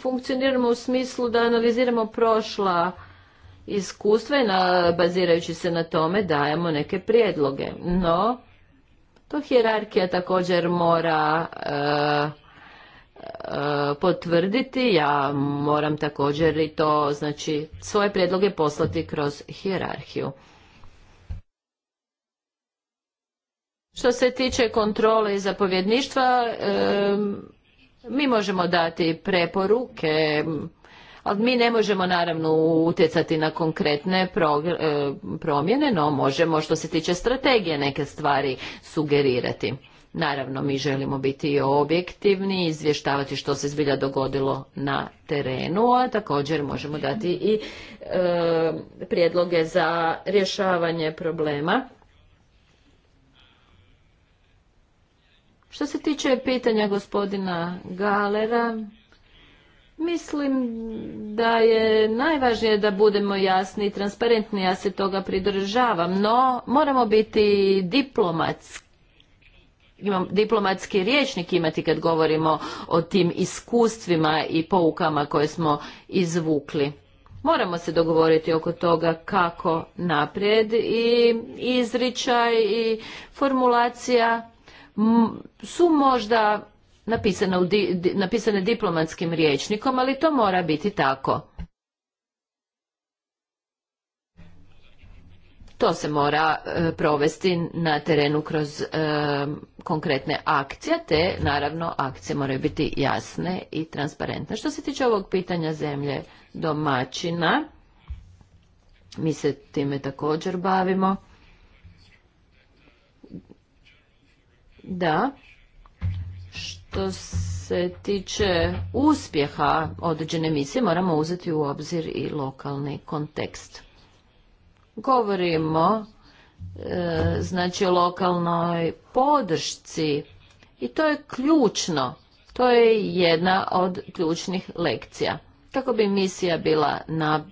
funkcioniramo u smislu da analiziramo prošla iskustva i na, bazirajući se na tome dajemo neke prijedloge. No, to hjerarkija također mora e, e, potvrditi, ja moram također i to, znači, svoje prijedloge poslati kroz hijerarhiju. Što se tiče kontrole i zapovjedništva, mi možemo dati preporuke, ali mi ne možemo naravno utjecati na konkretne e, promjene, no možemo što se tiče strategije neke stvari sugerirati. Naravno, mi želimo biti i objektivni, izvještavati što se zbilja dogodilo na terenu, a također možemo dati i e, prijedloge za rješavanje problema. Što se tiče pitanja gospodina Galera, mislim da je najvažnije da budemo jasni i transparentni, ja se toga pridržavam, no moramo biti diplomatski imam diplomatski riječnik imati kad govorimo o tim iskustvima i poukama koje smo izvukli. Moramo se dogovoriti oko toga kako naprijed i izričaj i formulacija su možda napisane diplomatskim rječnikom, ali to mora biti tako. To se mora e, provesti na terenu kroz e, konkretne akcije, te naravno akcije moraju biti jasne i transparentne. Što se tiče ovog pitanja zemlje domaćina, mi se time također bavimo. Da. Što se tiče uspjeha određene misije, moramo uzeti u obzir i lokalni kontekst. Govorimo e, znači o lokalnoj podršci i to je ključno. To je jedna od ključnih lekcija. Kako bi misija bila na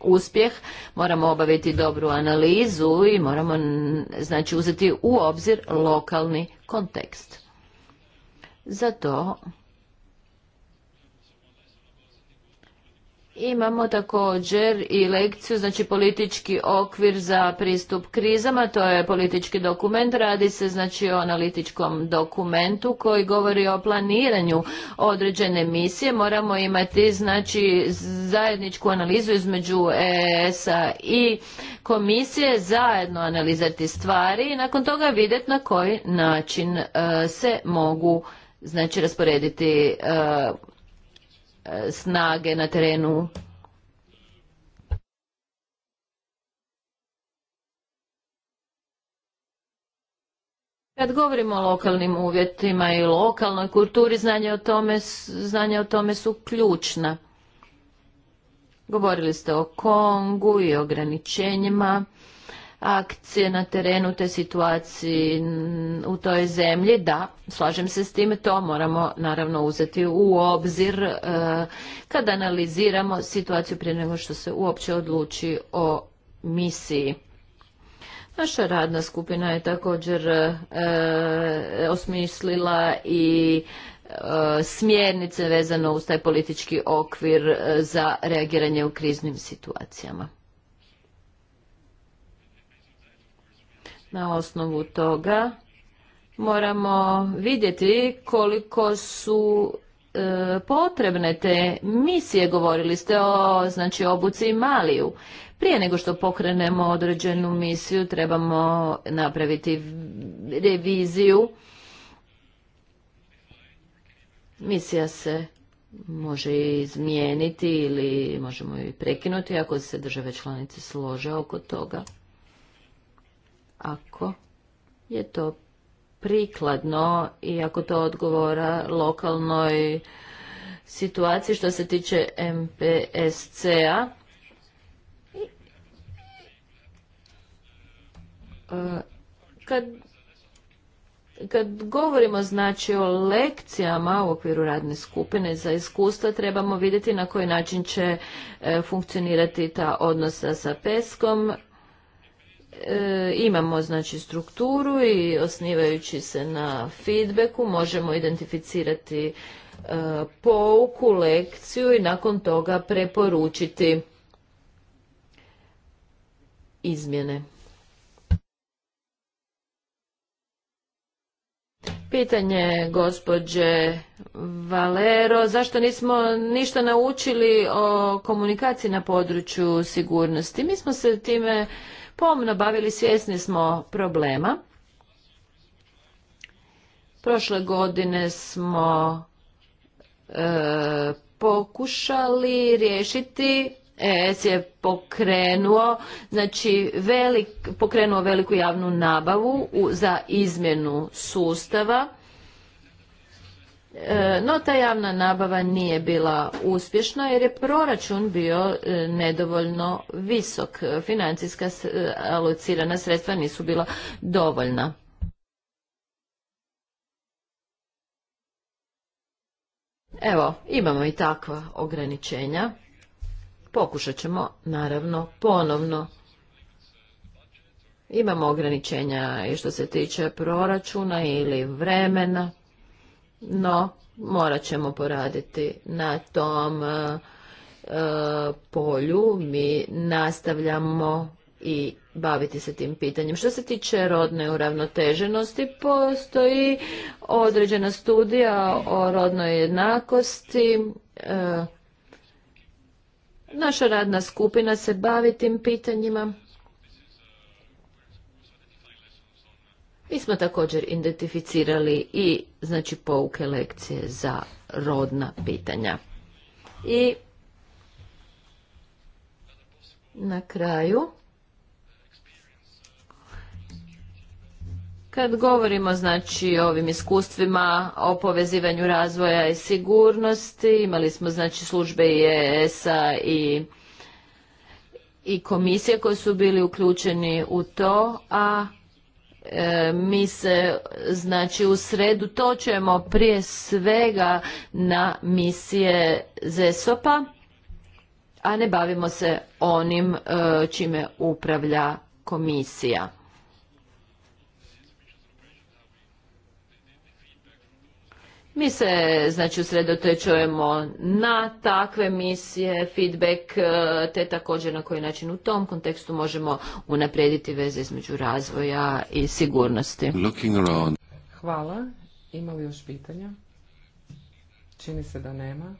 uspjeh, moramo obaviti dobru analizu i moramo znači uzeti u obzir lokalni kontekst. Zato Imamo također i lekciju, znači politički okvir za pristup krizama, to je politički dokument, radi se znači o analitičkom dokumentu koji govori o planiranju određene misije. Moramo imati znači zajedničku analizu između ESA i komisije, zajedno analizati stvari i nakon toga vidjeti na koji način e, se mogu znači rasporediti e, E, snage na terenu Kad govorimo o lokalnim uvjetima i lokalnoj kulturi, znanje o tome, znanje o tome su ključna. Govorili ste o Kongu i ograničenjima akcije na terenu te situaciji u toj zemlji, da, slažem se s time, to moramo naravno uzeti u obzir e, kad kada analiziramo situaciju prije nego što se uopće odluči o misiji. Naša radna skupina je također e, e, osmislila i smjernice vezano uz taj politički okvir za reagiranje u kriznim situacijama. na osnovu toga moramo vidjeti koliko su e, potrebne te misije govorili ste o znači obuci i maliju prije nego što pokrenemo određenu misiju trebamo napraviti reviziju misija se može izmijeniti ili možemo i prekinuti ako se države članice slože oko toga ako je to prikladno i ako to odgovora lokalnoj situaciji što se tiče MPSC-a. E, kad, govorimo znači o lekcijama u okviru radne skupine za iskustva, trebamo vidjeti na koji način će e, funkcionirati ta odnosa sa peskom E, imamo znači strukturu i osnivajući se na feedbacku možemo identificirati e, pouku, lekciju i nakon toga preporučiti izmjene. Pitanje gospođe Valero, zašto nismo ništa naučili o komunikaciji na području sigurnosti? Mi smo se time pomno bavili, svjesni smo problema. Prošle godine smo e, pokušali riješiti ES je pokrenuo, znači velik, pokrenuo veliku javnu nabavu u, za izmjenu sustava E, no, ta javna nabava nije bila uspješna jer je proračun bio e, nedovoljno visok. Financijska e, alocirana sredstva nisu bila dovoljna. Evo, imamo i takva ograničenja. Pokušat ćemo, naravno, ponovno. Imamo ograničenja i što se tiče proračuna ili vremena no, morat ćemo poraditi na tom e, e, polju. Mi nastavljamo i baviti se tim pitanjem. Što se tiče rodne uravnoteženosti, postoji određena studija o rodnoj jednakosti. E, naša radna skupina se bavi tim pitanjima. Mi smo također identificirali i znači pouke lekcije za rodna pitanja. I na kraju Kad govorimo znači o ovim iskustvima, o povezivanju razvoja i sigurnosti, imali smo znači službe i e a i, i komisije koji su bili uključeni u to, a E, mi se znači točujemo prije svega na misije Zesopa, a a ne bavimo se onim e, čime upravlja komisija. Mi se znači usredotočujemo na takve misije, feedback, eh, te također na koji način u tom kontekstu možemo unaprijediti veze između razvoja i sigurnosti. Hvala. Ima li još pitanja? Čini se da nema.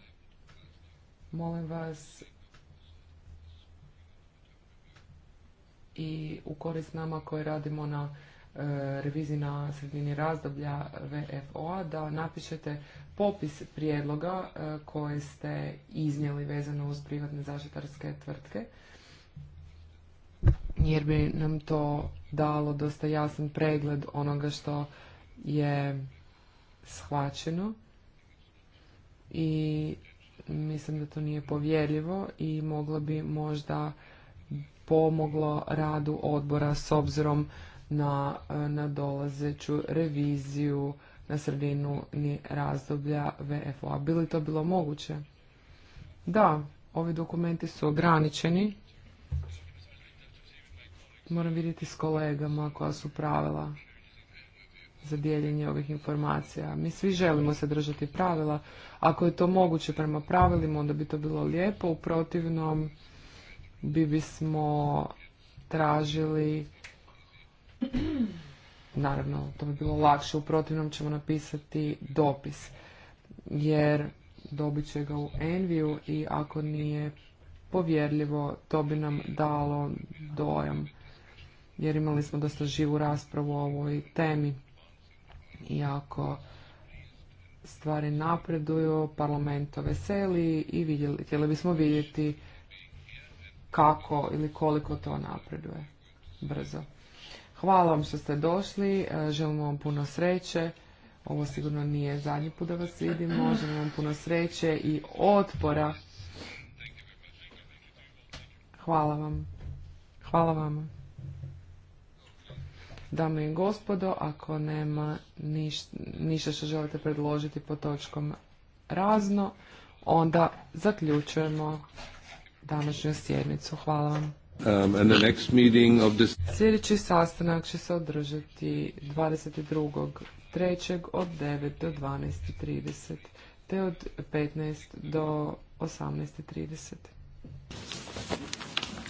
Molim vas i u korist nama koje radimo na E, reviziji na sredini razdoblja VFO-a da napišete popis prijedloga e, koje ste iznijeli vezano uz privatne zaštitarske tvrtke jer bi nam to dalo dosta jasan pregled onoga što je shvaćeno i mislim da to nije povjerljivo i moglo bi možda pomoglo radu odbora s obzirom na e, dolazeću reviziju na sredinu ni razdoblja VFO-a. Bi li to bilo moguće? Da, ovi dokumenti su ograničeni. Moram vidjeti s kolegama koja su pravila za dijeljenje ovih informacija. Mi svi želimo se držati pravila. Ako je to moguće prema pravilima, onda bi to bilo lijepo. U protivnom bi bismo tražili Naravno, to bi bilo lakše, u protivnom ćemo napisati dopis, jer dobit će ga u Enviju i ako nije povjerljivo, to bi nam dalo dojam, jer imali smo dosta živu raspravu o ovoj temi. I ako stvari napreduju, parlament veseli i htjeli bismo vidjeti kako ili koliko to napreduje brzo. Hvala vam što ste došli, e, želimo vam puno sreće. Ovo sigurno nije zadnji put da vas vidimo. Želimo vam puno sreće i otpora. Hvala vam. Hvala vam. Dame i gospodo, ako nema ništa što želite predložiti po točkom razno, onda zaključujemo današnju sjednicu. Hvala vam. Um, and the next meeting of this... Sljedeći sastanak će se održati 22.3. od 9 do 12.30 te od 15 do 18.30.